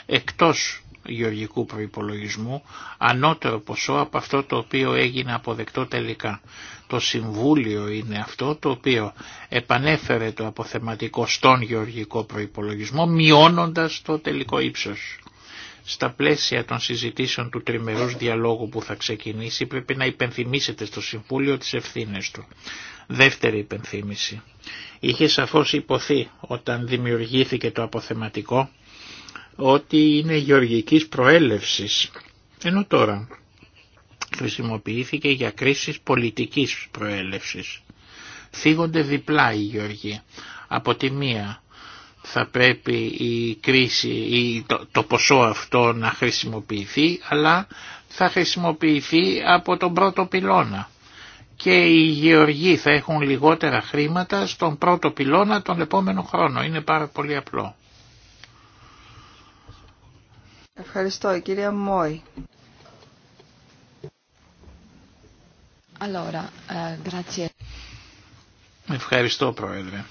εκτός γεωργικού προϋπολογισμού, ανώτερο ποσό από αυτό το οποίο έγινε αποδεκτό τελικά. Το Συμβούλιο είναι αυτό το οποίο επανέφερε το αποθεματικό στον γεωργικό προϋπολογισμό, μειώνοντας το τελικό ύψος. Στα πλαίσια των συζητήσεων του τριμερούς διαλόγου που θα ξεκινήσει πρέπει να υπενθυμίσετε στο Συμβούλιο τις ευθύνες του. Δεύτερη υπενθύμηση. Είχε σαφώς υποθεί όταν δημιουργήθηκε το αποθεματικό ότι είναι γεωργικής προέλευσης. Ενώ τώρα χρησιμοποιήθηκε για κρίσεις πολιτικής προέλευσης. Φύγονται διπλά οι γεωργοί. Από τη μία θα πρέπει η κρίση ή το, το ποσό αυτό να χρησιμοποιηθεί, αλλά θα χρησιμοποιηθεί από τον πρώτο πυλώνα και οι γεωργοί θα έχουν λιγότερα χρήματα στον πρώτο πυλώνα τον επόμενο χρόνο. Είναι πάρα πολύ απλό. Ευχαριστώ, κυρία Μόη. Eh, Ευχαριστώ, Πρόεδρε.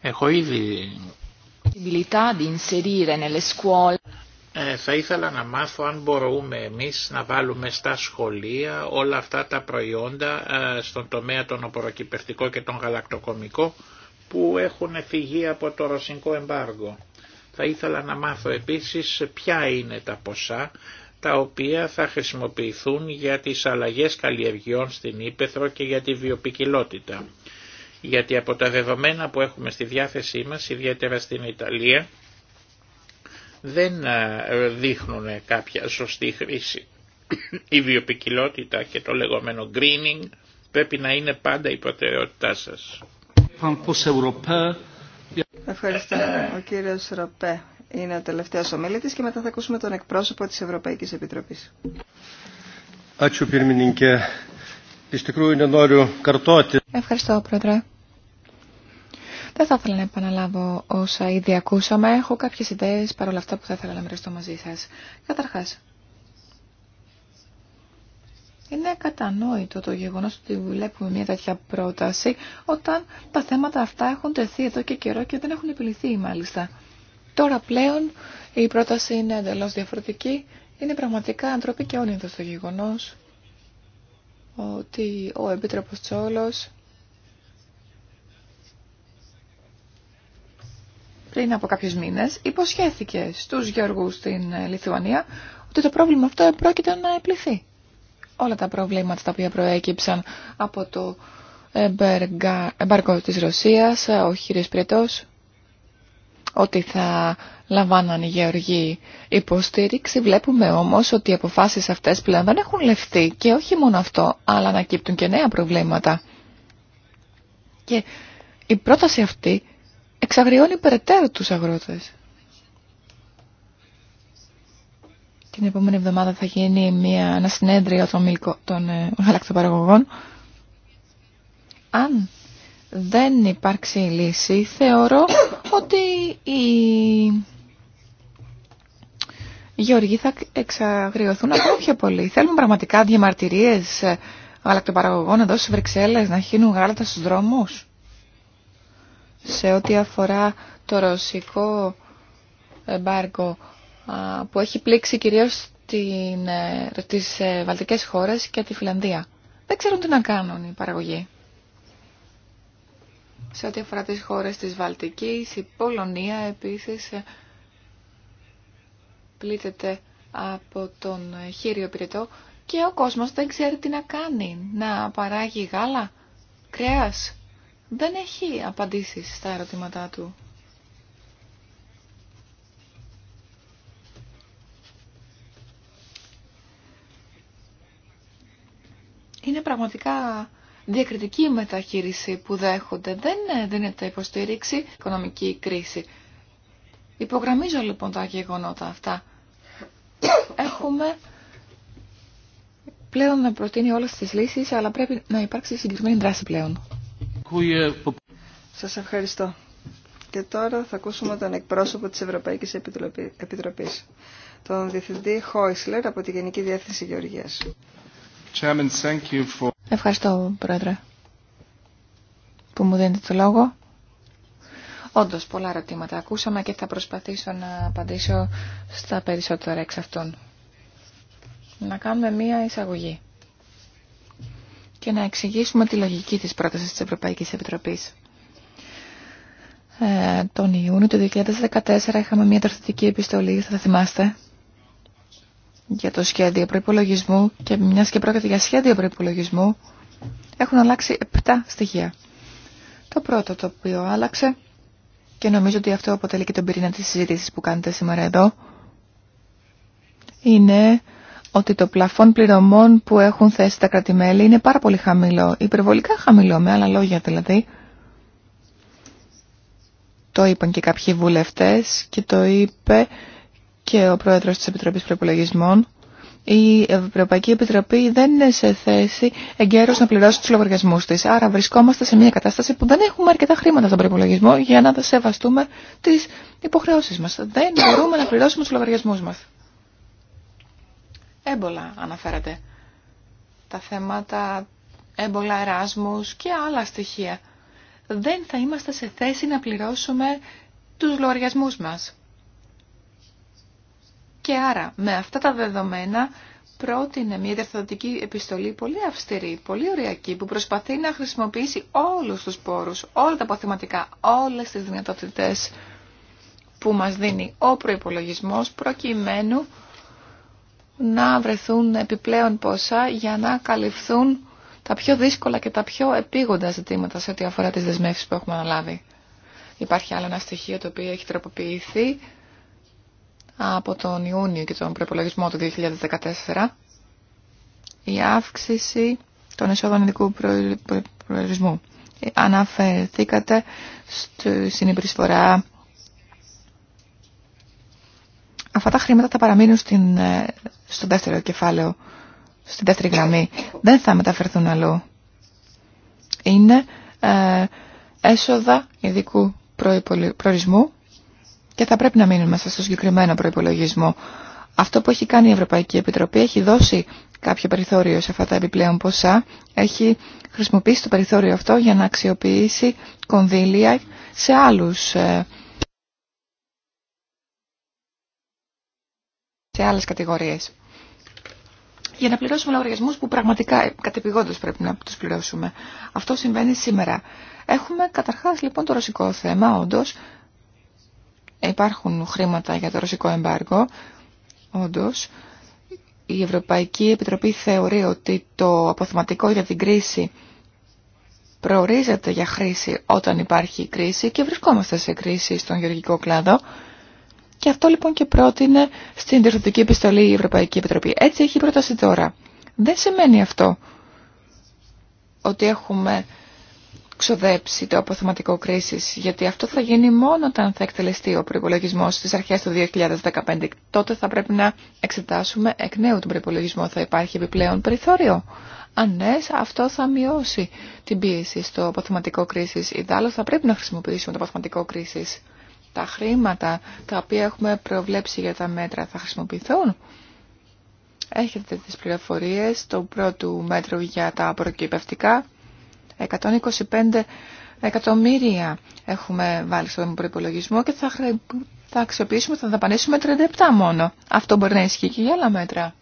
Έχω ήδη... Ε, θα ήθελα να μάθω αν μπορούμε εμείς να βάλουμε στα σχολεία όλα αυτά τα προϊόντα ε, στον τομέα των οποροκυπευτικό και των γαλακτοκομικό που έχουν φυγεί από το ρωσικό εμπάργο. Θα ήθελα να μάθω επίσης ποια είναι τα ποσά τα οποία θα χρησιμοποιηθούν για τις αλλαγές καλλιεργιών στην Ήπεθρο και για τη βιοπικιλότητα. Γιατί από τα δεδομένα που έχουμε στη διάθεσή μας, ιδιαίτερα στην Ιταλία, δεν ε, δείχνουν κάποια σωστή χρήση. Η βιοπικιλότητα και το λεγόμενο greening πρέπει να είναι πάντα η προτεραιότητά σας. Ευχαριστώ. Ο κύριος Ροπέ είναι ο τελευταίος ομιλητής και μετά θα ακούσουμε τον εκπρόσωπο της Ευρωπαϊκής Επιτροπής. Ευχαριστώ, Πρόεδρε. Δεν θα ήθελα να επαναλάβω όσα ήδη ακούσαμε. Έχω κάποιες ιδέες παρόλα αυτά που θα ήθελα να μοιραστώ μαζί σας. Καταρχάς, είναι κατανόητο το γεγονός ότι βλέπουμε μια τέτοια πρόταση όταν τα θέματα αυτά έχουν τεθεί εδώ και καιρό και δεν έχουν επιληθεί μάλιστα. Τώρα πλέον η πρόταση είναι εντελώ διαφορετική. Είναι πραγματικά αντροπή και όνειρο το γεγονός ότι ο Επίτροπος Τσόλος πριν από κάποιου μήνες υποσχέθηκε στους γεωργούς στην Λιθουανία ότι το πρόβλημα αυτό πρόκειται να επληθεί όλα τα προβλήματα τα οποία προέκυψαν από το εμπάρκο της Ρωσίας, ο Χίρις Πρετός, ότι θα λαμβάναν οι γεωργοί υποστήριξη. Βλέπουμε όμως ότι οι αποφάσεις αυτές πλέον δεν έχουν λεφτεί και όχι μόνο αυτό, αλλά ανακύπτουν και νέα προβλήματα. Και η πρόταση αυτή εξαγριώνει περαιτέρω τους αγρότες. Την επόμενη εβδομάδα θα γίνει μια, ένα συνέδριο των, των ε, γαλακτοπαραγωγών. Αν δεν υπάρξει λύση, θεωρώ ότι οι γεωργοί θα εξαγριωθούν ακόμα πιο πολύ. Θέλουν πραγματικά διαμαρτυρίες ε, γαλακτοπαραγωγών εδώ στις Βρυξέλλες να χύνουν γάλατα στους δρόμους. Σε ό,τι αφορά το ρωσικό εμπάργκο που έχει πλήξει κυρίως την, ε, τις ε, βαλτικές χώρες και τη Φιλανδία. Δεν ξέρουν τι να κάνουν οι παραγωγοί. Σε ό,τι αφορά τις χώρες της Βαλτικής, η Πολωνία επίσης ε, πλήττεται από τον χείριο πυρετό και ο κόσμος δεν ξέρει τι να κάνει. Να παράγει γάλα, κρέας. Δεν έχει απαντήσεις στα ερωτήματά του. είναι πραγματικά διακριτική μεταχείριση που δέχονται. Δεν δίνεται υποστήριξη οικονομική κρίση. Υπογραμμίζω λοιπόν τα γεγονότα αυτά. Έχουμε πλέον να προτείνει όλες τις λύσεις, αλλά πρέπει να υπάρξει συγκεκριμένη δράση πλέον. Σας ευχαριστώ. Και τώρα θα ακούσουμε τον εκπρόσωπο της Ευρωπαϊκής Επιτροπής, τον Διευθυντή Χόισλερ από τη Γενική Διεύθυνση Γεωργίας. Ευχαριστώ, Πρόεδρε, που μου δίνετε το λόγο. Όντω, πολλά ερωτήματα ακούσαμε και θα προσπαθήσω να απαντήσω στα περισσότερα εξ αυτών. Να κάνουμε μία εισαγωγή και να εξηγήσουμε τη λογική της πρότασης της Ευρωπαϊκής Επιτροπής. Ε, τον Ιούνιο του 2014 είχαμε μία τροφιτική επιστολή, θα θυμάστε, για το σχέδιο προϋπολογισμού και μιας και πρόκειται για σχέδιο προϋπολογισμού έχουν αλλάξει 7 στοιχεία. Το πρώτο το οποίο άλλαξε και νομίζω ότι αυτό αποτελεί και τον πυρήνα της συζήτησης που κάνετε σήμερα εδώ είναι ότι το πλαφόν πληρωμών που έχουν θέσει τα κρατημέλη είναι πάρα πολύ χαμηλό, υπερβολικά χαμηλό, με άλλα λόγια δηλαδή. Το είπαν και κάποιοι βουλευτές και το είπε και ο Πρόεδρος της Επιτροπής Προπολογισμών, η Ευρωπαϊκή Επιτροπή δεν είναι σε θέση εγκαίρως να πληρώσει τους λογαριασμούς της. Άρα βρισκόμαστε σε μια κατάσταση που δεν έχουμε αρκετά χρήματα στον προπολογισμό για να σεβαστούμε τις υποχρεώσεις μας. Δεν μπορούμε να πληρώσουμε τους λογαριασμούς μας. Έμπολα αναφέρατε. Τα θέματα έμπολα, εράσμους και άλλα στοιχεία. Δεν θα είμαστε σε θέση να πληρώσουμε τους λογαριασμούς μας. Και άρα με αυτά τα δεδομένα πρότεινε μια διαρθρωτική επιστολή πολύ αυστηρή, πολύ ωριακή, που προσπαθεί να χρησιμοποιήσει όλους τους πόρους, όλα τα αποθεματικά, όλες τις δυνατότητες που μας δίνει ο προϋπολογισμός, προκειμένου να βρεθούν επιπλέον ποσά για να καλυφθούν τα πιο δύσκολα και τα πιο επίγοντα ζητήματα σε ό,τι αφορά τις δεσμεύσεις που έχουμε αναλάβει. Υπάρχει άλλο ένα στοιχείο το οποίο έχει τροποποιηθεί από τον Ιούνιο και τον προπολογισμό του 2014 η αύξηση των εσόδων ειδικού προορισμού. Ε, αναφερθήκατε στην υπηρεσφορά Αυτά τα χρήματα θα παραμείνουν στην, ε, στο δεύτερο κεφάλαιο, στην δεύτερη γραμμή. Δεν θα μεταφερθούν αλλού. Είναι ε, έσοδα ειδικού προορισμού και θα πρέπει να μείνουμε μέσα στο συγκεκριμένο προπολογισμό. Αυτό που έχει κάνει η Ευρωπαϊκή Επιτροπή έχει δώσει κάποιο περιθώριο σε αυτά τα επιπλέον ποσά, έχει χρησιμοποιήσει το περιθώριο αυτό για να αξιοποιήσει κονδύλια σε άλλους ε, σε άλλες κατηγορίες. Για να πληρώσουμε λογαριασμούς που πραγματικά κατεπηγόντως πρέπει να τους πληρώσουμε. Αυτό συμβαίνει σήμερα. Έχουμε καταρχάς λοιπόν το ρωσικό θέμα όντως υπάρχουν χρήματα για το ρωσικό εμπάργο, όντως. Η Ευρωπαϊκή Επιτροπή θεωρεί ότι το αποθεματικό για την κρίση προορίζεται για χρήση όταν υπάρχει κρίση και βρισκόμαστε σε κρίση στον γεωργικό κλάδο. Και αυτό λοιπόν και πρότεινε στην διευθυντική επιστολή η Ευρωπαϊκή Επιτροπή. Έτσι έχει πρόταση τώρα. Δεν σημαίνει αυτό ότι έχουμε ξοδέψει το αποθεματικό κρίση. γιατί αυτό θα γίνει μόνο όταν θα εκτελεστεί ο προπολογισμό στι αρχέ του 2015. Τότε θα πρέπει να εξετάσουμε εκ νέου τον προπολογισμό. Θα υπάρχει επιπλέον περιθώριο. Αν ναι, αυτό θα μειώσει την πίεση στο αποθεματικό κρίση. Ιδάλλω θα πρέπει να χρησιμοποιήσουμε το αποθεματικό κρίση. Τα χρήματα τα οποία έχουμε προβλέψει για τα μέτρα θα χρησιμοποιηθούν. Έχετε τις πληροφορίες του πρώτου μέτρου για τα προκυπευτικά. 125 εκατομμύρια έχουμε βάλει στον προπολογισμό και θα, χρε... θα αξιοποιήσουμε, θα δαπανίσουμε 37 μόνο. Αυτό μπορεί να ισχύει και για άλλα μέτρα.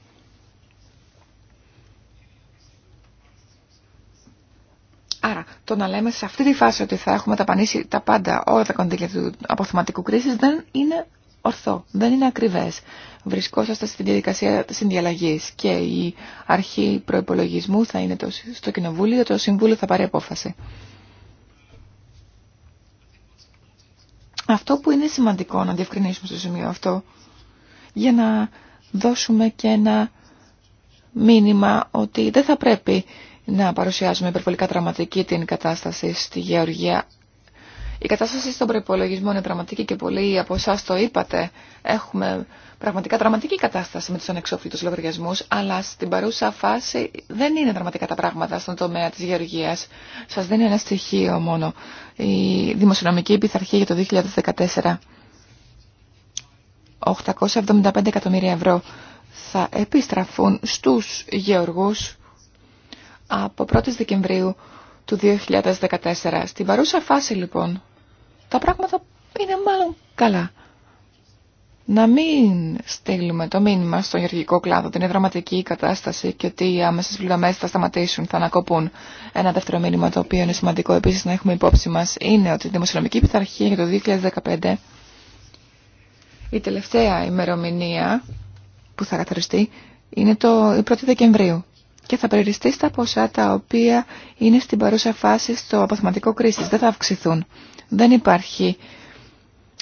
Άρα, το να λέμε σε αυτή τη φάση ότι θα έχουμε ταπανίσει τα πάντα όλα τα κονδύλια του αποθεματικού κρίσης δεν είναι ορθό, δεν είναι ακριβές. Βρισκόσαστε στην διαδικασία συνδιαλλαγής και η αρχή προϋπολογισμού θα είναι το, στο Κοινοβούλιο, το Συμβούλιο θα πάρει απόφαση. Αυτό που είναι σημαντικό να διευκρινίσουμε στο σημείο αυτό, για να δώσουμε και ένα μήνυμα ότι δεν θα πρέπει να παρουσιάζουμε υπερβολικά δραματική την κατάσταση στη Γεωργία, η κατάσταση στον προπολογισμό είναι δραματική και πολλοί από εσά το είπατε. Έχουμε πραγματικά δραματική κατάσταση με του ανεξόφλητου λογαριασμού, αλλά στην παρούσα φάση δεν είναι δραματικά τα πράγματα στον τομέα τη γεωργία. Σα δίνει ένα στοιχείο μόνο. Η δημοσιονομική πειθαρχία για το 2014. 875 εκατομμύρια ευρώ θα επιστραφούν στους γεωργούς από 1η Δεκεμβρίου του 2014. Στην παρούσα φάση λοιπόν τα πράγματα είναι μάλλον καλά. Να μην στείλουμε το μήνυμα στο γεωργικό κλάδο ότι είναι δραματική η κατάσταση και ότι οι άμεσε πληρωμέ θα σταματήσουν, θα ανακοπούν. Ένα δεύτερο μήνυμα το οποίο είναι σημαντικό επίση να έχουμε υπόψη μα είναι ότι η δημοσιονομική πειθαρχία για το 2015, η τελευταία ημερομηνία που θα καθοριστεί, είναι το 1η Δεκεμβρίου και θα περιοριστεί στα ποσά τα οποία είναι στην παρούσα φάση στο αποθεματικό κρίση. Δεν θα αυξηθούν δεν υπάρχει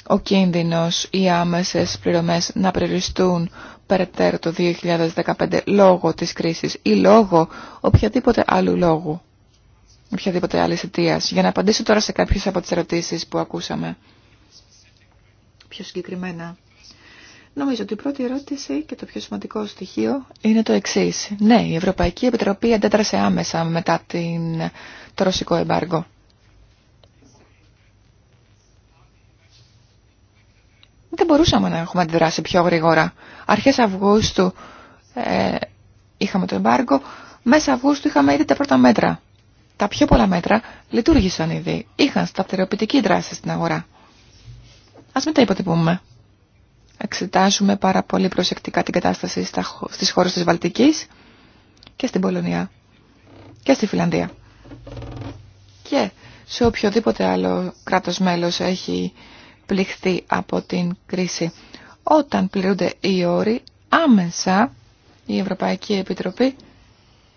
ο κίνδυνος οι άμεσες πληρωμές να περιοριστούν περαιτέρω το 2015 λόγω της κρίσης ή λόγω οποιαδήποτε άλλου λόγου, οποιαδήποτε άλλη αιτία. Για να απαντήσω τώρα σε κάποιες από τις ερωτήσεις που ακούσαμε πιο συγκεκριμένα. Νομίζω ότι η πρώτη ερώτηση και το πιο σημαντικό στοιχείο είναι το εξή. Ναι, η Ευρωπαϊκή Επιτροπή αντέδρασε άμεσα μετά την, το ρωσικό εμπάργο. δεν μπορούσαμε να έχουμε αντιδράσει πιο γρήγορα. Αρχές Αυγούστου ε, είχαμε το εμπάργκο, μέσα Αυγούστου είχαμε ήδη τα πρώτα μέτρα. Τα πιο πολλά μέτρα λειτουργήσαν ήδη, είχαν σταθεροποιητική δράση στην αγορά. Ας μην τα υποτυπούμε. Εξετάζουμε πάρα πολύ προσεκτικά την κατάσταση στις χώρες της Βαλτικής και στην Πολωνία και στη Φιλανδία. Και σε οποιοδήποτε άλλο κράτος μέλος έχει πληχθεί από την κρίση. Όταν πληρούνται οι όροι, άμεσα η Ευρωπαϊκή Επιτροπή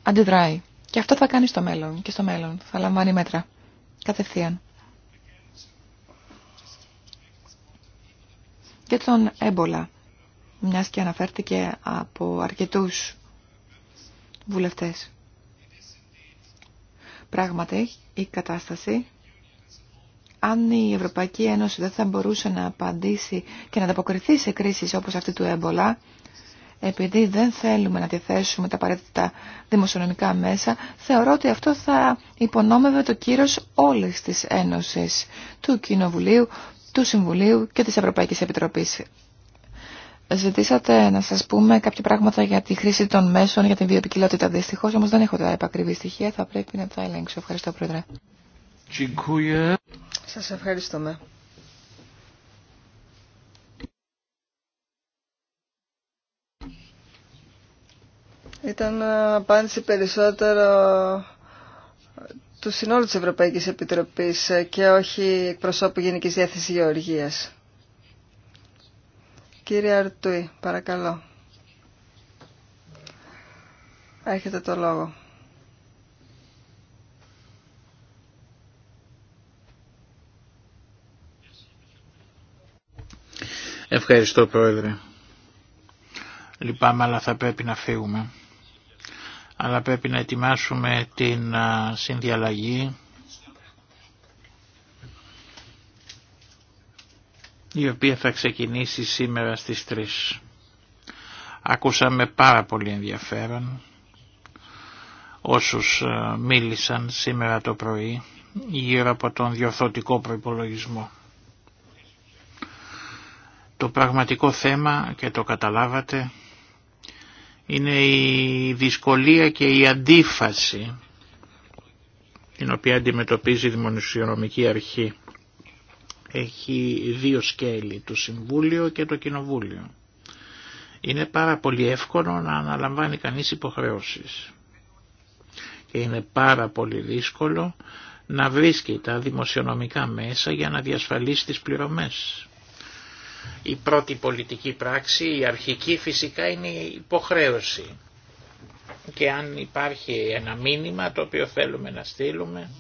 αντιδράει. Και αυτό θα κάνει στο μέλλον και στο μέλλον. Θα λαμβάνει μέτρα. Κατευθείαν. Και τον έμπολα, μιας και αναφέρθηκε από αρκετούς βουλευτές. Πράγματι, η κατάσταση αν η Ευρωπαϊκή Ένωση δεν θα μπορούσε να απαντήσει και να ανταποκριθεί σε κρίσεις όπως αυτή του έμπολα, επειδή δεν θέλουμε να διαθέσουμε τα απαραίτητα δημοσιονομικά μέσα, θεωρώ ότι αυτό θα υπονόμευε το κύρος όλης της Ένωσης, του Κοινοβουλίου, του Συμβουλίου και της Ευρωπαϊκής Επιτροπής. Ζητήσατε να σας πούμε κάποια πράγματα για τη χρήση των μέσων για την βιοπικιλότητα. Δυστυχώς όμως δεν έχω τα επακριβή στοιχεία, θα πρέπει να τα ελέγξω. Ευχαριστώ Πρόεδρε. Σας ευχαριστούμε. Ήταν ε, απάντηση περισσότερο ε, του συνόλου της Ευρωπαϊκής Επιτροπής ε, και όχι εκπροσώπου Γενικής Διεύθυνσης Γεωργίας. Κύριε Αρτούι, παρακαλώ. Έχετε το λόγο. Ευχαριστώ Πρόεδρε. Λυπάμαι αλλά θα πρέπει να φύγουμε. Αλλά πρέπει να ετοιμάσουμε την συνδιαλλαγή η οποία θα ξεκινήσει σήμερα στις 3. Ακούσαμε πάρα πολύ ενδιαφέρον όσους μίλησαν σήμερα το πρωί γύρω από τον διορθωτικό προϋπολογισμό. Το πραγματικό θέμα και το καταλάβατε είναι η δυσκολία και η αντίφαση την οποία αντιμετωπίζει η Δημοσιονομική Αρχή. Έχει δύο σκέλη, το Συμβούλιο και το Κοινοβούλιο. Είναι πάρα πολύ εύκολο να αναλαμβάνει κανείς υποχρεώσεις. Και είναι πάρα πολύ δύσκολο να βρίσκει τα δημοσιονομικά μέσα για να διασφαλίσει τις πληρωμές. Η πρώτη πολιτική πράξη, η αρχική φυσικά είναι η υποχρέωση. Και αν υπάρχει ένα μήνυμα το οποίο θέλουμε να στείλουμε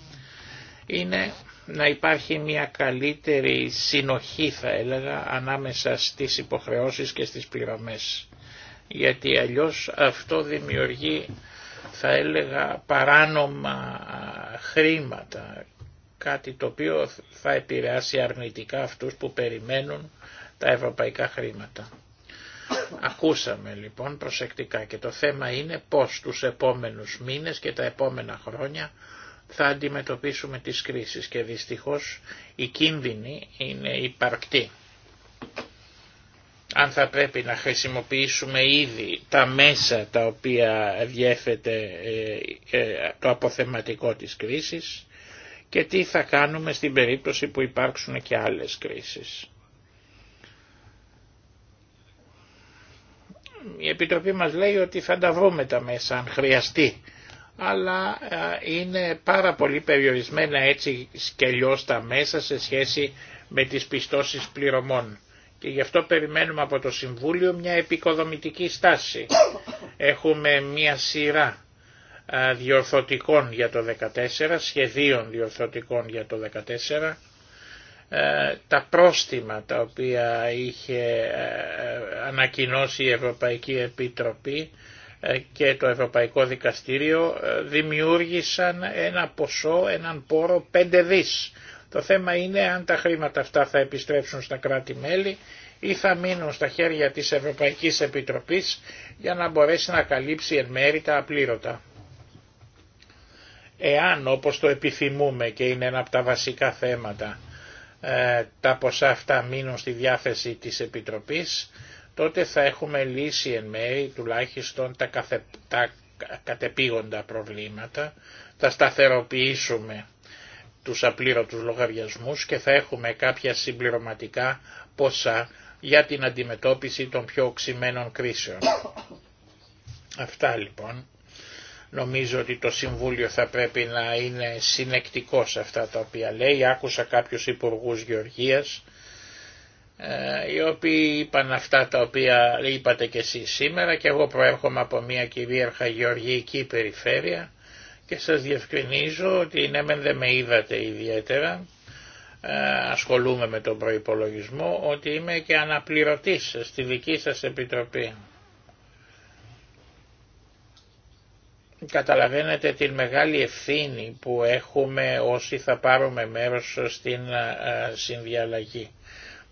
είναι να υπάρχει μια καλύτερη συνοχή θα έλεγα ανάμεσα στις υποχρεώσεις και στις πληρωμές. Γιατί αλλιώς αυτό δημιουργεί θα έλεγα παράνομα χρήματα, κάτι το οποίο θα επηρεάσει αρνητικά αυτούς που περιμένουν τα ευρωπαϊκά χρήματα. Ακούσαμε λοιπόν προσεκτικά και το θέμα είναι πώς τους επόμενους μήνες και τα επόμενα χρόνια θα αντιμετωπίσουμε τις κρίσεις και δυστυχώς η κίνδυνη είναι υπαρκτή. Αν θα πρέπει να χρησιμοποιήσουμε ήδη τα μέσα τα οποία διέφεται ε, ε, το αποθεματικό της κρίσης και τι θα κάνουμε στην περίπτωση που υπάρξουν και άλλες κρίσεις. η Επιτροπή μας λέει ότι θα τα βρούμε τα μέσα αν χρειαστεί. Αλλά είναι πάρα πολύ περιορισμένα έτσι σκελιώς τα μέσα σε σχέση με τις πιστώσεις πληρωμών. Και γι' αυτό περιμένουμε από το Συμβούλιο μια επικοδομητική στάση. Έχουμε μια σειρά διορθωτικών για το 2014, σχεδίων διορθωτικών για το 2014 ε, τα πρόστιμα τα οποία είχε ε, ανακοινώσει η Ευρωπαϊκή Επιτροπή ε, και το Ευρωπαϊκό Δικαστήριο δημιούργησαν ένα ποσό, έναν πόρο 5 δις. Το θέμα είναι αν τα χρήματα αυτά θα επιστρέψουν στα κράτη-μέλη ή θα μείνουν στα χέρια της Ευρωπαϊκής Επιτροπής για να μπορέσει να καλύψει εν μέρη τα απλήρωτα. Εάν όπως το επιθυμούμε και είναι ένα από τα βασικά θέματα ε, τα ποσά αυτά μείνουν στη διάθεση της Επιτροπής, τότε θα έχουμε λύσει εν μέρη τουλάχιστον τα, τα κατεπήγοντα προβλήματα, θα σταθεροποιήσουμε τους απλήρωτους λογαριασμούς και θα έχουμε κάποια συμπληρωματικά ποσά για την αντιμετώπιση των πιο οξυμένων κρίσεων. Αυτά λοιπόν Νομίζω ότι το Συμβούλιο θα πρέπει να είναι συνεκτικό σε αυτά τα οποία λέει. Άκουσα κάποιους υπουργούς γεωργίας ε, οι οποίοι είπαν αυτά τα οποία είπατε και εσείς σήμερα και εγώ προέρχομαι από μια κυρίαρχα γεωργική περιφέρεια και σας διευκρινίζω ότι ναι μεν δεν με είδατε ιδιαίτερα ε, ασχολούμαι με τον προϋπολογισμό ότι είμαι και αναπληρωτής στη δική σας επιτροπή. καταλαβαίνετε την μεγάλη ευθύνη που έχουμε όσοι θα πάρουμε μέρος στην ε, συνδιαλλαγή.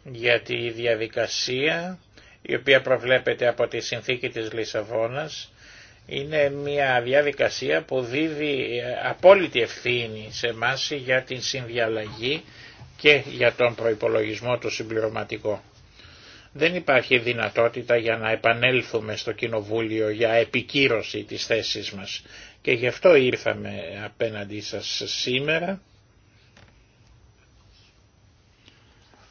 Γιατί η διαδικασία η οποία προβλέπεται από τη συνθήκη της Λισαβόνας είναι μια διαδικασία που δίδει ε, απόλυτη ευθύνη σε εμάς για την συνδιαλλαγή και για τον προϋπολογισμό του συμπληρωματικού δεν υπάρχει δυνατότητα για να επανέλθουμε στο Κοινοβούλιο για επικύρωση της θέσης μας. Και γι' αυτό ήρθαμε απέναντί σας σήμερα.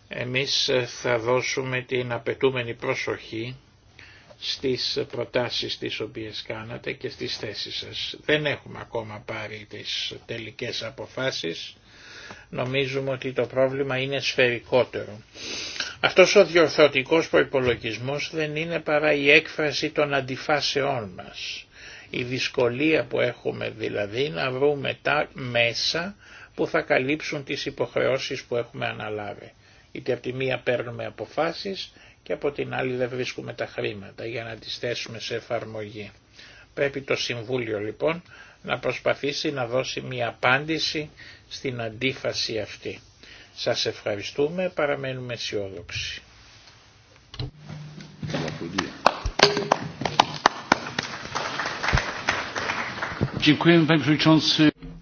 Εμείς θα δώσουμε την απαιτούμενη προσοχή στις προτάσεις τις οποίες κάνατε και στις θέσεις σας. Δεν έχουμε ακόμα πάρει τις τελικές αποφάσεις νομίζουμε ότι το πρόβλημα είναι σφαιρικότερο. Αυτός ο διορθωτικός προϋπολογισμός δεν είναι παρά η έκφραση των αντιφάσεών μας. Η δυσκολία που έχουμε δηλαδή να βρούμε τα μέσα που θα καλύψουν τις υποχρεώσεις που έχουμε αναλάβει. Είτε από τη μία παίρνουμε αποφάσεις και από την άλλη δεν βρίσκουμε τα χρήματα για να τις θέσουμε σε εφαρμογή. Πρέπει το Συμβούλιο λοιπόν να προσπαθήσει να δώσει μια απάντηση στην αντίφαση αυτή. Σας ευχαριστούμε, παραμένουμε αισιόδοξοι.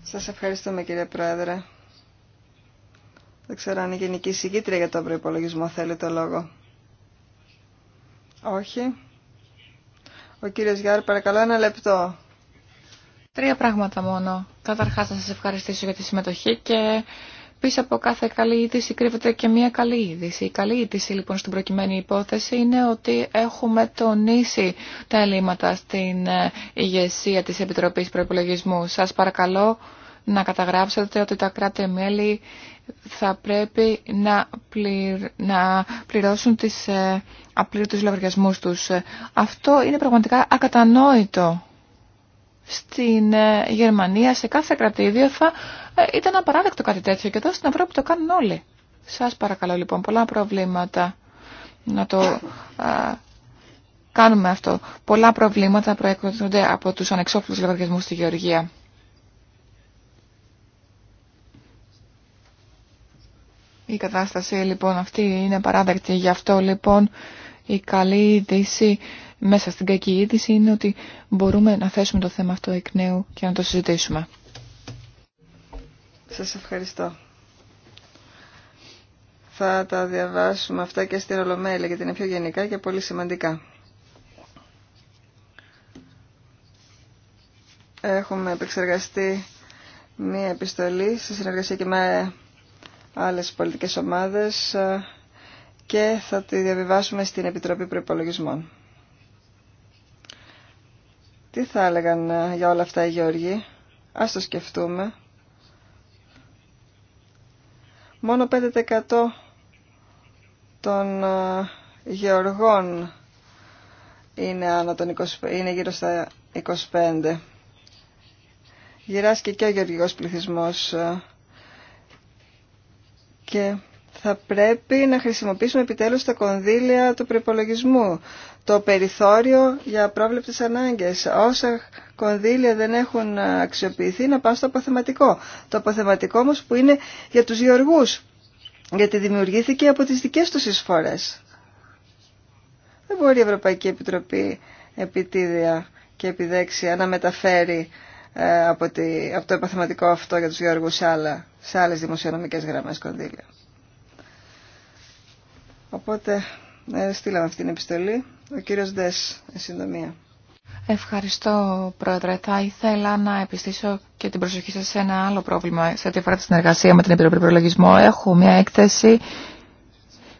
Σας ευχαριστούμε κύριε Πρόεδρε. Δεν ξέρω αν η Γενική Συγκήτρια για τον προϋπολογισμό θέλει το λόγο. Όχι. Ο κύριος Γιάρ παρακαλώ ένα λεπτό. Τρία πράγματα μόνο. Καταρχάς να σας ευχαριστήσω για τη συμμετοχή και πίσω από κάθε καλή είδηση κρύβεται και μια καλή είδηση. Η καλή είδηση λοιπόν στην προκειμένη υπόθεση είναι ότι έχουμε τονίσει τα ελλείμματα στην ε, ηγεσία της Επιτροπής Προπολογισμού. Σας παρακαλώ να καταγράψετε ότι τα κράτη-μέλη θα πρέπει να, να πληρώσουν τις ε, λογαριασμούς τους. Αυτό είναι πραγματικά ακατανόητο στην ε, Γερμανία, σε κάθε κρατήδιο θα ε, ήταν απαράδεκτο κάτι τέτοιο και εδώ στην Ευρώπη το κάνουν όλοι. Σας παρακαλώ λοιπόν πολλά προβλήματα να το ε, κάνουμε αυτό. Πολλά προβλήματα προέκονται από τους ανεξόφλους λογαριασμού στη Γεωργία. Η κατάσταση λοιπόν αυτή είναι παράδεκτη. Γι' αυτό λοιπόν η καλή είδηση μέσα στην κακή είδηση είναι ότι μπορούμε να θέσουμε το θέμα αυτό εκ νέου και να το συζητήσουμε. Σας ευχαριστώ. Θα τα διαβάσουμε αυτά και στην Ολομέλεια γιατί είναι πιο γενικά και πολύ σημαντικά. Έχουμε επεξεργαστεί μία επιστολή σε συνεργασία και με άλλες πολιτικές ομάδες και θα τη διαβιβάσουμε στην Επιτροπή Προϋπολογισμών. Τι θα έλεγαν ε, για όλα αυτά οι Γεωργοί. Ας το σκεφτούμε. Μόνο 5% των ε, γεωργών είναι, άνω των 20, είναι γύρω στα 25. Γυράσκει και ο γεωργικός πληθυσμός ε, και θα πρέπει να χρησιμοποιήσουμε επιτέλους τα κονδύλια του προπολογισμού το περιθώριο για πρόβλεπτες ανάγκες. Όσα κονδύλια δεν έχουν αξιοποιηθεί να πάνε στο αποθεματικό. Το αποθεματικό όμως που είναι για τους γεωργούς, γιατί δημιουργήθηκε από τις δικές τους εισφορές. Δεν μπορεί η Ευρωπαϊκή Επιτροπή επιτίδια και επιδέξια να μεταφέρει ε, από, το επαθηματικό αυτό για τους γεωργούς σε, άλλα, σε άλλες δημοσιονομικές γραμμές κονδύλια. Οπότε ε, στείλαμε αυτή την επιστολή. Ο κύριος Δες, εν συντομία. Ευχαριστώ, Πρόεδρε. Θα ήθελα να επιστήσω και την προσοχή σας σε ένα άλλο πρόβλημα σε ό,τι αφορά τη συνεργασία με την Επιτροπή Προλογισμό. Έχω μια έκθεση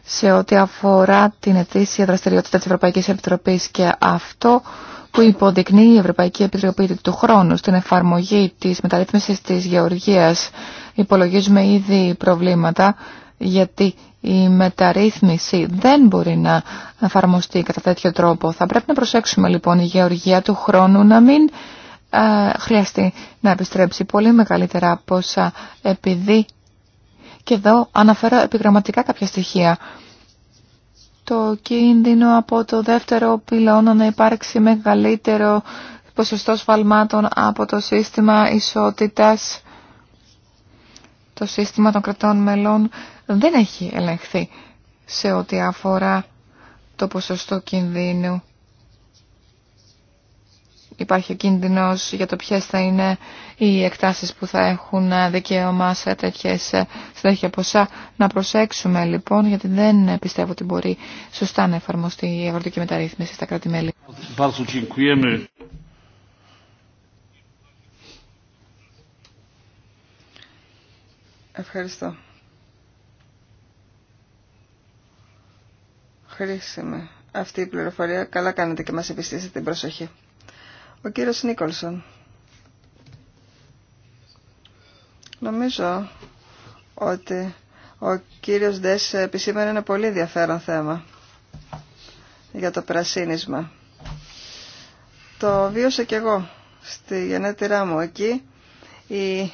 σε ό,τι αφορά την ετήσια δραστηριότητα της Ευρωπαϊκής Επιτροπής και αυτό που υποδεικνύει η Ευρωπαϊκή Επιτροπή του χρόνου στην εφαρμογή της μεταρρύθμισης της γεωργίας. Υπολογίζουμε ήδη προβλήματα γιατί η μεταρρύθμιση δεν μπορεί να εφαρμοστεί κατά τέτοιο τρόπο. Θα πρέπει να προσέξουμε λοιπόν η γεωργία του χρόνου να μην χρειαστεί να επιστρέψει πολύ μεγαλύτερα από όσα επειδή και εδώ αναφέρω επιγραμματικά κάποια στοιχεία. Το κίνδυνο από το δεύτερο πυλώνα να υπάρξει μεγαλύτερο ποσοστό σφαλμάτων από το σύστημα ισότητας, το σύστημα των κρατών μελών δεν έχει ελεγχθεί σε ό,τι αφορά το ποσοστό κινδύνου. Υπάρχει ο κίνδυνος για το ποιες θα είναι οι εκτάσεις που θα έχουν δικαίωμα σε, τέτοιες, σε τέτοια ποσά. Να προσέξουμε λοιπόν, γιατί δεν πιστεύω ότι μπορεί σωστά να εφαρμοστεί η ευρωτική μεταρρύθμιση στα κράτη-μέλη. Ευχαριστώ. χρήσιμη αυτή η πληροφορία. Καλά κάνετε και μας επιστήσετε την προσοχή. Ο κύριος Νίκολσον. Νομίζω ότι ο κύριος δές επισήμανε ένα πολύ ενδιαφέρον θέμα για το πρασίνισμα. Το βίωσα και εγώ στη γενέτειρά μου εκεί. Οι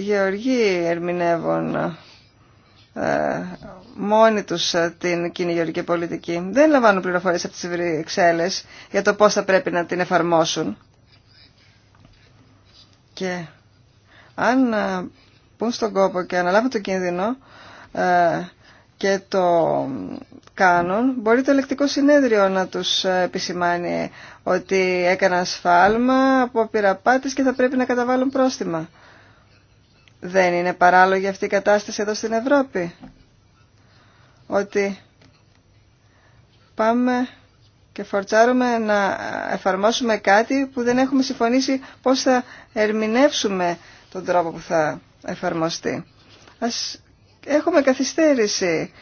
γεωργοί ερμηνεύουν ε, μόνοι του ε, την κοινή πολιτική. Δεν λαμβάνουν πληροφορίες από τις Βρυξέλλες για το πώς θα πρέπει να την εφαρμόσουν. Και αν ε, πούν στον κόπο και αναλάβουν το κίνδυνο και το κάνουν, μπορεί το ελεκτικό συνέδριο να τους επισημάνει ότι έκαναν σφάλμα από και θα πρέπει να καταβάλουν πρόστιμα. Δεν είναι παράλογη αυτή η κατάσταση εδώ στην Ευρώπη. Ότι πάμε και φορτσάρουμε να εφαρμόσουμε κάτι που δεν έχουμε συμφωνήσει πώς θα ερμηνεύσουμε τον τρόπο που θα εφαρμοστεί. Ας έχουμε καθυστέρηση,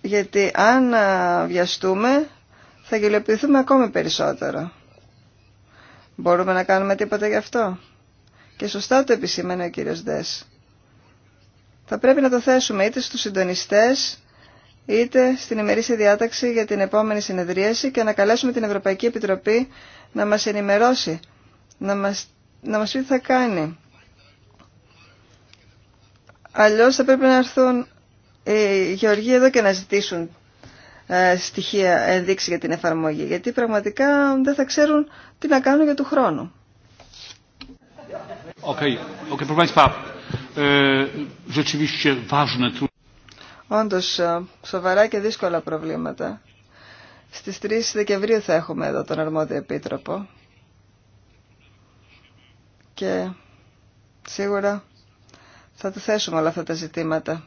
γιατί αν βιαστούμε θα γελιοποιηθούμε ακόμη περισσότερο. Μπορούμε να κάνουμε τίποτα γι' αυτό. Και σωστά το επισήμανε ο κύριος Δες. Θα πρέπει να το θέσουμε είτε στους συντονιστές, είτε στην ημερήσια διάταξη για την επόμενη συνεδρίαση και να καλέσουμε την Ευρωπαϊκή Επιτροπή να μας ενημερώσει, να μας, να μας πει τι θα κάνει. Αλλιώς θα πρέπει να έρθουν οι Γεωργοί εδώ και να ζητήσουν ε, στοιχεία ενδείξει για την εφαρμογή, γιατί πραγματικά δεν θα ξέρουν τι να κάνουν για του χρόνου. Okay. E, ε, σοβαρά και δύσκολα προβλήματα. Στι 3 Δεκεμβρίου θα έχουμε εδώ τον αρμόδιο επίτροπο. Και σίγουρα θα του θέσουμε όλα αυτά τα ζητήματα.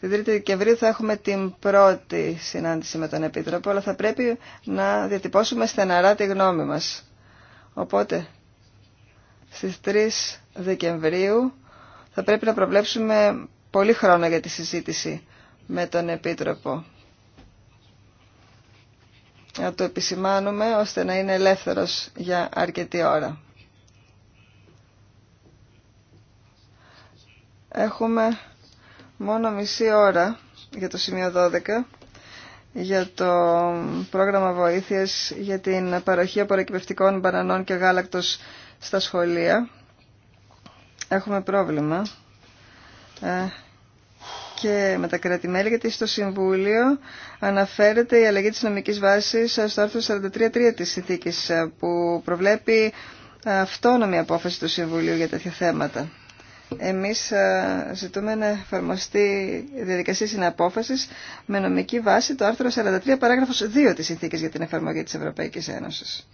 Την 3 Δεκεμβρίου θα έχουμε την πρώτη συνάντηση με τον Επίτροπο, αλλά θα πρέπει να διατυπώσουμε στεναρά τη γνώμη μα. Οπότε, στις 3 Δεκεμβρίου θα πρέπει να προβλέψουμε πολύ χρόνο για τη συζήτηση με τον Επίτροπο. Να το επισημάνουμε ώστε να είναι ελεύθερος για αρκετή ώρα. Έχουμε μόνο μισή ώρα για το σημείο 12 για το πρόγραμμα βοήθειας για την παροχή απορροκυπευτικών μπανανών και γάλακτος στα σχολεία έχουμε πρόβλημα ε, και με τα κρατημέλη γιατί στο Συμβούλιο αναφέρεται η αλλαγή της νομικής βάσης στο άρθρο 43.3 της συνθήκης ε, που προβλέπει ε, αυτόνομη απόφαση του Συμβουλίου για τέτοια θέματα. Εμείς ζητούμε να εφαρμοστεί διαδικασία συναπόφασης με νομική βάση το άρθρο 43 παράγραφος 2 της συνθήκης για την εφαρμογή της Ευρωπαϊκής Ένωσης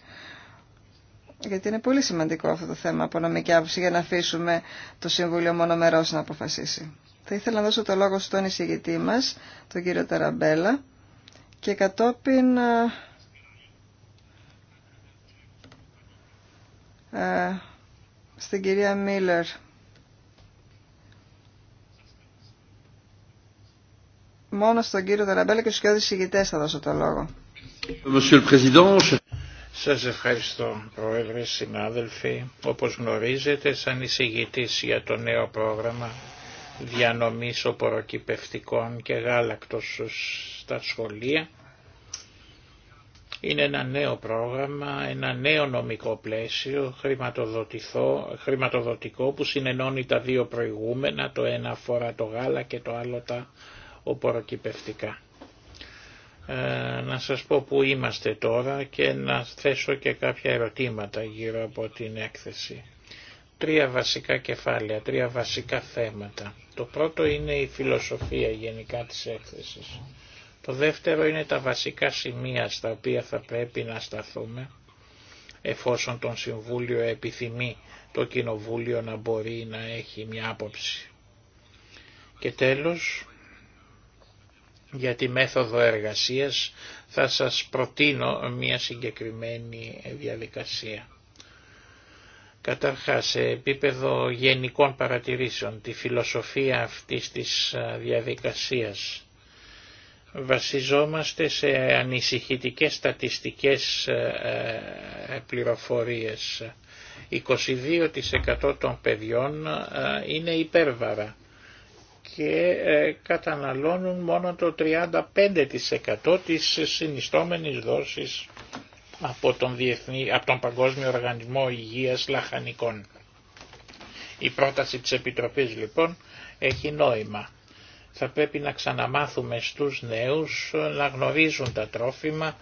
γιατί είναι πολύ σημαντικό αυτό το θέμα από νομική άποψη για να αφήσουμε το Συμβούλιο μερός να αποφασίσει. Θα ήθελα να δώσω το λόγο στον εισηγητή μας, τον κύριο Ταραμπέλα, και κατόπιν ε, ε, στην κυρία Μίλλερ. Μόνο στον κύριο Ταραμπέλα και στους κοιόδη εισηγητές θα δώσω το λόγο. Σας ευχαριστώ Πρόεδρε, συνάδελφοι. Όπως γνωρίζετε σαν εισηγητής για το νέο πρόγραμμα διανομής οποροκυπευτικών και γάλακτος στα σχολεία. Είναι ένα νέο πρόγραμμα, ένα νέο νομικό πλαίσιο χρηματοδοτικό που συνενώνει τα δύο προηγούμενα, το ένα αφορά το γάλα και το άλλο τα οποροκυπευτικά. Ε, να σας πω που είμαστε τώρα και να θέσω και κάποια ερωτήματα γύρω από την έκθεση. Τρία βασικά κεφάλαια, τρία βασικά θέματα. Το πρώτο είναι η φιλοσοφία γενικά της έκθεσης. Το δεύτερο είναι τα βασικά σημεία στα οποία θα πρέπει να σταθούμε εφόσον τον Συμβούλιο επιθυμεί το Κοινοβούλιο να μπορεί να έχει μια άποψη. Και τέλος, για τη μέθοδο εργασίας θα σας προτείνω μια συγκεκριμένη διαδικασία. Καταρχάς, σε επίπεδο γενικών παρατηρήσεων, τη φιλοσοφία αυτής της διαδικασίας βασιζόμαστε σε ανησυχητικές στατιστικές πληροφορίες. 22% των παιδιών είναι υπέρβαρα και ε, καταναλώνουν μόνο το 35% της συνιστόμενης δόσης από τον, Διεθνή, από τον Παγκόσμιο Οργανισμό Υγείας Λαχανικών. Η πρόταση της Επιτροπής λοιπόν έχει νόημα. Θα πρέπει να ξαναμάθουμε στους νέους να γνωρίζουν τα τρόφιμα,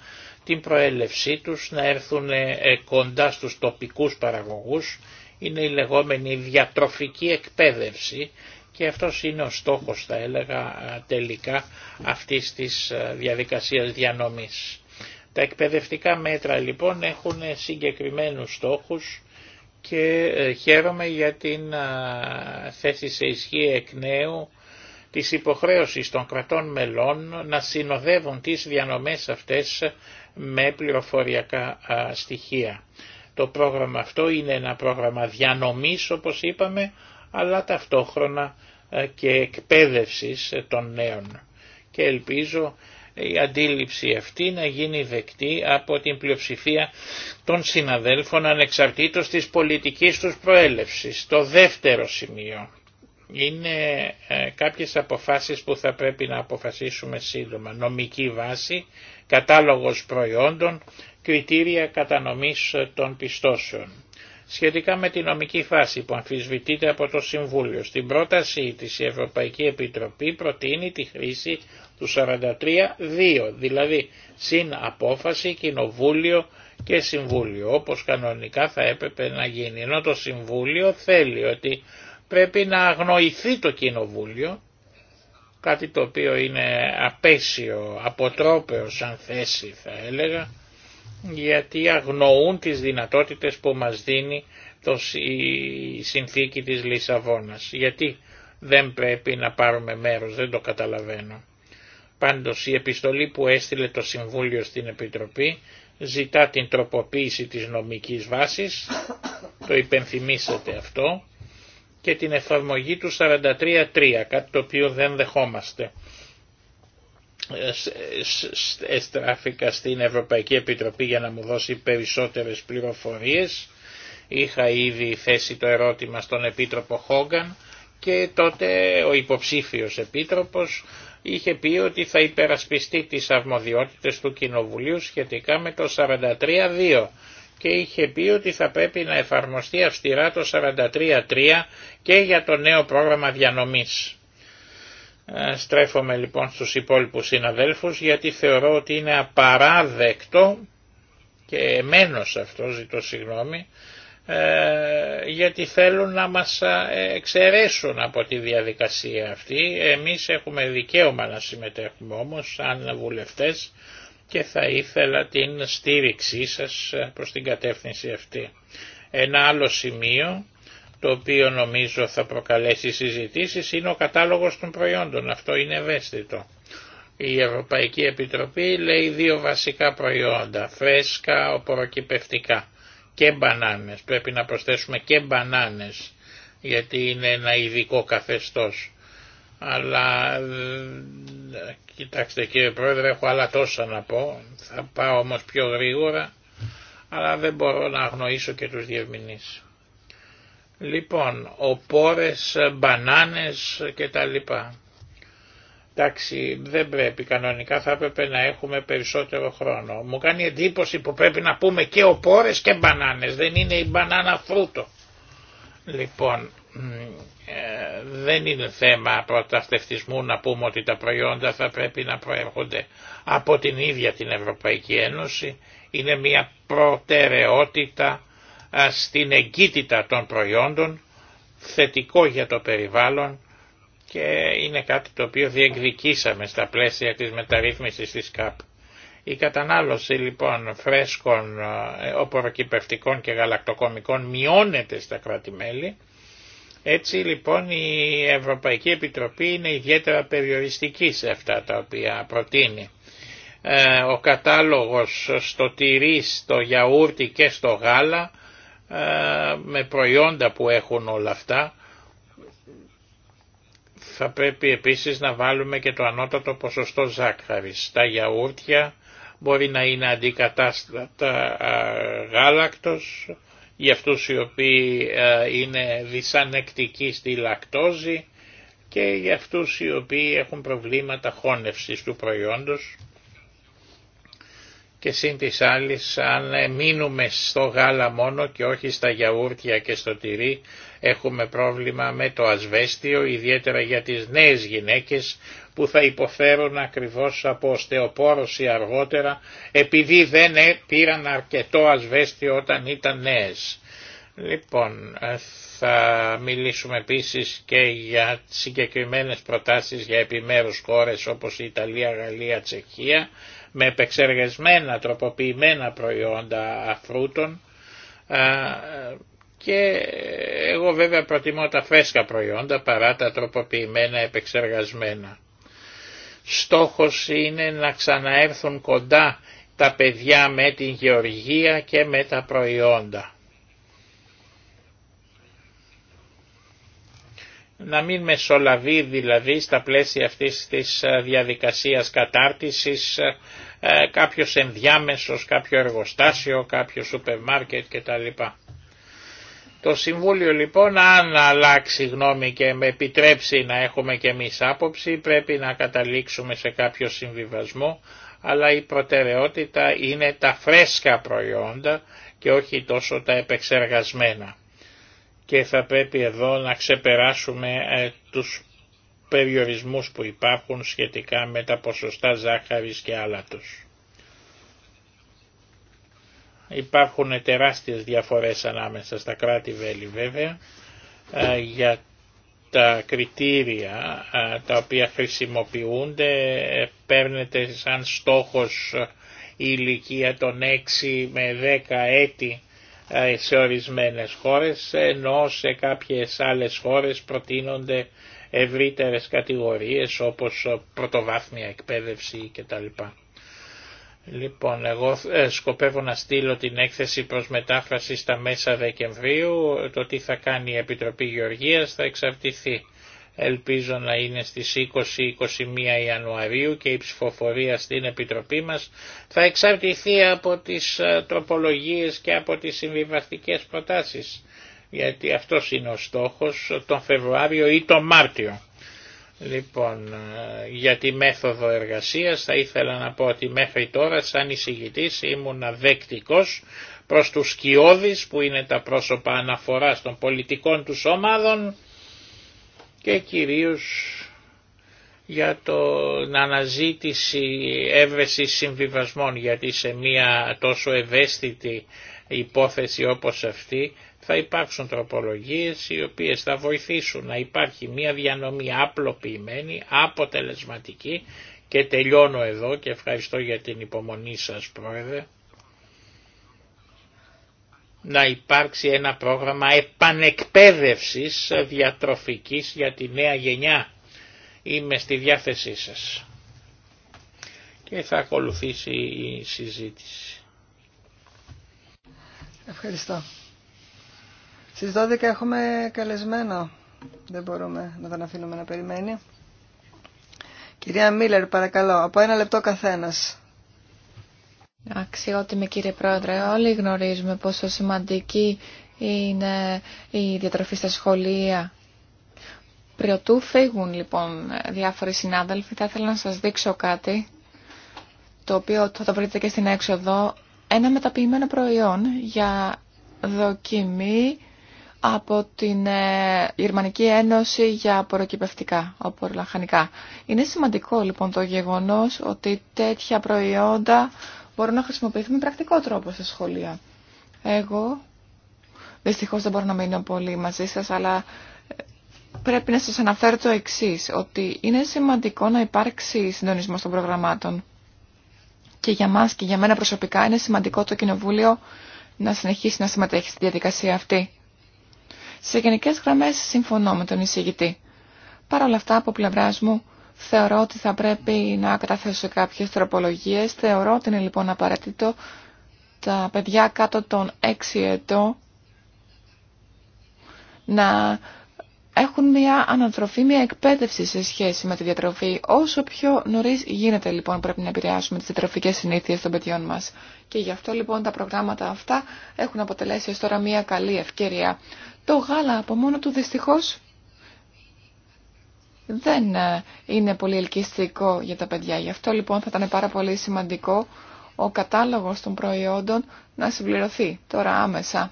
την προέλευσή τους, να έρθουν ε, κοντά στους τοπικούς παραγωγούς. Είναι η λεγόμενη διατροφική εκπαίδευση και αυτός είναι ο στόχος θα έλεγα τελικά αυτής της διαδικασίας διανομής. Τα εκπαιδευτικά μέτρα λοιπόν έχουν συγκεκριμένους στόχους και ε, χαίρομαι για την θέση σε ισχύ εκ νέου της υποχρέωσης των κρατών μελών να συνοδεύουν τις διανομές αυτές με πληροφοριακά στοιχεία. Το πρόγραμμα αυτό είναι ένα πρόγραμμα διανομής όπως είπαμε, αλλά ταυτόχρονα ε, και εκπαίδευσης ε, των νέων. Και ελπίζω η αντίληψη αυτή να γίνει δεκτή από την πλειοψηφία των συναδέλφων ανεξαρτήτως της πολιτικής τους προέλευσης. Το δεύτερο σημείο είναι ε, κάποιες αποφάσεις που θα πρέπει να αποφασίσουμε σύντομα. Νομική βάση, κατάλογος προϊόντων, κριτήρια κατανομής των πιστώσεων. Σχετικά με τη νομική φάση που αμφισβητείται από το Συμβούλιο, στην πρόταση της η Ευρωπαϊκή Επιτροπή προτείνει τη χρήση του 43-2, δηλαδή συν απόφαση Κοινοβούλιο και Συμβούλιο, όπως κανονικά θα έπρεπε να γίνει. Ενώ το Συμβούλιο θέλει ότι πρέπει να αγνοηθεί το Κοινοβούλιο, κάτι το οποίο είναι απέσιο, αποτρόπαιο σαν θέση θα έλεγα, γιατί αγνοούν τις δυνατότητες που μας δίνει η συνθήκη της Λισαβόνας. Γιατί δεν πρέπει να πάρουμε μέρος, δεν το καταλαβαίνω. Πάντως η επιστολή που έστειλε το Συμβούλιο στην Επιτροπή ζητά την τροποποίηση της νομικής βάσης, το υπενθυμίσετε αυτό, και την εφαρμογή του 43.3, κάτι το οποίο δεν δεχόμαστε εστράφηκα στην Ευρωπαϊκή Επιτροπή για να μου δώσει περισσότερες πληροφορίες. Είχα ήδη θέσει το ερώτημα στον Επίτροπο Χόγκαν και τότε ο υποψήφιος Επίτροπος είχε πει ότι θα υπερασπιστεί τις αρμοδιότητες του Κοινοβουλίου σχετικά με το 43-2 και είχε πει ότι θα πρέπει να εφαρμοστεί αυστηρά το 43-3 και για το νέο πρόγραμμα διανομής. Ε, στρέφομαι λοιπόν στους υπόλοιπους συναδέλφους γιατί θεωρώ ότι είναι απαράδεκτο και εμένω αυτό ζητώ συγγνώμη ε, γιατί θέλουν να μας ε, εξαιρέσουν από τη διαδικασία αυτή. Εμείς έχουμε δικαίωμα να συμμετέχουμε όμως σαν βουλευτές και θα ήθελα την στήριξή σας προς την κατεύθυνση αυτή. Ένα άλλο σημείο το οποίο νομίζω θα προκαλέσει συζητήσεις είναι ο κατάλογος των προϊόντων. Αυτό είναι ευαίσθητο. Η Ευρωπαϊκή Επιτροπή λέει δύο βασικά προϊόντα, φρέσκα, οποροκυπευτικά και μπανάνες. Πρέπει να προσθέσουμε και μπανάνες γιατί είναι ένα ειδικό καθεστώς. Αλλά κοιτάξτε κύριε Πρόεδρε έχω άλλα τόσα να πω, θα πάω όμως πιο γρήγορα αλλά δεν μπορώ να αγνοήσω και τους διευμηνήσεις. Λοιπόν, οπόρες, μπανάνες και τα λοιπά. Εντάξει, δεν πρέπει κανονικά, θα έπρεπε να έχουμε περισσότερο χρόνο. Μου κάνει εντύπωση που πρέπει να πούμε και οπόρες και μπανάνες, δεν είναι η μπανάνα φρούτο. Λοιπόν, ε, δεν είναι θέμα πρωταυτευτισμού να πούμε ότι τα προϊόντα θα πρέπει να προέρχονται από την ίδια την Ευρωπαϊκή Ένωση. Είναι μια προτεραιότητα στην εγκύτητα των προϊόντων, θετικό για το περιβάλλον και είναι κάτι το οποίο διεκδικήσαμε στα πλαίσια της μεταρρύθμισης της ΚΑΠ. Η κατανάλωση λοιπόν φρέσκων οποροκυπευτικών και γαλακτοκομικών μειώνεται στα κράτη-μέλη. Έτσι λοιπόν η Ευρωπαϊκή Επιτροπή είναι ιδιαίτερα περιοριστική σε αυτά τα οποία προτείνει. Ε, ο κατάλογος στο τυρί, στο γιαούρτι και στο γάλα ε, με προϊόντα που έχουν όλα αυτά. Θα πρέπει επίσης να βάλουμε και το ανώτατο ποσοστό ζάχαρης. Τα γιαούρτια μπορεί να είναι αντικατάστατα ε, γάλακτος για αυτούς οι οποίοι ε, είναι δυσανεκτικοί στη λακτόζη και για αυτούς οι οποίοι έχουν προβλήματα χώνευσης του προϊόντος και σύν της άλλης αν ε, μείνουμε στο γάλα μόνο και όχι στα γιαούρτια και στο τυρί έχουμε πρόβλημα με το ασβέστιο ιδιαίτερα για τις νέες γυναίκες που θα υποφέρουν ακριβώς από οστεοπόρωση αργότερα επειδή δεν ε, πήραν αρκετό ασβέστιο όταν ήταν νέες. Λοιπόν, ε, θα μιλήσουμε επίσης και για συγκεκριμένες προτάσεις για επιμέρους χώρες όπως η Ιταλία, Γαλλία, Τσεχία με επεξεργασμένα τροποποιημένα προϊόντα αφρούτων και εγώ βέβαια προτιμώ τα φρέσκα προϊόντα παρά τα τροποποιημένα επεξεργασμένα. Στόχος είναι να ξαναέρθουν κοντά τα παιδιά με την γεωργία και με τα προϊόντα. να μην μεσολαβεί δηλαδή στα πλαίσια αυτής της διαδικασίας κατάρτισης ε, κάποιος ενδιάμεσος, κάποιο εργοστάσιο, κάποιο σούπερ μάρκετ κτλ. Το Συμβούλιο λοιπόν αν αλλάξει γνώμη και με επιτρέψει να έχουμε και εμείς άποψη πρέπει να καταλήξουμε σε κάποιο συμβιβασμό αλλά η προτεραιότητα είναι τα φρέσκα προϊόντα και όχι τόσο τα επεξεργασμένα. Και θα πρέπει εδώ να ξεπεράσουμε ε, τους περιορισμούς που υπάρχουν σχετικά με τα ποσοστά ζάχαρης και άλατος. Υπάρχουν τεράστιες διαφορές ανάμεσα στα κράτη-βέλη βέβαια ε, για τα κριτήρια ε, τα οποία χρησιμοποιούνται ε, παίρνεται σαν στόχος η ηλικία των 6 με 10 έτη σε ορισμένες χώρες, ενώ σε κάποιες άλλες χώρες προτείνονται ευρύτερες κατηγορίες όπως πρωτοβάθμια εκπαίδευση κτλ. Λοιπόν, εγώ ε, σκοπεύω να στείλω την έκθεση προς μετάφραση στα μέσα Δεκεμβρίου. Το τι θα κάνει η Επιτροπή Γεωργίας θα εξαρτηθεί. Ελπίζω να είναι στις 20-21 Ιανουαρίου και η ψηφοφορία στην Επιτροπή μας θα εξαρτηθεί από τις ε, τροπολογίες και από τις συμβιβαστικές προτάσεις γιατί αυτός είναι ο στόχος τον Φεβρουάριο ή τον Μάρτιο. Λοιπόν, ε, για τη μέθοδο εργασίας θα ήθελα να πω ότι μέχρι τώρα σαν εισηγητής ήμουν δεκτικός προς τους σκιώδεις που είναι τα πρόσωπα αναφοράς των πολιτικών του ομάδων και κυρίως για την αναζήτηση έβρεση συμβιβασμών γιατί σε μια τόσο ευαίσθητη υπόθεση όπως αυτή θα υπάρξουν τροπολογίες οι οποίες θα βοηθήσουν να υπάρχει μια διανομή απλοποιημένη, αποτελεσματική και τελειώνω εδώ και ευχαριστώ για την υπομονή σας πρόεδρε να υπάρξει ένα πρόγραμμα επανεκπαίδευσης διατροφικής για τη νέα γενιά. Είμαι στη διάθεσή σας. Και θα ακολουθήσει η συζήτηση. Ευχαριστώ. Στις 12 έχουμε καλεσμένο. Δεν μπορούμε να τον αφήνουμε να περιμένει. Κυρία Μίλλερ, παρακαλώ, από ένα λεπτό καθένας. Αξιότιμη κύριε Πρόεδρε, όλοι γνωρίζουμε πόσο σημαντική είναι η διατροφή στα σχολεία. Πριωτού φύγουν λοιπόν διάφοροι συνάδελφοι. Θα ήθελα να σας δείξω κάτι, το οποίο θα το βρείτε και στην έξοδο. Ένα μεταποιημένο προϊόν για δοκιμή από την ε, Γερμανική Ένωση για απορροκυπευτικά, απορρολαχανικά. Είναι σημαντικό λοιπόν το γεγονός ότι τέτοια προϊόντα μπορούν να χρησιμοποιηθούν με πρακτικό τρόπο στα σχολεία. Εγώ δυστυχώς δεν μπορώ να μείνω πολύ μαζί σας, αλλά ε, πρέπει να σας αναφέρω το εξής, ότι είναι σημαντικό να υπάρξει συντονισμός των προγραμμάτων. Και για μας και για μένα προσωπικά είναι σημαντικό το Κοινοβούλιο να συνεχίσει να συμμετέχει στη διαδικασία αυτή. Σε γενικέ γραμμέ συμφωνώ με τον εισηγητή. Παρ' όλα αυτά, από πλευρά μου, θεωρώ ότι θα πρέπει να καταθέσω κάποιε τροπολογίε. Θεωρώ ότι είναι λοιπόν απαραίτητο τα παιδιά κάτω των 6 ετών να έχουν μια ανατροφή, μια εκπαίδευση σε σχέση με τη διατροφή. Όσο πιο νωρί γίνεται λοιπόν πρέπει να επηρεάσουμε τις διατροφικές συνήθειες των παιδιών μας. Και γι' αυτό λοιπόν τα προγράμματα αυτά έχουν αποτελέσει ως τώρα μια καλή ευκαιρία. Το γάλα από μόνο του δυστυχώς δεν ε, είναι πολύ ελκυστικό για τα παιδιά. Γι' αυτό λοιπόν θα ήταν πάρα πολύ σημαντικό ο κατάλογος των προϊόντων να συμπληρωθεί τώρα άμεσα,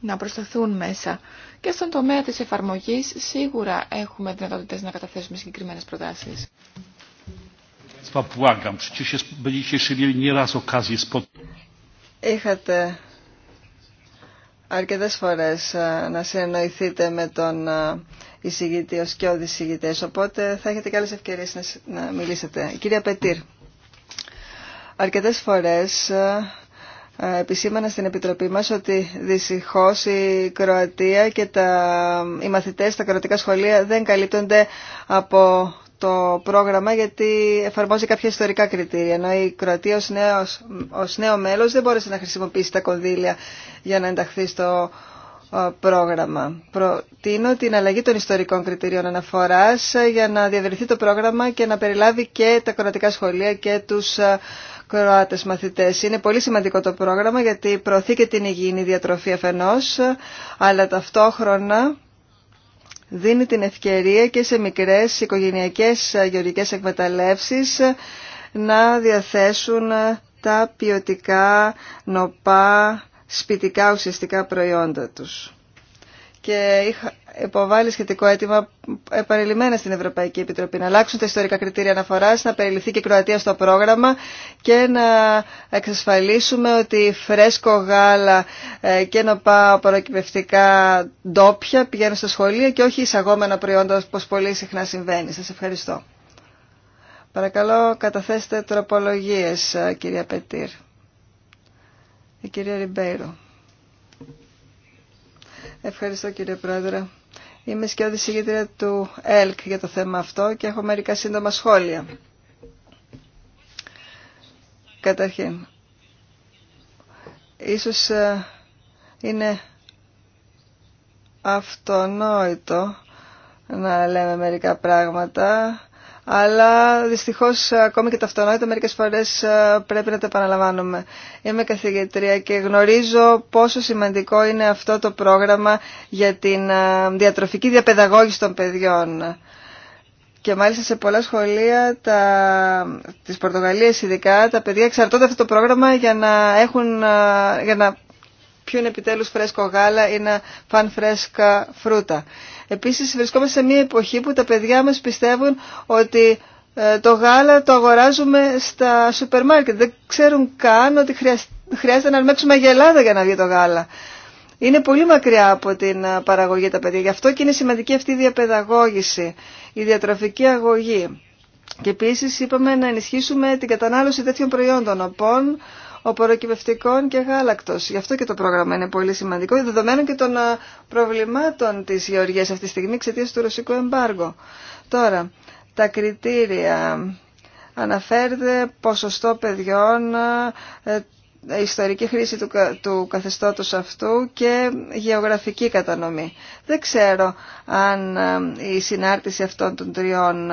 να προσταθούν μέσα και στον τομέα της εφαρμογής σίγουρα έχουμε δυνατότητες να καταθέσουμε συγκεκριμένες προτάσεις. Είχατε αρκετές φορές ε, να συνεννοηθείτε με τον ε, εισηγητή ως και εισηγητές, οπότε θα έχετε και άλλες ευκαιρίες να μιλήσετε. Κυρία Πετήρ, αρκετές φορές ε, ε, επισήμανα στην Επιτροπή μας ότι δυστυχώς η Κροατία και τα, οι μαθητές στα κροατικά σχολεία δεν καλύπτονται από το πρόγραμμα γιατί εφαρμόζει κάποια ιστορικά κριτήρια. Ενώ η Κροατία ως, νέος, ως νέο μέλος δεν μπόρεσε να χρησιμοποιήσει τα κονδύλια για να ενταχθεί στο ε, πρόγραμμα. Προτείνω την αλλαγή των ιστορικών κριτηρίων αναφοράς ε, για να διαβερθεί το πρόγραμμα και να περιλάβει και τα κροατικά σχολεία και τους μαθητές. Είναι πολύ σημαντικό το πρόγραμμα γιατί προωθεί και την υγιεινή διατροφή αφενό, αλλά ταυτόχρονα δίνει την ευκαιρία και σε μικρές οικογενειακές γεωργικέ εκμεταλλεύσεις να διαθέσουν τα ποιοτικά, νοπά, σπιτικά ουσιαστικά προϊόντα τους. Και υποβάλει σχετικό αίτημα επανειλημμένα στην Ευρωπαϊκή Επιτροπή να αλλάξουν τα ιστορικά κριτήρια αναφορά, να περιληφθεί και η Κροατία στο πρόγραμμα και να εξασφαλίσουμε ότι φρέσκο γάλα ε, και νοπά παρακυπευτικά ντόπια πηγαίνουν στα σχολεία και όχι εισαγόμενα προϊόντα όπω πολύ συχνά συμβαίνει. Σα ευχαριστώ. Παρακαλώ καταθέστε τροπολογίε, ε, κυρία Πετήρ. Η κυρία Ριμπέιρο. Ευχαριστώ κύριε Πρόεδρε. Είμαι σκιώδη ηγήτρια του ΕΛΚ για το θέμα αυτό και έχω μερικά σύντομα σχόλια. Καταρχήν, ίσως ε, είναι αυτονόητο να λέμε μερικά πράγματα αλλά δυστυχώς ακόμη και τα αυτονόητα μερικές φορές ε, πρέπει να τα επαναλαμβάνουμε. Είμαι καθηγητρία και γνωρίζω πόσο σημαντικό είναι αυτό το πρόγραμμα για την ε, διατροφική διαπαιδαγώγηση των παιδιών. Και μάλιστα σε πολλά σχολεία τα... της ειδικά τα παιδιά εξαρτώνται αυτό το πρόγραμμα για να, έχουν, ε, για να πιούν επιτέλους φρέσκο γάλα ή να φαν φρέσκα φρούτα. Επίσης βρισκόμαστε σε μια εποχή που τα παιδιά μας πιστεύουν ότι ε, το γάλα το αγοράζουμε στα σούπερ μάρκετ. Δεν ξέρουν καν ότι χρειάζεται να αρμέξουμε αγελάδα για να βγει το γάλα. Είναι πολύ μακριά από την ε, παραγωγή τα παιδιά. Γι' αυτό και είναι σημαντική αυτή η διαπαιδαγώγηση, η διατροφική αγωγή. Και επίσης, είπαμε να ενισχύσουμε την κατανάλωση τέτοιων προϊόντων, οπών, οποροκυπευτικών και γάλακτος. Γι' αυτό και το πρόγραμμα είναι πολύ σημαντικό, δεδομένων και των προβλημάτων της γεωργίας αυτή τη στιγμή εξαιτία του ρωσικού εμπάργου. Τώρα, τα κριτήρια αναφέρεται ποσοστό παιδιών, ε, ιστορική χρήση του, του καθεστώτος αυτού και γεωγραφική κατανομή. Δεν ξέρω αν η συνάρτηση αυτών των τριών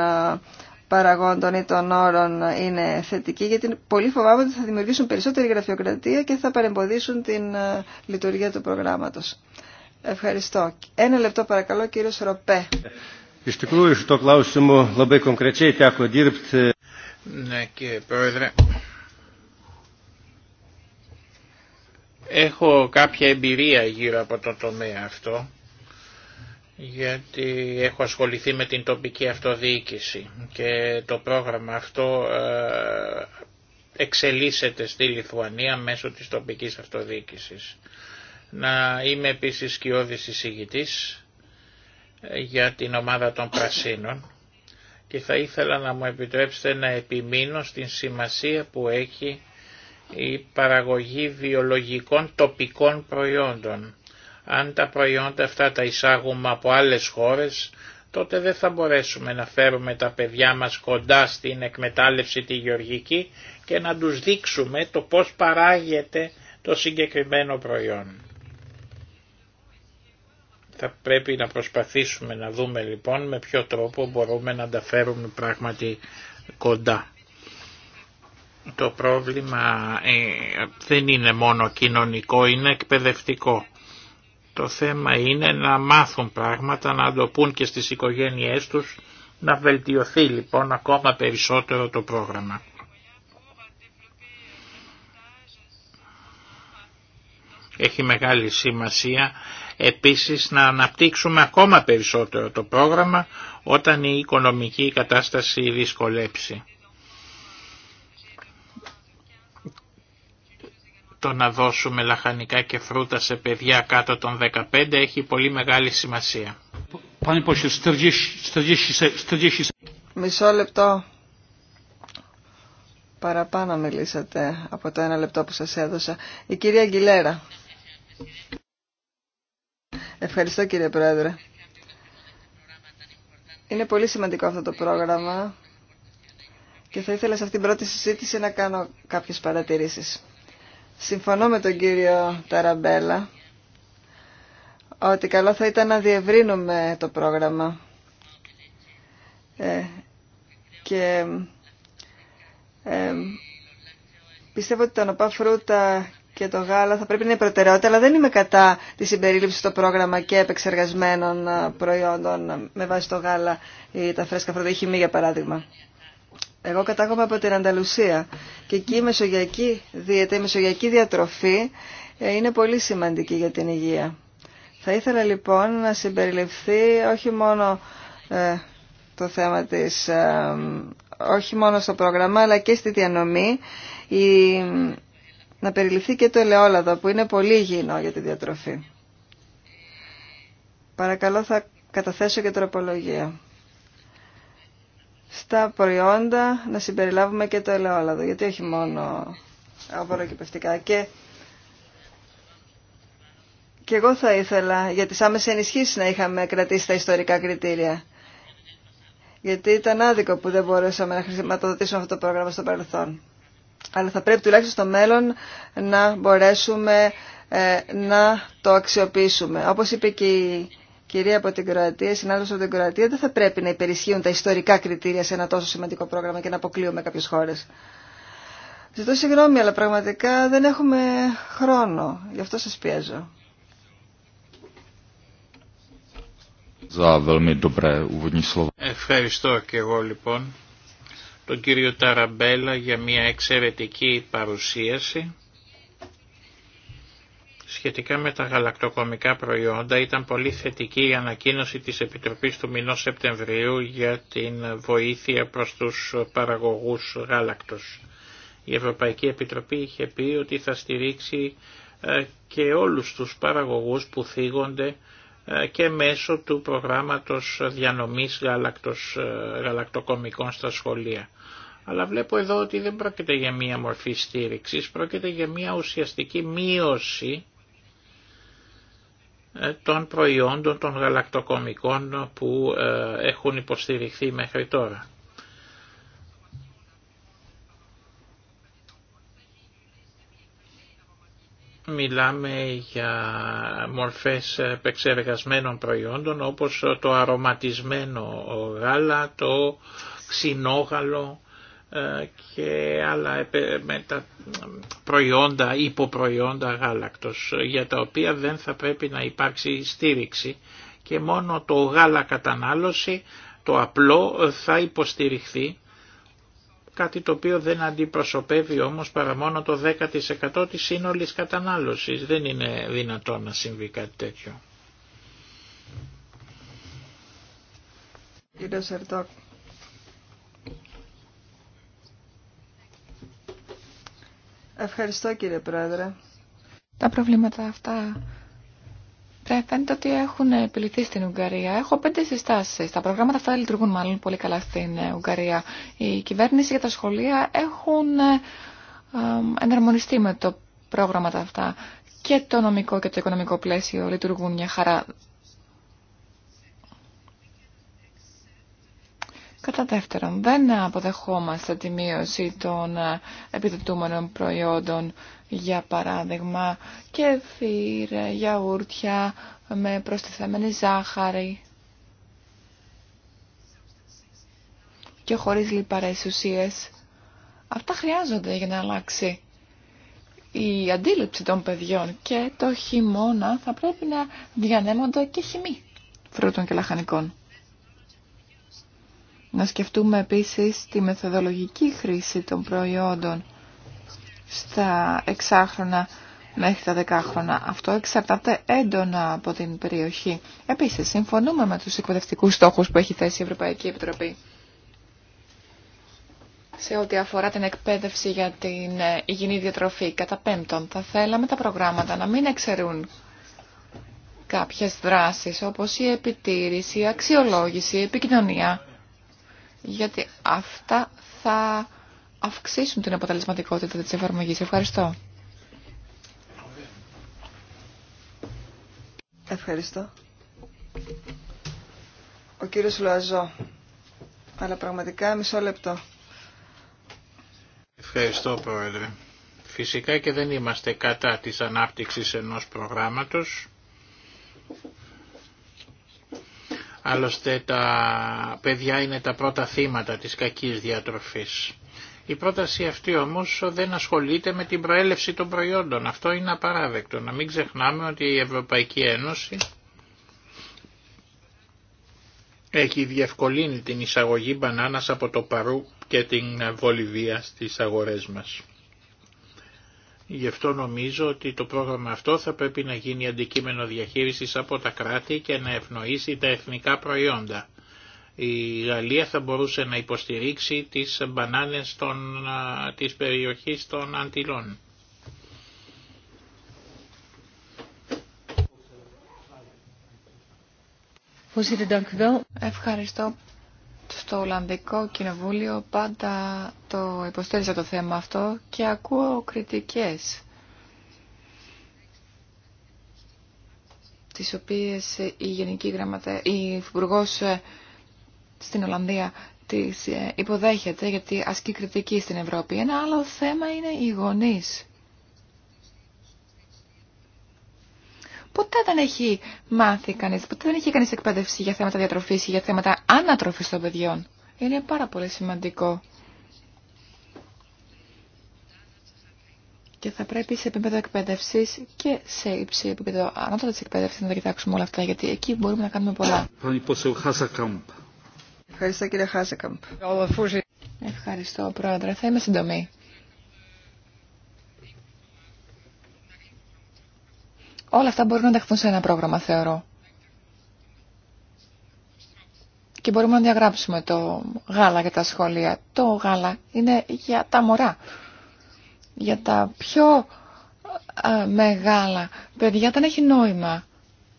παραγόντων ή των όρων είναι θετική, γιατί πολύ φοβάμαι ότι θα δημιουργήσουν περισσότερη γραφειοκρατία και θα παρεμποδίσουν την ε, λειτουργία του προγράμματος. Ευχαριστώ. Ένα λεπτό παρακαλώ κύριο Ροπέ. Ναι κύριε Πρόεδρε. Έχω κάποια εμπειρία γύρω από το τομέα αυτό γιατί έχω ασχοληθεί με την τοπική αυτοδιοίκηση και το πρόγραμμα αυτό ε, εξελίσσεται στη Λιθουανία μέσω της τοπικής αυτοδιοίκησης. Να είμαι επίσης σκιώδης εισηγητής ε, για την ομάδα των Πρασίνων και θα ήθελα να μου επιτρέψετε να επιμείνω στην σημασία που έχει η παραγωγή βιολογικών τοπικών προϊόντων αν τα προϊόντα αυτά τα εισάγουμε από άλλες χώρες, τότε δεν θα μπορέσουμε να φέρουμε τα παιδιά μας κοντά στην εκμετάλλευση τη γεωργική και να τους δείξουμε το πώς παράγεται το συγκεκριμένο προϊόν. Θα πρέπει να προσπαθήσουμε να δούμε λοιπόν με ποιο τρόπο μπορούμε να τα φέρουμε πράγματι κοντά. Το πρόβλημα ε, δεν είναι μόνο κοινωνικό, είναι εκπαιδευτικό. Το θέμα είναι να μάθουν πράγματα, να το πούν και στις οικογένειές τους, να βελτιωθεί λοιπόν ακόμα περισσότερο το πρόγραμμα. Έχει μεγάλη σημασία επίσης να αναπτύξουμε ακόμα περισσότερο το πρόγραμμα όταν η οικονομική κατάσταση δυσκολέψει. το να δώσουμε λαχανικά και φρούτα σε παιδιά κάτω των 15 έχει πολύ μεγάλη σημασία. Μισό λεπτό. Παραπάνω μιλήσατε από το ένα λεπτό που σας έδωσα. Η κυρία Αγγιλέρα. Ευχαριστώ κύριε Πρόεδρε. Είναι πολύ σημαντικό αυτό το πρόγραμμα και θα ήθελα σε αυτήν την πρώτη συζήτηση να κάνω κάποιες παρατηρήσεις. Συμφωνώ με τον κύριο Ταραμπέλα ότι καλό θα ήταν να διευρύνουμε το πρόγραμμα ε, και ε, πιστεύω ότι τα νοπά φρούτα και το γάλα θα πρέπει να είναι προτεραιότητα, αλλά δεν είμαι κατά τη συμπερίληψη στο πρόγραμμα και επεξεργασμένων ε, προϊόντων με βάση το γάλα ή τα φρέσκα φρούτα ή χυμή για παράδειγμα. Εγώ κατάγομαι από την Ανταλουσία και εκεί η μεσογειακή δίαιτα, η μεσογειακή διατροφή ε, είναι πολύ σημαντική για την υγεία. Θα ήθελα λοιπόν να συμπεριληφθεί όχι μόνο ε, το θέμα της, ε, όχι μόνο στο πρόγραμμα αλλά και στη διανομή η, να περιληφθεί και το ελαιόλαδο που είναι πολύ υγιεινό για τη διατροφή. Παρακαλώ θα καταθέσω και τροπολογία στα προϊόντα να συμπεριλάβουμε και το ελαιόλαδο, γιατί όχι μόνο απορροκυπευτικά. Και, και εγώ θα ήθελα για τις άμεσες ενισχύσεις να είχαμε κρατήσει τα ιστορικά κριτήρια. Γιατί ήταν άδικο που δεν μπορέσαμε να χρηματοδοτήσουμε αυτό το πρόγραμμα στο παρελθόν. Αλλά θα πρέπει τουλάχιστον στο μέλλον να μπορέσουμε ε, να το αξιοποιήσουμε. Όπως είπε και η κυρία από την Κροατία, συνάδελφο από την Κροατία, δεν θα πρέπει να υπερισχύουν τα ιστορικά κριτήρια σε ένα τόσο σημαντικό πρόγραμμα και να αποκλείουμε κάποιε χώρε. Ζητώ συγγνώμη, αλλά πραγματικά δεν έχουμε χρόνο. Γι' αυτό σα πιέζω. Ευχαριστώ και εγώ λοιπόν τον κύριο Ταραμπέλα για μια εξαιρετική παρουσίαση σχετικά με τα γαλακτοκομικά προϊόντα ήταν πολύ θετική η ανακοίνωση της Επιτροπής του μηνός Σεπτεμβρίου για την βοήθεια προς τους παραγωγούς γάλακτος. Η Ευρωπαϊκή Επιτροπή είχε πει ότι θα στηρίξει ε, και όλους τους παραγωγούς που θίγονται ε, και μέσω του προγράμματος διανομής γαλακτος, ε, γαλακτοκομικών στα σχολεία. Αλλά βλέπω εδώ ότι δεν πρόκειται για μία μορφή στήριξης, πρόκειται για μία ουσιαστική μείωση ε, των προϊόντων των γαλακτοκομικών που ε, έχουν υποστηριχθεί μέχρι τώρα. Μιλάμε για μορφές επεξεργασμένων προϊόντων όπως το αρωματισμένο γάλα, το ξινόγαλο, ε, και άλλα με τα προϊόντα, υποπροϊόντα γάλακτος, για τα οποία δεν θα πρέπει να υπάρξει στήριξη και μόνο το γάλα κατανάλωση, το απλό, θα υποστηριχθεί, κάτι το οποίο δεν αντιπροσωπεύει όμως παρά μόνο το 10% της σύνολης κατανάλωσης. Δεν είναι δυνατό να συμβεί κάτι τέτοιο. Ευχαριστώ κύριε Πρόεδρε. Τα προβλήματα αυτά ε, φαίνεται ότι έχουν επιληθεί στην Ουγγαρία. Έχω πέντε συστάσεις. Τα προγράμματα αυτά λειτουργούν μάλλον πολύ καλά στην ε, Ουγγαρία. Η κυβέρνηση και τα σχολεία έχουν ε, εναρμονιστεί με το πρόγραμμα αυτά. Και το νομικό και το οικονομικό πλαίσιο λειτουργούν μια χαρά. Κατά δεύτερον, δεν αποδεχόμαστε τη μείωση των ε, επιδοτούμενων προϊόντων, για παράδειγμα κεφίρ, ε, γιαούρτια με προστιθέμενη ζάχαρη και χωρίς λιπαρές ουσίες. Αυτά χρειάζονται για να αλλάξει η αντίληψη των παιδιών και το χειμώνα θα πρέπει να διανέμονται και χυμή φρούτων και λαχανικών. Να σκεφτούμε επίσης τη μεθοδολογική χρήση των προϊόντων στα εξάχρονα μέχρι τα δεκάχρονα. Αυτό εξαρτάται έντονα από την περιοχή. Επίσης, συμφωνούμε με τους εκπαιδευτικούς στόχους που έχει θέσει η Ευρωπαϊκή Επιτροπή σε ό,τι αφορά την εκπαίδευση για την ε, υγιεινή διατροφή. Κατά πέμπτον, θα θέλαμε τα προγράμματα να μην εξαιρούν κάποιες δράσεις όπως η επιτήρηση, η αξιολόγηση, η επικοινωνία γιατί αυτά θα αυξήσουν την αποτελεσματικότητα της εφαρμογής. Ευχαριστώ. Ευχαριστώ. Ο κύριος Λουαζό. Αλλά πραγματικά μισό λεπτό. Ευχαριστώ Πρόεδρε. Φυσικά και δεν είμαστε κατά της ανάπτυξης ενός προγράμματος Άλλωστε τα παιδιά είναι τα πρώτα θύματα της κακής διατροφής. Η πρόταση αυτή όμως δεν ασχολείται με την προέλευση των προϊόντων. Αυτό είναι απαράδεκτο. Να μην ξεχνάμε ότι η Ευρωπαϊκή Ένωση έχει διευκολύνει την εισαγωγή μπανάνας από το Παρού και την Βολιβία στις αγορές μας. Γι' αυτό νομίζω ότι το πρόγραμμα αυτό θα πρέπει να γίνει αντικείμενο διαχείρισης από τα κράτη και να ευνοήσει τα εθνικά προϊόντα. Η Γαλλία θα μπορούσε να υποστηρίξει τις μπανάνες των, της περιοχής των Αντιλών. Ευχαριστώ στο Ολλανδικό Κοινοβούλιο πάντα το υποστήριζα το θέμα αυτό και ακούω κριτικές τις οποίες η Γενική η ε, στην Ολλανδία τις ε, υποδέχεται γιατί ασκεί κριτική στην Ευρώπη. Ένα άλλο θέμα είναι οι γονείς. Ποτέ δεν έχει μάθει κανείς, ποτέ δεν έχει κανείς εκπαίδευση για θέματα διατροφής ή για θέματα ανατροφής των παιδιών. Είναι πάρα πολύ σημαντικό. Και θα πρέπει σε επίπεδο εκπαίδευση και σε υψηλό επίπεδο ανώτατη εκπαίδευση να τα κοιτάξουμε όλα αυτά, γιατί εκεί μπορούμε να κάνουμε πολλά. Ευχαριστώ κύριε Ευχαριστώ πρόεδρε. Θα είμαι συντομή. Όλα αυτά μπορούν να ενταχθούν σε ένα πρόγραμμα, θεωρώ. Και μπορούμε να διαγράψουμε το γάλα για τα σχολεία. Το γάλα είναι για τα μωρά. Για τα πιο μεγάλα παιδιά δεν έχει νόημα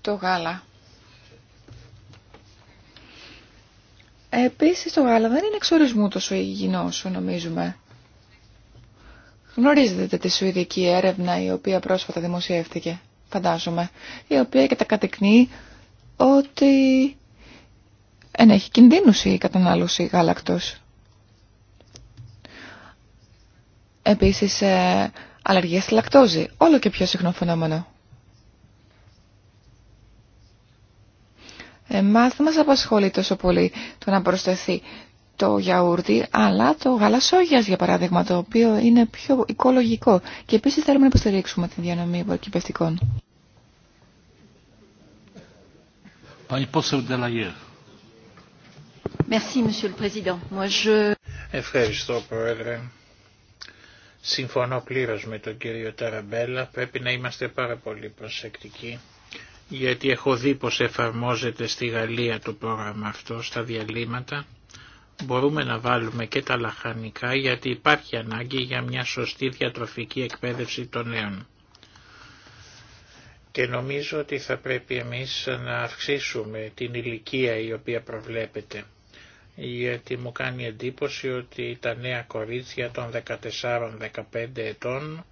το γάλα. Επίσης το γάλα δεν είναι εξορισμού τόσο υγιεινό νομίζουμε. Γνωρίζετε τη σουηδική έρευνα η οποία πρόσφατα δημοσιεύτηκε φαντάζομαι, η οποία κατακατεκνύει ότι έχει κινδύνους η κατανάλωση γάλακτος. Επίσης, ε, αλλεργία στη λακτόζη, όλο και πιο συχνό φαινόμενο. Εμάς δεν μας απασχολεί τόσο πολύ το να προσθεθεί το γιαούρτι, αλλά το γαλασόγιας για παράδειγμα, το οποίο είναι πιο οικολογικό. Και επίσης θέλουμε να υποστηρίξουμε τη διανομή υποκυπευτικών. Ευχαριστώ, Πρόεδρε. Συμφωνώ πλήρως με τον κύριο Ταραμπέλα. Πρέπει να είμαστε πάρα πολύ προσεκτικοί γιατί έχω δει πως εφαρμόζεται στη Γαλλία το πρόγραμμα αυτό στα διαλύματα μπορούμε να βάλουμε και τα λαχανικά γιατί υπάρχει ανάγκη για μια σωστή διατροφική εκπαίδευση των νέων. Και νομίζω ότι θα πρέπει εμείς να αυξήσουμε την ηλικία η οποία προβλέπεται. Γιατί μου κάνει εντύπωση ότι τα νέα κορίτσια των 14-15 ετών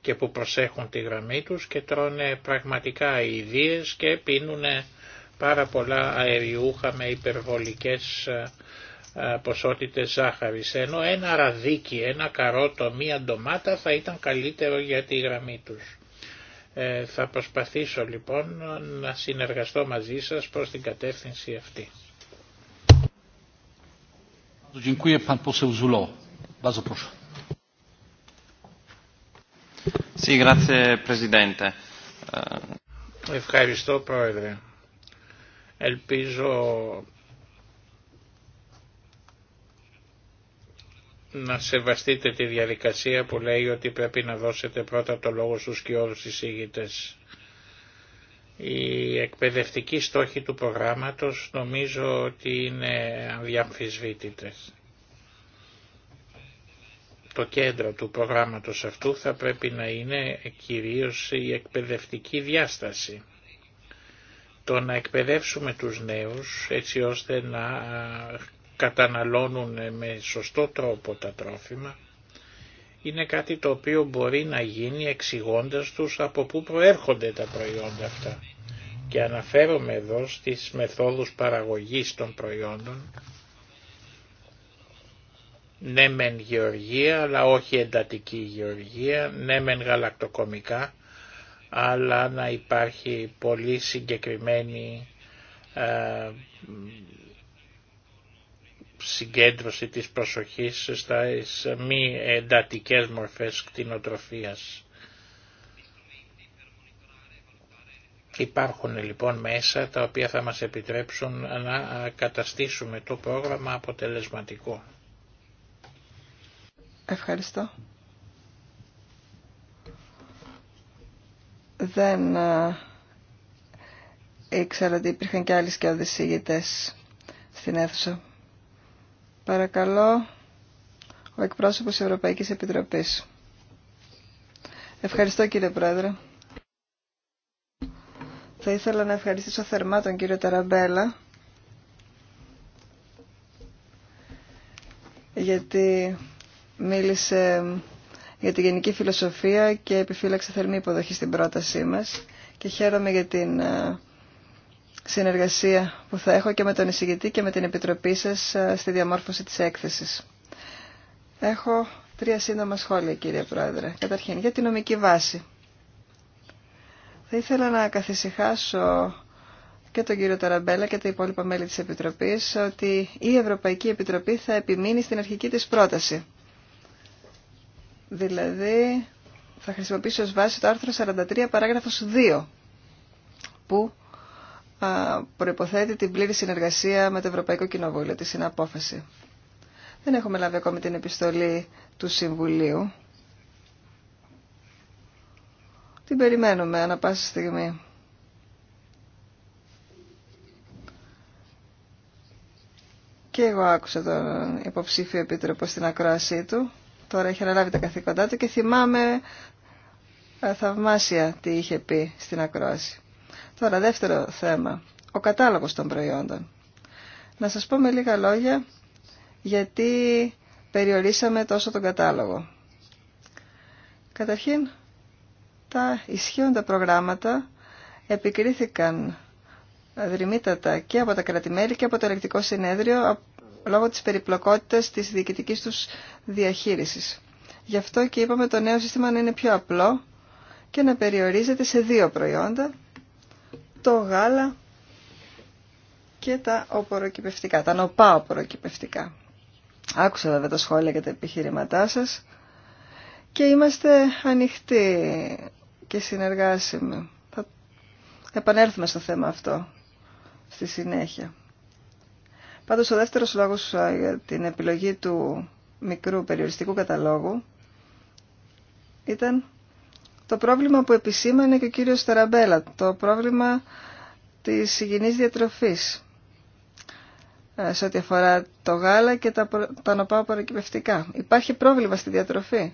και που προσέχουν τη γραμμή τους και τρώνε πραγματικά ιδίες και πίνουν πάρα πολλά αεριούχα με υπερβολικές ε, ε, ποσότητες ζάχαρης, ενώ ένα ραδίκι, ένα καρότο, μία ντομάτα θα ήταν καλύτερο για τη γραμμή τους. Ε, θα προσπαθήσω λοιπόν να συνεργαστώ μαζί σας προς την κατεύθυνση αυτή. Ευχαριστώ Πρόεδρε. Ελπίζω να σεβαστείτε τη διαδικασία που λέει ότι πρέπει να δώσετε πρώτα το λόγο στους και όλους εισηγητές. Οι εκπαιδευτικοί στόχοι του προγράμματος νομίζω ότι είναι αδιαμφισβήτητες. Το κέντρο του προγράμματος αυτού θα πρέπει να είναι κυρίως η εκπαιδευτική διάσταση. Το να εκπαιδεύσουμε τους νέους έτσι ώστε να καταναλώνουν με σωστό τρόπο τα τρόφιμα, είναι κάτι το οποίο μπορεί να γίνει εξηγώντα τους από πού προέρχονται τα προϊόντα αυτά. Και αναφέρομαι εδώ στις μεθόδους παραγωγής των προϊόντων, ναι μεν γεωργία αλλά όχι εντατική γεωργία, ναι μεν γαλακτοκομικά, αλλά να υπάρχει πολύ συγκεκριμένη ε, συγκέντρωση της προσοχής στα μη εντατικές μορφές κτηνοτροφίας. Υπάρχουν λοιπόν μέσα τα οποία θα μας επιτρέψουν να καταστήσουμε το πρόγραμμα αποτελεσματικό. Ευχαριστώ. Δεν ε, ήξερα ότι υπήρχαν και άλλοι σκιώδεις στην αίθουσα. Παρακαλώ, ο εκπρόσωπος Ευρωπαϊκής Επιτροπής. Ευχαριστώ κύριε Πρόεδρε. Θα ήθελα να ευχαριστήσω θερμά τον κύριο Ταραμπέλα γιατί μίλησε για τη γενική φιλοσοφία και επιφύλαξε θερμή υποδοχή στην πρότασή μας και χαίρομαι για την ε, συνεργασία που θα έχω και με τον εισηγητή και με την Επιτροπή σας ε, στη διαμόρφωση της έκθεσης. Έχω τρία σύντομα σχόλια, κύριε Πρόεδρε. Καταρχήν, για τη νομική βάση. Θα ήθελα να καθησυχάσω και τον κύριο Ταραμπέλα και τα υπόλοιπα μέλη της Επιτροπής ότι η Ευρωπαϊκή Επιτροπή θα επιμείνει στην αρχική της πρόταση. Δηλαδή, θα χρησιμοποιήσω ως βάση το άρθρο 43 παράγραφος 2 που προϋποθέτει την πλήρη συνεργασία με το Ευρωπαϊκό Κοινοβούλιο, τη συναπόφαση. Δεν έχουμε λάβει ακόμη την επιστολή του Συμβουλίου. Την περιμένουμε ανα πάση στιγμή. Και εγώ άκουσα τον υποψήφιο επίτροπο στην ακρόασή του. Τώρα έχει αναλάβει τα καθήκοντά του και θυμάμαι ε, θαυμάσια τι είχε πει στην ακρόαση. Τώρα, δεύτερο θέμα, ο κατάλογος των προϊόντων. Να σας πω με λίγα λόγια γιατί περιορίσαμε τόσο τον κατάλογο. Καταρχήν, τα ισχύοντα προγράμματα επικρίθηκαν δρυμύτατα και από τα κρατημέλη και από το ελεκτικό συνέδριο λόγω της περιπλοκότητας της διοικητικής τους διαχείρισης. Γι' αυτό και είπαμε το νέο σύστημα να είναι πιο απλό και να περιορίζεται σε δύο προϊόντα το γάλα και τα οποροκυπευτικά, τα νοπά οποροκυπευτικά. Άκουσα βέβαια τα σχόλια και τα επιχειρηματά σας και είμαστε ανοιχτοί και συνεργάσιμοι. Θα επανέλθουμε στο θέμα αυτό στη συνέχεια. Πάντως ο δεύτερος λόγος για την επιλογή του μικρού περιοριστικού καταλόγου ήταν το πρόβλημα που επισήμανε και ο κύριος Ταραμπέλα, το πρόβλημα της υγιεινής διατροφής ε, σε ό,τι αφορά το γάλα και τα, τα νοπάω παρακυπευτικά. Υπάρχει πρόβλημα στη διατροφή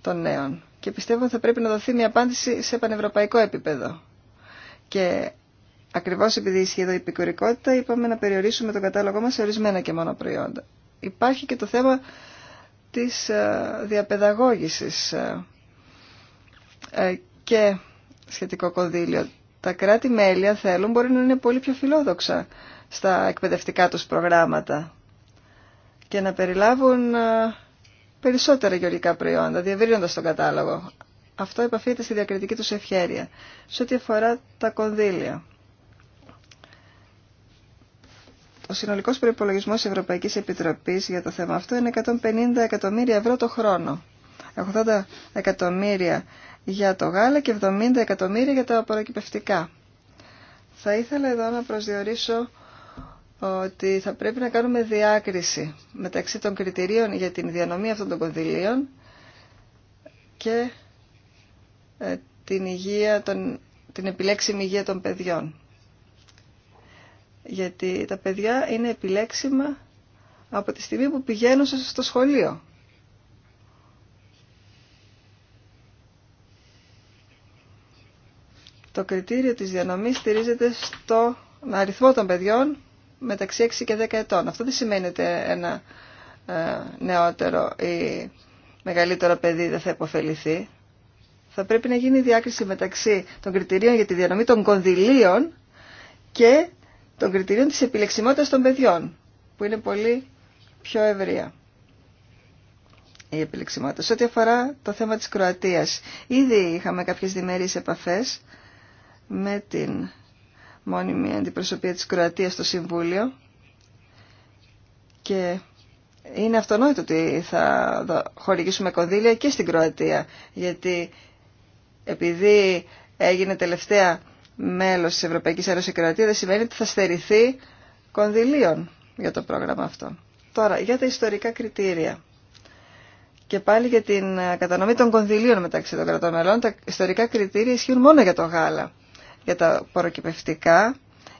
των νέων και πιστεύω ότι θα πρέπει να δοθεί μια απάντηση σε πανευρωπαϊκό επίπεδο. Και ακριβώς επειδή ισχύει εδώ η επικουρικότητα είπαμε να περιορίσουμε τον κατάλογό μας σε ορισμένα και μόνο προϊόντα. Υπάρχει και το θέμα της ε, διαπαιδαγώγησης ε, ε, και σχετικό κονδύλιο. Τα κράτη-μέλη, αν θέλουν, μπορεί να είναι πολύ πιο φιλόδοξα στα εκπαιδευτικά τους προγράμματα και να περιλάβουν ε, περισσότερα γεωργικά προϊόντα, διευρύνοντας τον κατάλογο. Αυτό επαφείται στη διακριτική τους ευχέρεια, σε ό,τι αφορά τα κονδύλια. Ο συνολικός προϋπολογισμός Ευρωπαϊκής Επιτροπής για το θέμα αυτό είναι 150 εκατομμύρια ευρώ το χρόνο. 80 εκατομμύρια για το γάλα και 70 εκατομμύρια για τα απορροκυπευτικά. Θα ήθελα εδώ να προσδιορίσω ότι θα πρέπει να κάνουμε διάκριση μεταξύ των κριτηρίων για την διανομή αυτών των κονδυλίων και ε, την, υγεία, την επιλέξιμη υγεία των παιδιών. Γιατί τα παιδιά είναι επιλέξιμα από τη στιγμή που πηγαίνουν στο σχολείο. το κριτήριο της διανομής στηρίζεται στο αριθμό των παιδιών μεταξύ 6 και 10 ετών. Αυτό δεν σημαίνει ότι ένα ε, νεότερο ή μεγαλύτερο παιδί δεν θα υποφεληθεί. Θα πρέπει να γίνει διάκριση μεταξύ των κριτηρίων για τη διανομή των κονδυλίων και των κριτηρίων της επιλεξιμότητας των παιδιών, που είναι πολύ πιο ευρεία η επιλεξιμότητα. Σε ό,τι αφορά το θέμα της Κροατίας, ήδη είχαμε κάποιες διμερείς επαφές με την μόνιμη αντιπροσωπεία της Κροατίας στο Συμβούλιο και είναι αυτονόητο ότι θα χορηγήσουμε κονδύλια και στην Κροατία γιατί επειδή έγινε τελευταία μέλος της Ευρωπαϊκής Ένωσης Κροατία δεν σημαίνει ότι θα στερηθεί κονδυλίων για το πρόγραμμα αυτό. Τώρα, για τα ιστορικά κριτήρια. Και πάλι για την κατανομή των κονδυλίων μεταξύ των κρατών μελών, τα ιστορικά κριτήρια ισχύουν μόνο για το γάλα για τα παροκυπευτικά,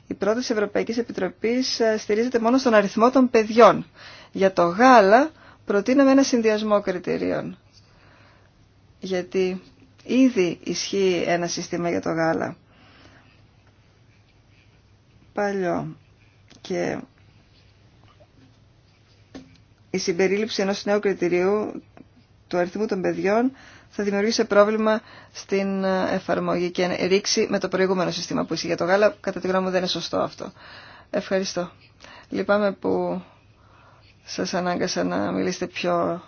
η πρόταση Ευρωπαϊκής Επιτροπής ε, στηρίζεται μόνο στον αριθμό των παιδιών. Για το γάλα προτείναμε ένα συνδυασμό κριτηρίων. Γιατί ήδη ισχύει ένα σύστημα για το γάλα. Παλιό. Και η συμπερίληψη ενός νέου κριτηρίου του αριθμού των παιδιών θα δημιουργήσει πρόβλημα στην εφαρμογή και ρήξη με το προηγούμενο σύστημα που είσαι για το γάλα. Κατά τη γνώμη μου δεν είναι σωστό αυτό. Ευχαριστώ. Λυπάμαι που σας ανάγκασα να μιλήσετε πιο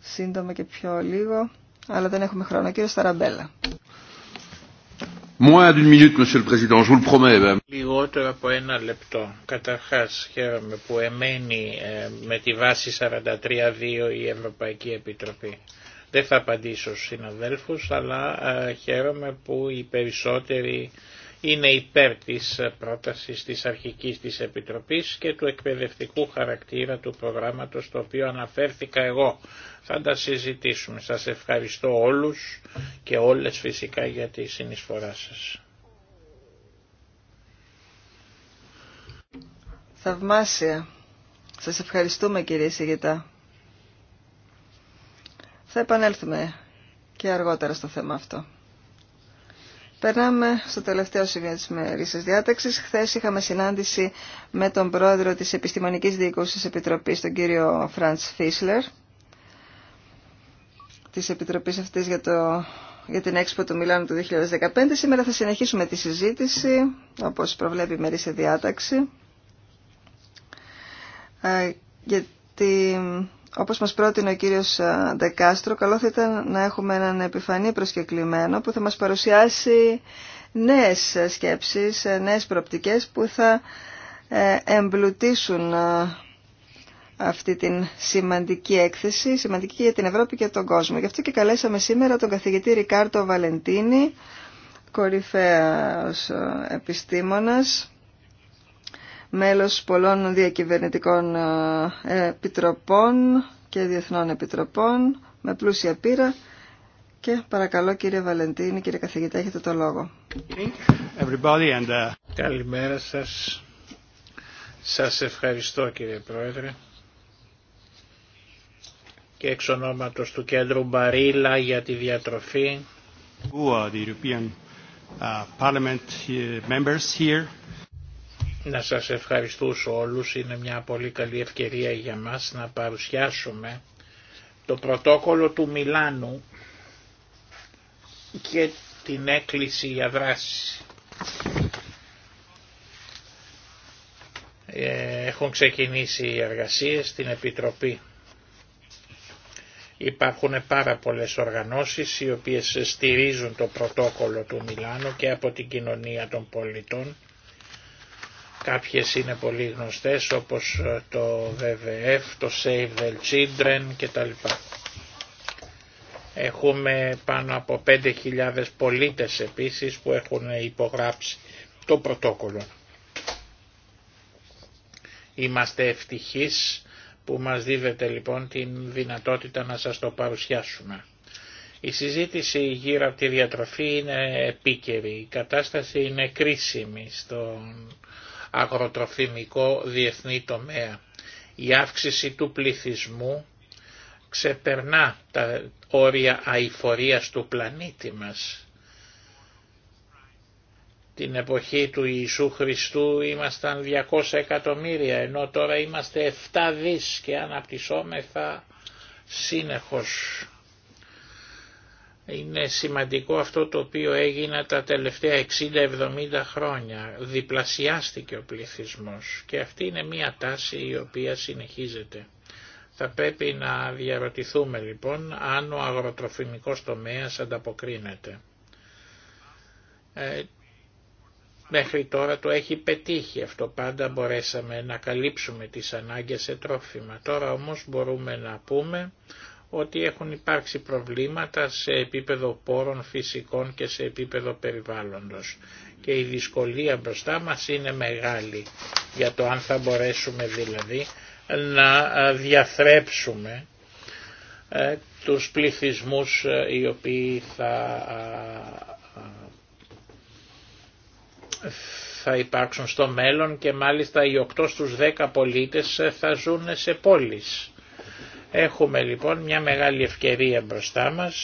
σύντομα και πιο λίγο, αλλά δεν έχουμε χρόνο. Κύριο Σταραμπέλα. Λιγότερο από ένα λεπτό. Καταρχά, χαίρομαι που εμένει ε, με τη βάση 43 43-2 η Ευρωπαϊκή Επιτροπή. Δεν θα απαντήσω στους συναδέλφους, αλλά ε, χαίρομαι που οι περισσότεροι είναι υπέρ της ε, πρότασης της αρχικής της Επιτροπής και του εκπαιδευτικού χαρακτήρα του προγράμματος το οποίο αναφέρθηκα εγώ. Θα τα συζητήσουμε. Σας ευχαριστώ όλους και όλες φυσικά για τη συνεισφορά σας. Θαυμάσια. Σας ευχαριστούμε κύριε ηγετά. Θα επανέλθουμε και αργότερα στο θέμα αυτό. Περνάμε στο τελευταίο σημείο της μερίσας διάταξης. Χθες είχαμε συνάντηση με τον πρόεδρο της Επιστημονικής Διοικούσης Επιτροπής, τον κύριο Φραντς Φίσλερ, της Επιτροπής αυτής για, το, για την έξπο του Μιλάνου του 2015. Σήμερα θα συνεχίσουμε τη συζήτηση, όπως προβλέπει η μερίσια διάταξη, ε, όπως μας πρότεινε ο κύριος ε, Ντεκάστρο, καλό θα ήταν να έχουμε έναν επιφανή προσκεκλημένο που θα μας παρουσιάσει νέες ε, σκέψεις, ε, νέες προοπτικές που θα εμπλουτίσουν αυτή την σημαντική έκθεση, σημαντική για την Ευρώπη και τον κόσμο. Γι' αυτό και καλέσαμε σήμερα τον καθηγητή Ρικάρτο Βαλεντίνη, κορυφαίος επιστήμονας, μέλος πολλών διακυβερνητικών ε, επιτροπών και διεθνών επιτροπών με πλούσια πείρα και παρακαλώ κύριε Βαλεντίνη, κύριε καθηγητά, έχετε το λόγο. And, uh, Καλημέρα σας. Σας ευχαριστώ κύριε Πρόεδρε και εξ ονόματος του κέντρου Μπαρίλα για τη διατροφή. Who the European uh, Parliament uh, members here να σας ευχαριστούσω όλους. Είναι μια πολύ καλή ευκαιρία για μας να παρουσιάσουμε το πρωτόκολλο του Μιλάνου και την έκκληση για δράση. Ε, έχουν ξεκινήσει οι εργασίες στην Επιτροπή. Υπάρχουν πάρα πολλές οργανώσεις οι οποίες στηρίζουν το πρωτόκολλο του Μιλάνου και από την κοινωνία των πολιτών Κάποιες είναι πολύ γνωστές όπως ε, το WWF, το Save the Children κτλ. Έχουμε πάνω από 5.000 πολίτες επίσης που έχουν υπογράψει το πρωτόκολλο. Είμαστε ευτυχείς που μας δίδεται λοιπόν την δυνατότητα να σας το παρουσιάσουμε. Η συζήτηση γύρω από τη διατροφή είναι επίκαιρη, η κατάσταση είναι κρίσιμη στον αγροτροφημικό διεθνή τομέα. Η αύξηση του πληθυσμού ξεπερνά τα όρια αηφορίας του πλανήτη μας. Την εποχή του Ιησού Χριστού ήμασταν 200 εκατομμύρια, ενώ τώρα είμαστε 7 δις και αναπτυσσόμεθα σύνεχος. Είναι σημαντικό αυτό το οποίο έγινε τα τελευταία 60-70 χρόνια. Διπλασιάστηκε ο πληθυσμός και αυτή είναι μια τάση η οποία συνεχίζεται. Θα πρέπει να διαρωτηθούμε λοιπόν αν ο αγροτροφημικός τομέας ανταποκρίνεται. Ε, μέχρι τώρα το έχει πετύχει αυτό πάντα μπορέσαμε να καλύψουμε τις ανάγκες σε τρόφιμα. Τώρα όμως μπορούμε να πούμε ότι έχουν υπάρξει προβλήματα σε επίπεδο πόρων φυσικών και σε επίπεδο περιβάλλοντος και η δυσκολία μπροστά μας είναι μεγάλη για το αν θα μπορέσουμε δηλαδή να διαθρέψουμε ε, τους πληθυσμούς ε, οι οποίοι θα, θα υπάρξουν στο μέλλον και μάλιστα οι 8 στους 10 πολίτες ε, θα ζουν σε πόλεις. Έχουμε λοιπόν μια μεγάλη ευκαιρία μπροστά μας,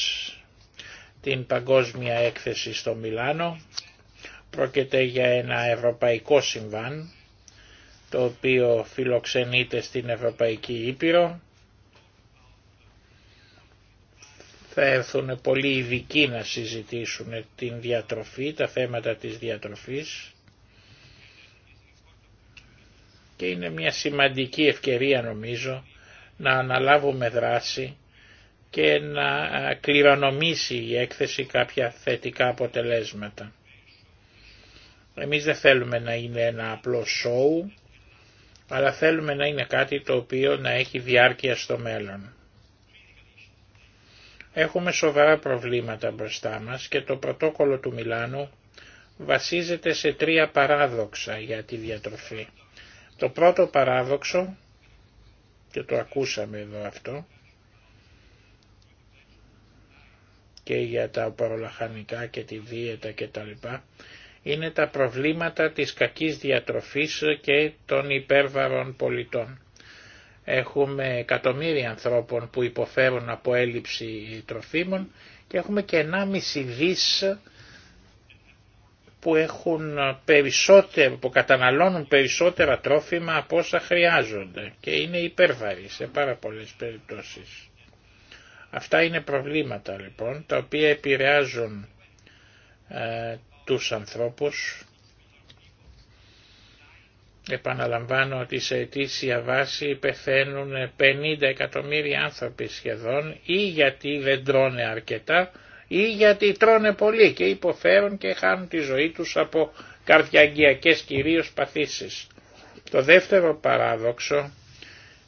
την Παγκόσμια Έκθεση στο Μιλάνο. Πρόκειται για ένα ευρωπαϊκό συμβάν, το οποίο φιλοξενείται στην Ευρωπαϊκή Ήπειρο. Θα έρθουν πολλοί ειδικοί να συζητήσουν την διατροφή, τα θέματα της διατροφής. Και είναι μια σημαντική ευκαιρία νομίζω να αναλάβουμε δράση και να κληρονομήσει η έκθεση κάποια θετικά αποτελέσματα. Εμείς δεν θέλουμε να είναι ένα απλό σοου, αλλά θέλουμε να είναι κάτι το οποίο να έχει διάρκεια στο μέλλον. Έχουμε σοβαρά προβλήματα μπροστά μας και το πρωτόκολλο του Μιλάνου βασίζεται σε τρία παράδοξα για τη διατροφή. Το πρώτο παράδοξο και το ακούσαμε εδώ αυτό και για τα παρολαχανικά και τη δίαιτα και τα λοιπά, είναι τα προβλήματα της κακής διατροφής και των υπέρβαρων πολιτών. Έχουμε εκατομμύρια ανθρώπων που υποφέρουν από έλλειψη τροφίμων και έχουμε και 1,5 δις που, έχουν περισσότερο, που καταναλώνουν περισσότερα τρόφιμα από όσα χρειάζονται και είναι υπέρβαροι σε πάρα πολλές περιπτώσεις. Αυτά είναι προβλήματα λοιπόν τα οποία επηρεάζουν ε, τους ανθρώπους. Επαναλαμβάνω ότι σε αιτήσια βάση πεθαίνουν 50 εκατομμύρια άνθρωποι σχεδόν ή γιατί δεν τρώνε αρκετά ή γιατί τρώνε πολύ και υποφέρουν και χάνουν τη ζωή τους από καρδιαγγειακές κυρίως παθήσεις. Το δεύτερο παράδοξο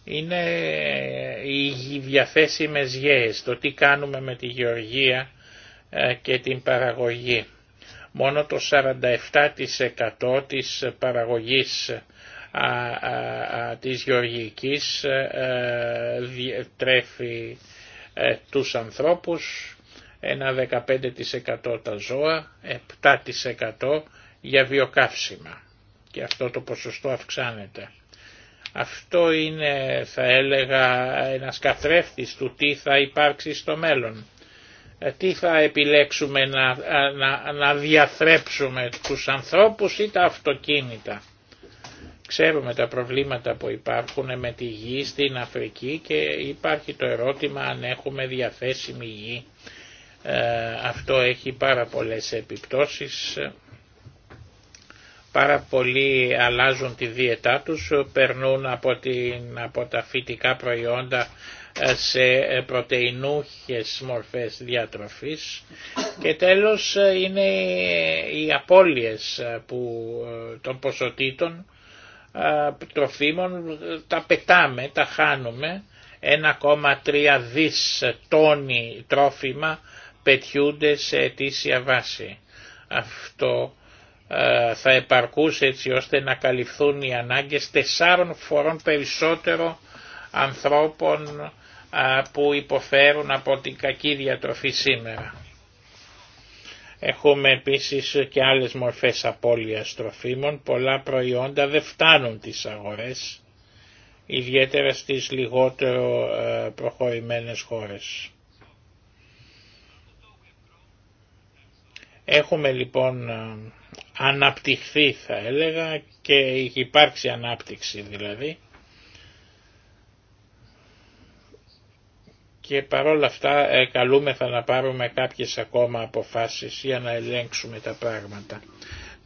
είναι οι διαθέσιμες γέες, το τι κάνουμε με τη γεωργία ε, και την παραγωγή. Μόνο το 47% της παραγωγής α, α, της γεωργικής ε, ε, τρέφει τους ανθρώπους ένα 15% τα ζώα, 7% για βιοκαύσιμα και αυτό το ποσοστό αυξάνεται. Αυτό είναι θα έλεγα ένας καθρέφτης του τι θα υπάρξει στο μέλλον. Ε, τι θα επιλέξουμε να, να, να διαθρέψουμε τους ανθρώπους ή τα αυτοκίνητα. Ξέρουμε τα προβλήματα που υπάρχουν με τη γη στην Αφρική και υπάρχει το ερώτημα αν έχουμε διαθέσιμη γη ε, αυτό έχει πάρα πολλές επιπτώσεις. Πάρα πολλοί αλλάζουν τη δίαιτά τους, περνούν από, την, από τα φυτικά προϊόντα ε, σε πρωτεϊνούχες μορφές διατροφής και τέλος ε, είναι οι απώλειες που, των ποσοτήτων τροφίμων, τα πετάμε, τα χάνουμε, 1,3 δις τόνοι τρόφιμα πετιούνται σε αιτήσια βάση. Αυτό ε, θα επαρκούσε έτσι ώστε να καλυφθούν οι ανάγκες τεσσάρων φορών περισσότερο ανθρώπων που υποφέρουν από την κακή διατροφή σήμερα. Έχουμε επίσης και άλλες μορφές απώλειας τροφίμων, πολλά προϊόντα δεν φτάνουν τις αγορές, ιδιαίτερα στις λιγότερο ε, προχωρημένες χώρες. Έχουμε λοιπόν ε, αναπτυχθεί θα έλεγα και έχει υπάρξει ανάπτυξη δηλαδή και παρόλα αυτά ε, καλούμεθα να πάρουμε κάποιες ακόμα αποφάσεις για να ελέγξουμε τα πράγματα.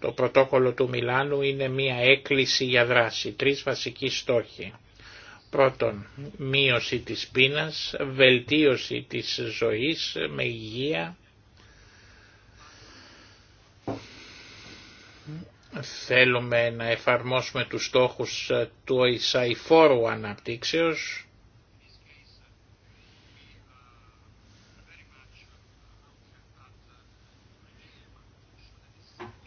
Το πρωτόκολλο του Μιλάνου είναι μία έκκληση για δράση, τρεις βασικοί στόχοι. Πρώτον, μείωση της πείνας, βελτίωση της ζωής με υγεία θέλουμε να εφαρμόσουμε τους στόχους ε, του εισαϊφόρου αναπτύξεως,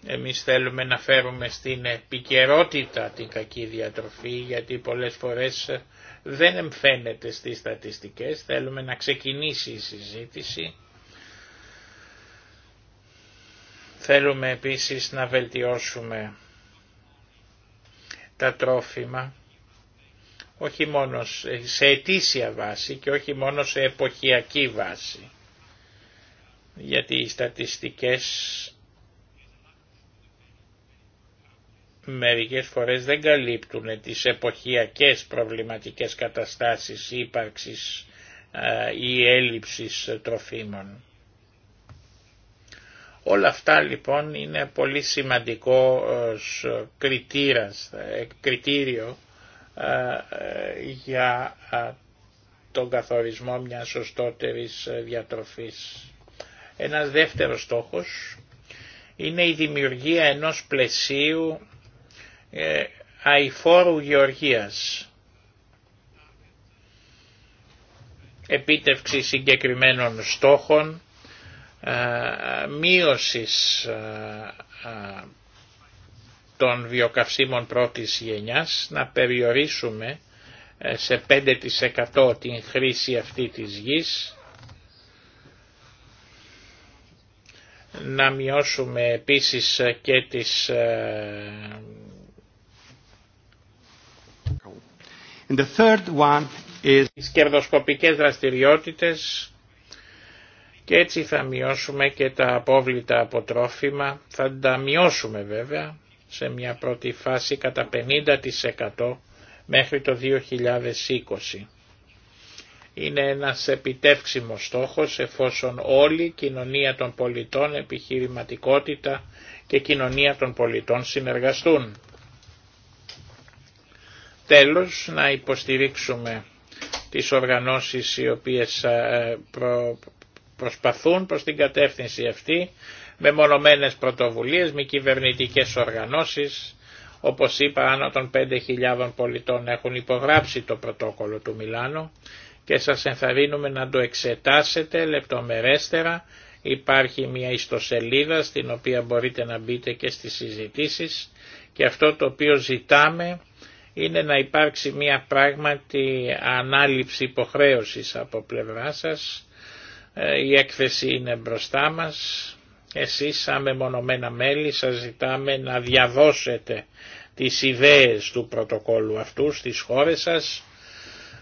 Εμείς θέλουμε να φέρουμε στην επικαιρότητα την κακή διατροφή γιατί πολλές φορές ε, δεν εμφαίνεται στις στατιστικές. Θέλουμε να ξεκινήσει η συζήτηση Θέλουμε επίσης να βελτιώσουμε τα τρόφιμα όχι μόνο σε ετήσια βάση και όχι μόνο σε εποχιακή βάση. Γιατί οι στατιστικές μερικές φορές δεν καλύπτουν τις εποχιακές προβληματικές καταστάσεις ύπαρξης ε, ή έλλειψης τροφίμων. Όλα αυτά λοιπόν είναι πολύ σημαντικό ε, κριτήριο ε, ε, για τον καθορισμό μιας σωστότερης διατροφής. Ένας δεύτερος στόχος είναι η δημιουργία ενός πλαισίου αηφόρου γεωργίας. Επίτευξη συγκεκριμένων στόχων ε, μείωσης ε, ε, των βιοκαυσίμων πρώτης γενιάς, να περιορίσουμε σε 5% την χρήση αυτή της γης, να μειώσουμε επίσης και τις the κερδοσκοπικές δραστηριότητες και έτσι θα μειώσουμε και τα απόβλητα από θα τα μειώσουμε βέβαια σε μια πρώτη φάση κατά 50% μέχρι το 2020. Είναι ένας επιτεύξιμος στόχος εφόσον όλη η κοινωνία των πολιτών, επιχειρηματικότητα και κοινωνία των πολιτών συνεργαστούν. Τέλος, να υποστηρίξουμε τις οργανώσεις οι οποίες ε, προσπαθούν προς την κατεύθυνση αυτή με μονομένες πρωτοβουλίες, μη κυβερνητικές οργανώσεις, όπως είπα άνω των 5.000 πολιτών έχουν υπογράψει το πρωτόκολλο του Μιλάνο και σας ενθαρρύνουμε να το εξετάσετε λεπτομερέστερα. Υπάρχει μια ιστοσελίδα στην οποία μπορείτε να μπείτε και στις συζητήσεις και αυτό το οποίο ζητάμε είναι να υπάρξει μια πράγματι ανάληψη υποχρέωσης από πλευρά σας ε, η έκθεση είναι μπροστά μας. Εσείς σαν μεμονωμένα μέλη σας ζητάμε να διαδώσετε τις ιδέες του πρωτοκόλου αυτού στις χώρες σας,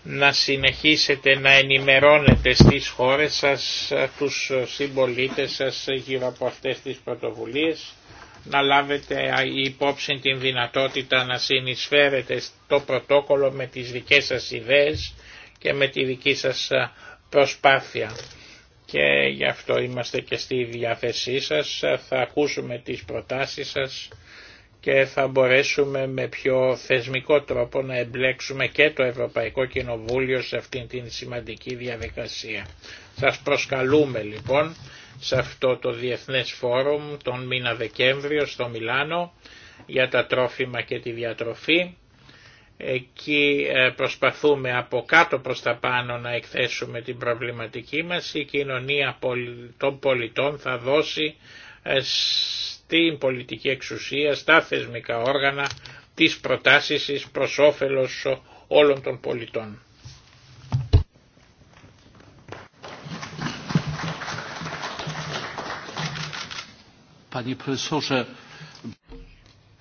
να συνεχίσετε να ενημερώνετε στις χώρες σας ε, τους συμπολίτες σας γύρω από αυτές τις πρωτοβουλίες, να λάβετε υπόψη την δυνατότητα να συνεισφέρετε το πρωτόκολλο με τις δικές σας ιδέες και με τη δική σας ε, προσπάθεια και γι' αυτό είμαστε και στη διάθεσή σας, θα ακούσουμε τις προτάσεις σας και θα μπορέσουμε με πιο θεσμικό τρόπο να εμπλέξουμε και το Ευρωπαϊκό Κοινοβούλιο σε αυτήν την σημαντική διαδικασία. Σας προσκαλούμε λοιπόν σε αυτό το Διεθνές Φόρουμ τον μήνα Δεκέμβριο στο Μιλάνο για τα τρόφιμα και τη διατροφή Εκεί ε, προσπαθούμε από κάτω προς τα πάνω να εκθέσουμε την προβληματική μας. Η κοινωνία των πολιτών θα δώσει ε, στην πολιτική εξουσία, στα θεσμικά όργανα, της προτάσεις προς όφελος όλων των πολιτών.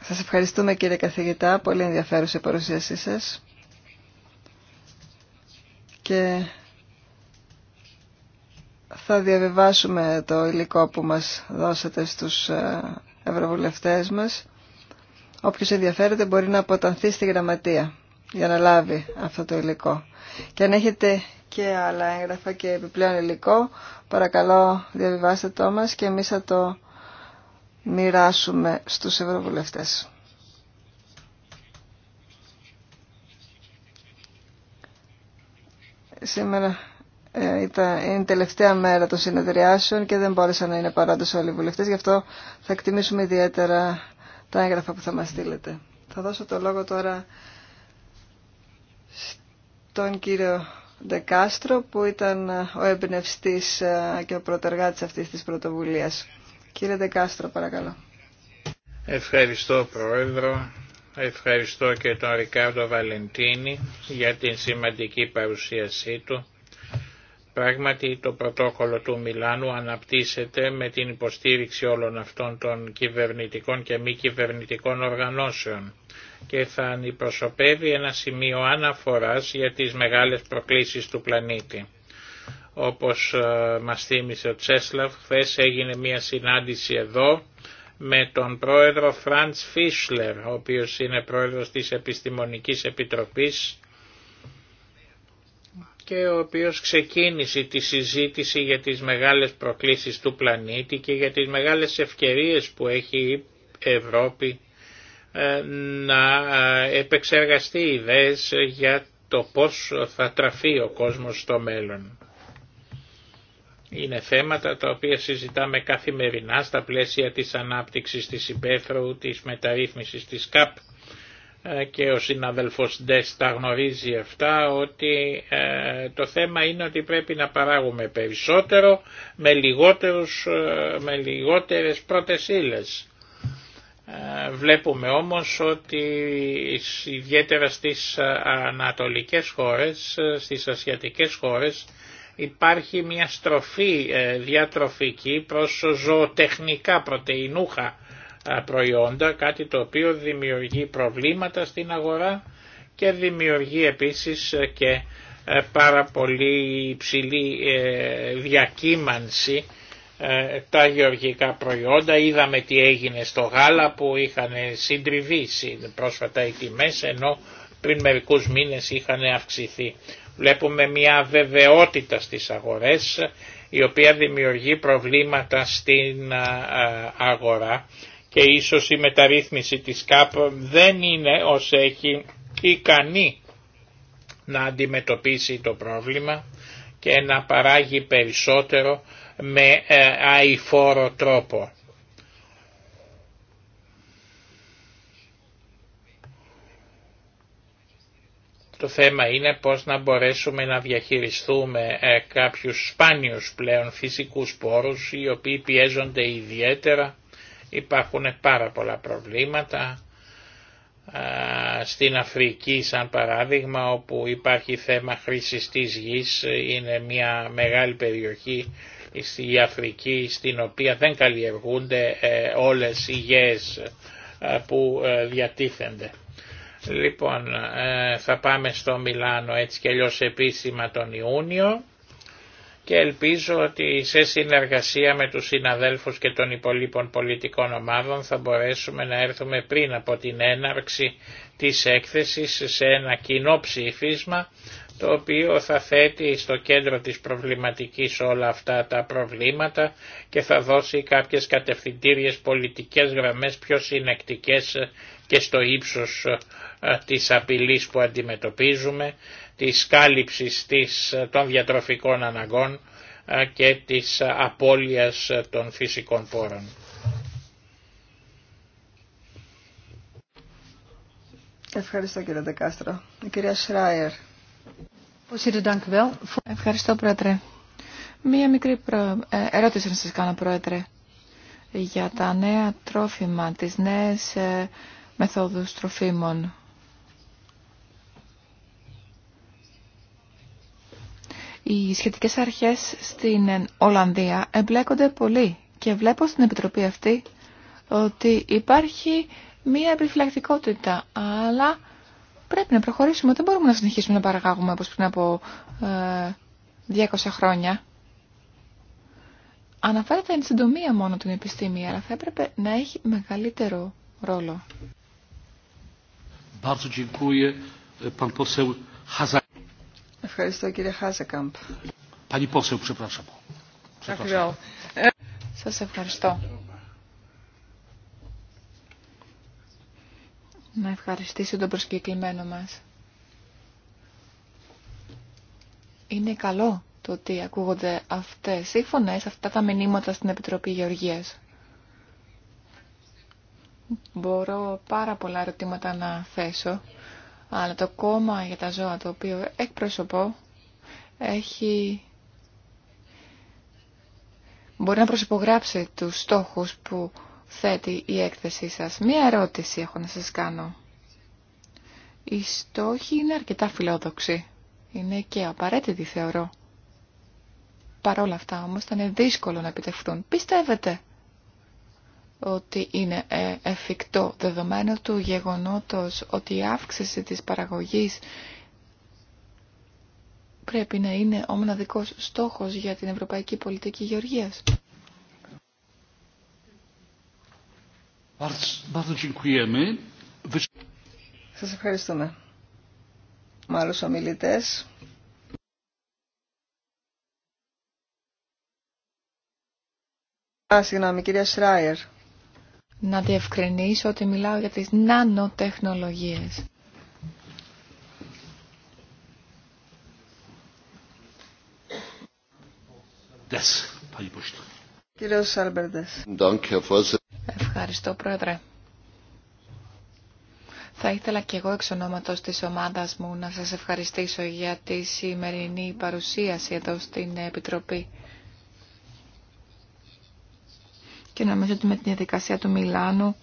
Σας ευχαριστούμε κύριε καθηγητά, πολύ ενδιαφέρουσα η παρουσίασή σας. Και θα διαβιβάσουμε το υλικό που μας δώσατε στους ε, ευρωβουλευτές μας. Όποιος ενδιαφέρεται μπορεί να αποτανθεί στη γραμματεία για να λάβει αυτό το υλικό. Και αν έχετε και άλλα έγγραφα και επιπλέον υλικό, παρακαλώ διαβιβάστε το μας και εμείς θα το μοιράσουμε στους ευρωβουλευτές. Σήμερα ε, ήταν, είναι η τελευταία μέρα των συνεδριάσεων και δεν μπόρεσαν να είναι παρόντες όλοι οι βουλευτές, γι' αυτό θα εκτιμήσουμε ιδιαίτερα τα έγγραφα που θα μας στείλετε. Θα δώσω το λόγο τώρα στον κύριο Ντεκάστρο που ήταν ο εμπνευστής ε, και ο πρωτεργάτης αυτής της πρωτοβουλίας. Κύριε Δεκάστρο, παρακαλώ. Ευχαριστώ, Πρόεδρο. Ευχαριστώ και τον Ρικάρδο Βαλεντίνη για την σημαντική παρουσίασή του. Πράγματι το πρωτόκολλο του Μιλάνου αναπτύσσεται με την υποστήριξη όλων αυτών των κυβερνητικών και μη κυβερνητικών οργανώσεων και θα αντιπροσωπεύει ένα σημείο αναφοράς για τις μεγάλες προκλήσεις του πλανήτη. Όπως ε, μας θύμισε ο Τσέσλαβ, χθε έγινε μια συνάντηση εδώ με τον πρόεδρο Φραντς Φίσλερ, ο οποίος είναι πρόεδρος της Επιστημονικής Επιτροπής και ο οποίος ξεκίνησε τη συζήτηση για τις μεγάλες προκλήσεις του πλανήτη και για τις μεγάλες ευκαιρίες που έχει η Ευρώπη ε, να ε, επεξεργαστεί ιδέες για το πώς θα τραφεί ο κόσμος στο μέλλον. Είναι θέματα τα οποία συζητάμε καθημερινά στα πλαίσια της ανάπτυξης της υπέθρου της μεταρρύθμισης της ΚΑΠ ε, και ο συναδελφός Ντες τα γνωρίζει αυτά ότι ε, το θέμα είναι ότι πρέπει να παράγουμε περισσότερο με, λιγότερους, ε, με λιγότερες πρώτες βλέπουμε όμως ότι ιδιαίτερα στις ανατολικές χώρες, στις ασιατικές χώρες υπάρχει μια στροφή ε, διατροφική προς ζωοτεχνικά πρωτεϊνούχα ε, προϊόντα, κάτι το οποίο δημιουργεί προβλήματα στην αγορά και δημιουργεί επίσης ε, και πάρα πολύ υψηλή διακύμανση τα γεωργικά προϊόντα. Είδαμε τι έγινε στο γάλα που είχαν συντριβήσει πρόσφατα οι τιμές ενώ πριν μερικούς μήνες είχαν αυξηθεί. Βλέπουμε μια βεβαιότητα στις αγορές η οποία δημιουργεί προβλήματα στην αγορά και ίσως η μεταρρύθμιση της ΚΑΠ δεν είναι ως έχει ικανή να αντιμετωπίσει το πρόβλημα και να παράγει περισσότερο με ε, αηφόρο τρόπο. Το θέμα είναι πώς να μπορέσουμε να διαχειριστούμε ε, κάποιους σπάνιους πλέον φυσικούς πόρους οι οποίοι πιέζονται ιδιαίτερα. Υπάρχουν πάρα πολλά προβλήματα στην Αφρική σαν παράδειγμα όπου υπάρχει θέμα χρήσης της γης είναι μια μεγάλη περιοχή στη Αφρική στην οποία δεν καλλιεργούνται ε, όλες οι γης που ε, διατίθενται. Λοιπόν, ε, θα πάμε στο Μιλάνο έτσι και αλλιώς επίσημα τον Ιούνιο και ελπίζω ότι σε συνεργασία με τους συναδέλφους και των υπολείπων πολιτικών ομάδων θα μπορέσουμε να έρθουμε πριν από την έναρξη της έκθεσης σε ένα κοινό ψήφισμα το οποίο θα θέτει στο κέντρο της προβληματικής όλα αυτά τα προβλήματα και θα δώσει κάποιες κατευθυντήριες πολιτικές γραμμές πιο συνεκτικές και στο ύψος ε, ε, της απειλής που αντιμετωπίζουμε, της κάλυψης της, ε, των διατροφικών αναγκών και της απώλειας των φυσικών πόρων. Ευχαριστώ κύριε Δεκάστρο. Η κυρία Σράιερ. Ευχαριστώ πρόεδρε. Μία μικρή προ... ερώτηση να σας κάνω πρόεδρε για τα νέα τρόφιμα, τις νέες μεθόδους τροφίμων. Οι σχετικές αρχές στην Ολλανδία εμπλέκονται πολύ και βλέπω στην Επιτροπή αυτή ότι υπάρχει μία επιφυλακτικότητα, αλλά πρέπει να προχωρήσουμε. Δεν μπορούμε να συνεχίσουμε να παραγάγουμε όπως πριν από 200 ε, χρόνια. Αναφέρεται εν συντομία μόνο την επιστήμη, αλλά θα έπρεπε να έχει μεγαλύτερο ρόλο. E, ευχαριστώ κύριε Χάζεκαμπ. Σας ευχαριστώ. Να ευχαριστήσω τον προσκεκλημένο μας. Είναι καλό το ότι ακούγονται αυτές οι φωνές, αυτά τα μηνύματα στην Επιτροπή Γεωργίας. Μπορώ πάρα πολλά ερωτήματα να θέσω, αλλά το κόμμα για τα ζώα το οποίο εκπροσωπώ έχει... μπορεί να προσυπογράψει τους στόχους που θέτει η έκθεσή σας. Μία ερώτηση έχω να σας κάνω. Η στόχοι είναι αρκετά φιλόδοξοι. Είναι και απαραίτητη θεωρώ. Παρ' όλα αυτά όμως είναι δύσκολο να επιτευχθούν. Πιστεύετε ότι είναι ε, εφικτό δεδομένο του γεγονότος ότι η αύξηση της παραγωγής πρέπει να είναι ο μοναδικός στόχος για την ευρωπαϊκή πολιτική γεωργίας. Σας ευχαριστούμε. Με άλλους ομιλητές. Α, συγγνώμη, κυρία Σράιερ να διευκρινίσω ότι μιλάω για τις νανοτεχνολογίες. Ευχαριστώ, Πρόεδρε. Θα ήθελα και εγώ εξ ονόματος της ομάδας μου να σας ευχαριστήσω για τη σημερινή παρουσίαση εδώ στην Επιτροπή και νομίζω ότι με την διαδικασία του Μιλάνου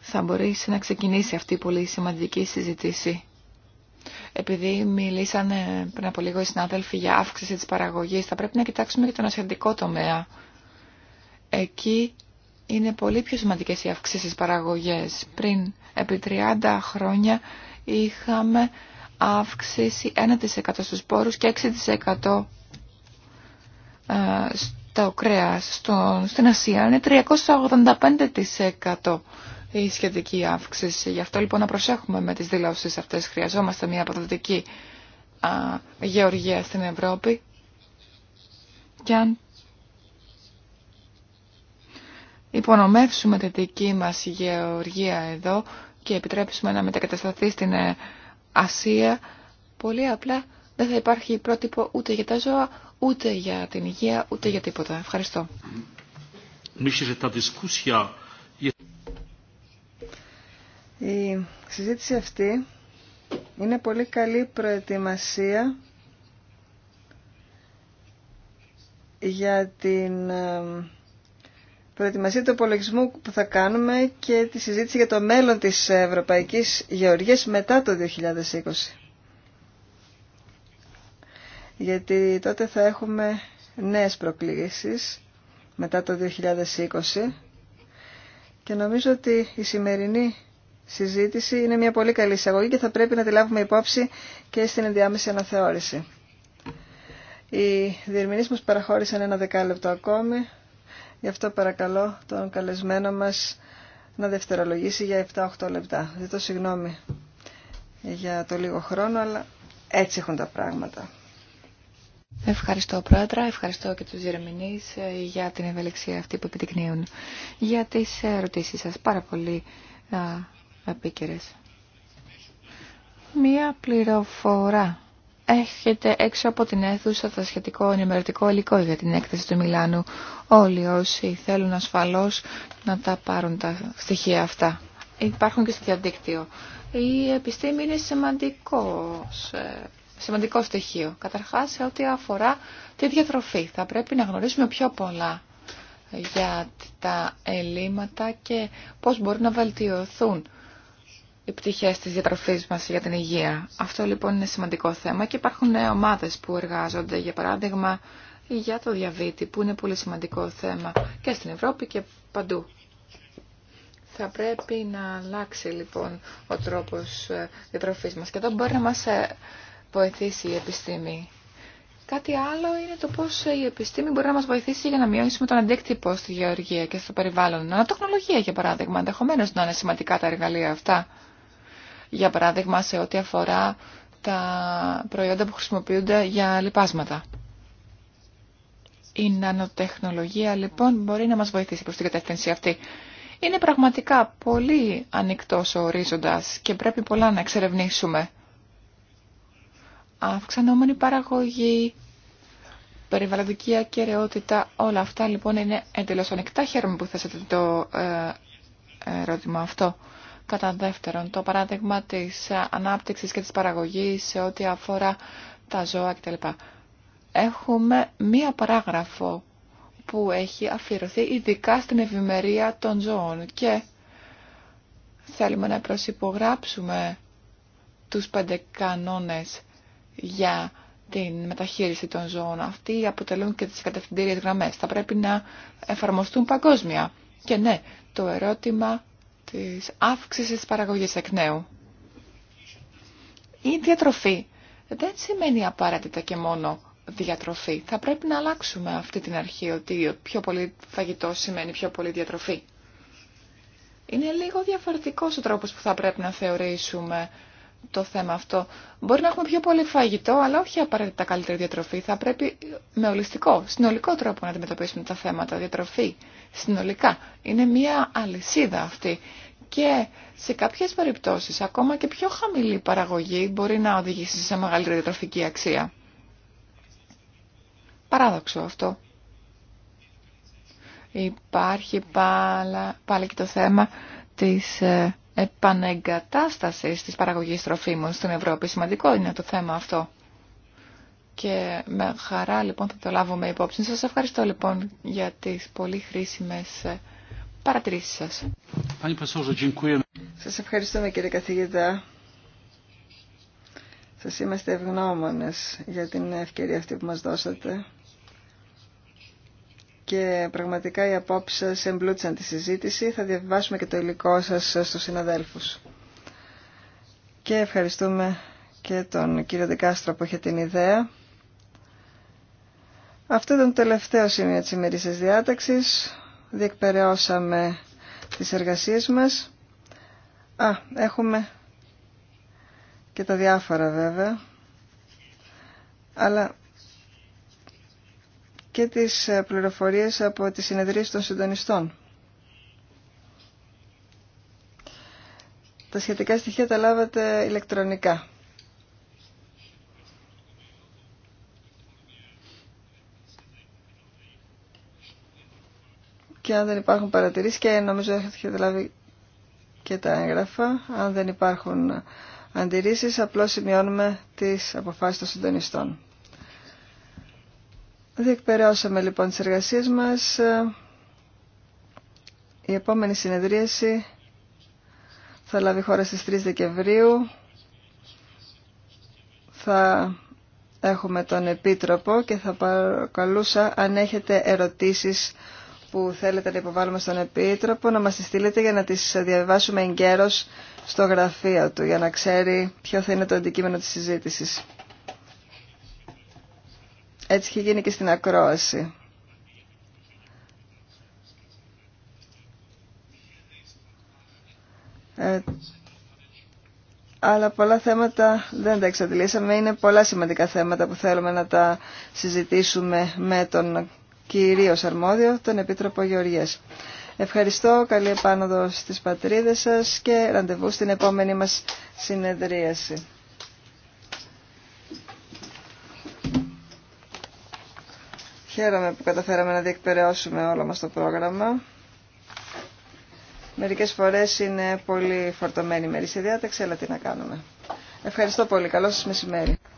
θα μπορέσει να ξεκινήσει αυτή η πολύ σημαντική συζήτηση. Επειδή μιλήσανε πριν από λίγο οι συνάδελφοι για αύξηση της παραγωγής, θα πρέπει να κοιτάξουμε και τον ασιατικό τομέα. Εκεί είναι πολύ πιο σημαντικές οι αυξήσεις παραγωγές. Πριν επί 30 χρόνια είχαμε αύξηση 1% στους πόρους και 6% το κρέας στο στην Ασία είναι 385% η σχετική αύξηση. Γι' αυτό λοιπόν να προσέχουμε με τις δηλώσεις αυτές. Χρειαζόμαστε μια αποδοτική α, γεωργία στην Ευρώπη. Και αν υπονομεύσουμε τη δική μας γεωργία εδώ και επιτρέψουμε να μετακατασταθεί στην ε, Ασία, πολύ απλά δεν θα υπάρχει πρότυπο ούτε για τα ζώα, ούτε για την υγεία, ούτε για τίποτα. Ευχαριστώ. Η συζήτηση αυτή είναι πολύ καλή προετοιμασία για την προετοιμασία του απολογισμού που θα κάνουμε και τη συζήτηση για το μέλλον της Ευρωπαϊκής Γεωργίας μετά το 2020 γιατί τότε θα έχουμε νέες προκλήσεις μετά το 2020 και νομίζω ότι η σημερινή συζήτηση είναι μια πολύ καλή εισαγωγή και θα πρέπει να τη λάβουμε υπόψη και στην ενδιάμεση αναθεώρηση. Οι διερμηνείς μας παραχώρησαν ένα δεκάλεπτο ακόμη, γι' αυτό παρακαλώ τον καλεσμένο μας να δευτερολογήσει για 7-8 λεπτά. το συγγνώμη για το λίγο χρόνο, αλλά έτσι έχουν τα πράγματα. Ευχαριστώ Πρόεδρα, ευχαριστώ και τους Γερμηνείς ε, για την ευελιξία αυτή που επιτυκνύουν. Για τις ερωτήσεις σας, πάρα πολύ ε, επίκαιρες. Μία πληροφορά. Έχετε έξω από την αίθουσα το σχετικό ενημερωτικό υλικό για την έκθεση του Μιλάνου. Όλοι όσοι θέλουν ασφαλώς να τα πάρουν τα στοιχεία αυτά. Υπάρχουν και στο διαδίκτυο. Η επιστήμη είναι σημαντικός ε, σημαντικό στοιχείο. Καταρχάς, σε ό,τι αφορά τη διατροφή. Θα πρέπει να γνωρίσουμε πιο πολλά για τα ελλείμματα και πώς μπορούν να βελτιωθούν οι πτυχές της διατροφής μας για την υγεία. Αυτό λοιπόν είναι σημαντικό θέμα και υπάρχουν ομάδες που εργάζονται, για παράδειγμα, για το διαβήτη, που είναι πολύ σημαντικό θέμα και στην Ευρώπη και παντού. Θα πρέπει να αλλάξει λοιπόν ο τρόπος ε, διατροφής μας και εδώ μπορεί να μας ε, βοηθήσει η επιστήμη. Κάτι άλλο είναι το πώ η επιστήμη μπορεί να μα βοηθήσει για να μειώσουμε τον αντίκτυπο στη γεωργία και στο περιβάλλον. Ανατοχνολογία, για παράδειγμα, ενδεχομένω να είναι σημαντικά τα εργαλεία αυτά. Για παράδειγμα, σε ό,τι αφορά τα προϊόντα που χρησιμοποιούνται για λοιπάσματα. Η νανοτεχνολογία, λοιπόν, μπορεί να μας βοηθήσει προς την κατεύθυνση αυτή. Είναι πραγματικά πολύ ανοιχτό ο ορίζοντας και πρέπει πολλά να εξερευνήσουμε αυξανόμενη παραγωγή, περιβαλλοντική ακαιρεότητα, όλα αυτά λοιπόν είναι εντελώς ανοιχτά. Χαίρομαι που θέσατε το ε, ερώτημα αυτό. Κατά δεύτερον, το παράδειγμα της ανάπτυξης και της παραγωγής σε ό,τι αφορά τα ζώα κτλ. Έχουμε μία παράγραφο που έχει αφιερωθεί ειδικά στην ευημερία των ζώων και θέλουμε να προσυπογράψουμε τους πέντε κανόνες για την μεταχείριση των ζώων. Αυτοί αποτελούν και τις κατευθυντήριες γραμμές. Θα πρέπει να εφαρμοστούν παγκόσμια. Και ναι, το ερώτημα της αύξησης της παραγωγής εκ νέου. Η διατροφή δεν σημαίνει απαραίτητα και μόνο διατροφή. Θα πρέπει να αλλάξουμε αυτή την αρχή ότι πιο πολύ φαγητό σημαίνει πιο πολύ διατροφή. Είναι λίγο διαφορετικός ο τρόπος που θα πρέπει να θεωρήσουμε το θέμα αυτό. Μπορεί να έχουμε πιο πολύ φαγητό, αλλά όχι απαραίτητα καλύτερη διατροφή. Θα πρέπει με ολιστικό, συνολικό τρόπο να αντιμετωπίσουμε τα θέματα διατροφή. Συνολικά. Είναι μια αλυσίδα αυτή. Και σε κάποιες περιπτώσεις, ακόμα και πιο χαμηλή παραγωγή μπορεί να οδηγήσει σε μεγαλύτερη διατροφική αξία. Παράδοξο αυτό. Υπάρχει πάλι, και το θέμα της ε, επανεγκατάστασης της παραγωγής τροφίμων στην Ευρώπη. Σημαντικό είναι το θέμα αυτό. Και με χαρά λοιπόν θα το λάβουμε υπόψη. Σας ευχαριστώ λοιπόν για τις πολύ χρήσιμες ε, παρατηρήσεις σας. Σας ευχαριστούμε κύριε καθηγητά. Σας είμαστε ευγνώμονες για την ευκαιρία αυτή που μας δώσατε και πραγματικά οι απόψεις σας εμπλούτησαν τη συζήτηση. Θα διαβάσουμε και το υλικό σας στους συναδέλφους. Και ευχαριστούμε και τον κύριο Δικάστρο που είχε την ιδέα. Αυτό ήταν το τελευταίο σημείο της ημερήσιας διάταξης. Διεκπαιρεώσαμε τις εργασίες μας. Α, έχουμε και τα διάφορα βέβαια. Αλλά και τις ε, πληροφορίες από τις συνεδρίες των συντονιστών. Τα σχετικά στοιχεία τα λάβατε ηλεκτρονικά. Και αν δεν υπάρχουν παρατηρήσεις και νομίζω έχετε λάβει και τα έγγραφα, αν δεν υπάρχουν αντιρρήσεις απλώς σημειώνουμε τις αποφάσεις των συντονιστών. Διεκπαιρεώσαμε λοιπόν τις εργασίες μας. Η επόμενη συνεδρίαση θα λάβει χώρα στις 3 Δεκεμβρίου. Θα έχουμε τον Επίτροπο και θα παρακαλούσα αν έχετε ερωτήσεις που θέλετε να υποβάλουμε στον Επίτροπο να μας τις στείλετε για να τις διαβάσουμε εγκαίρως στο γραφείο του για να ξέρει ποιο θα είναι το αντικείμενο της συζήτησης. Έτσι είχε γίνει και στην ακρόαση. Ε, αλλά πολλά θέματα δεν τα εξαντλήσαμε. Είναι πολλά σημαντικά θέματα που θέλουμε να τα συζητήσουμε με τον κυρίω αρμόδιο, τον Επίτροπο Γεωργίας. Ευχαριστώ, καλή επάνωδο στις πατρίδες σας και ραντεβού στην επόμενη μας συνεδρίαση. Χαίρομαι που καταφέραμε να διεκπαιρεώσουμε όλο μας το πρόγραμμα. Μερικές φορές είναι πολύ φορτωμένη η σε διάταξη, αλλά τι να κάνουμε. Ευχαριστώ πολύ. Καλώς σας μεσημέρι.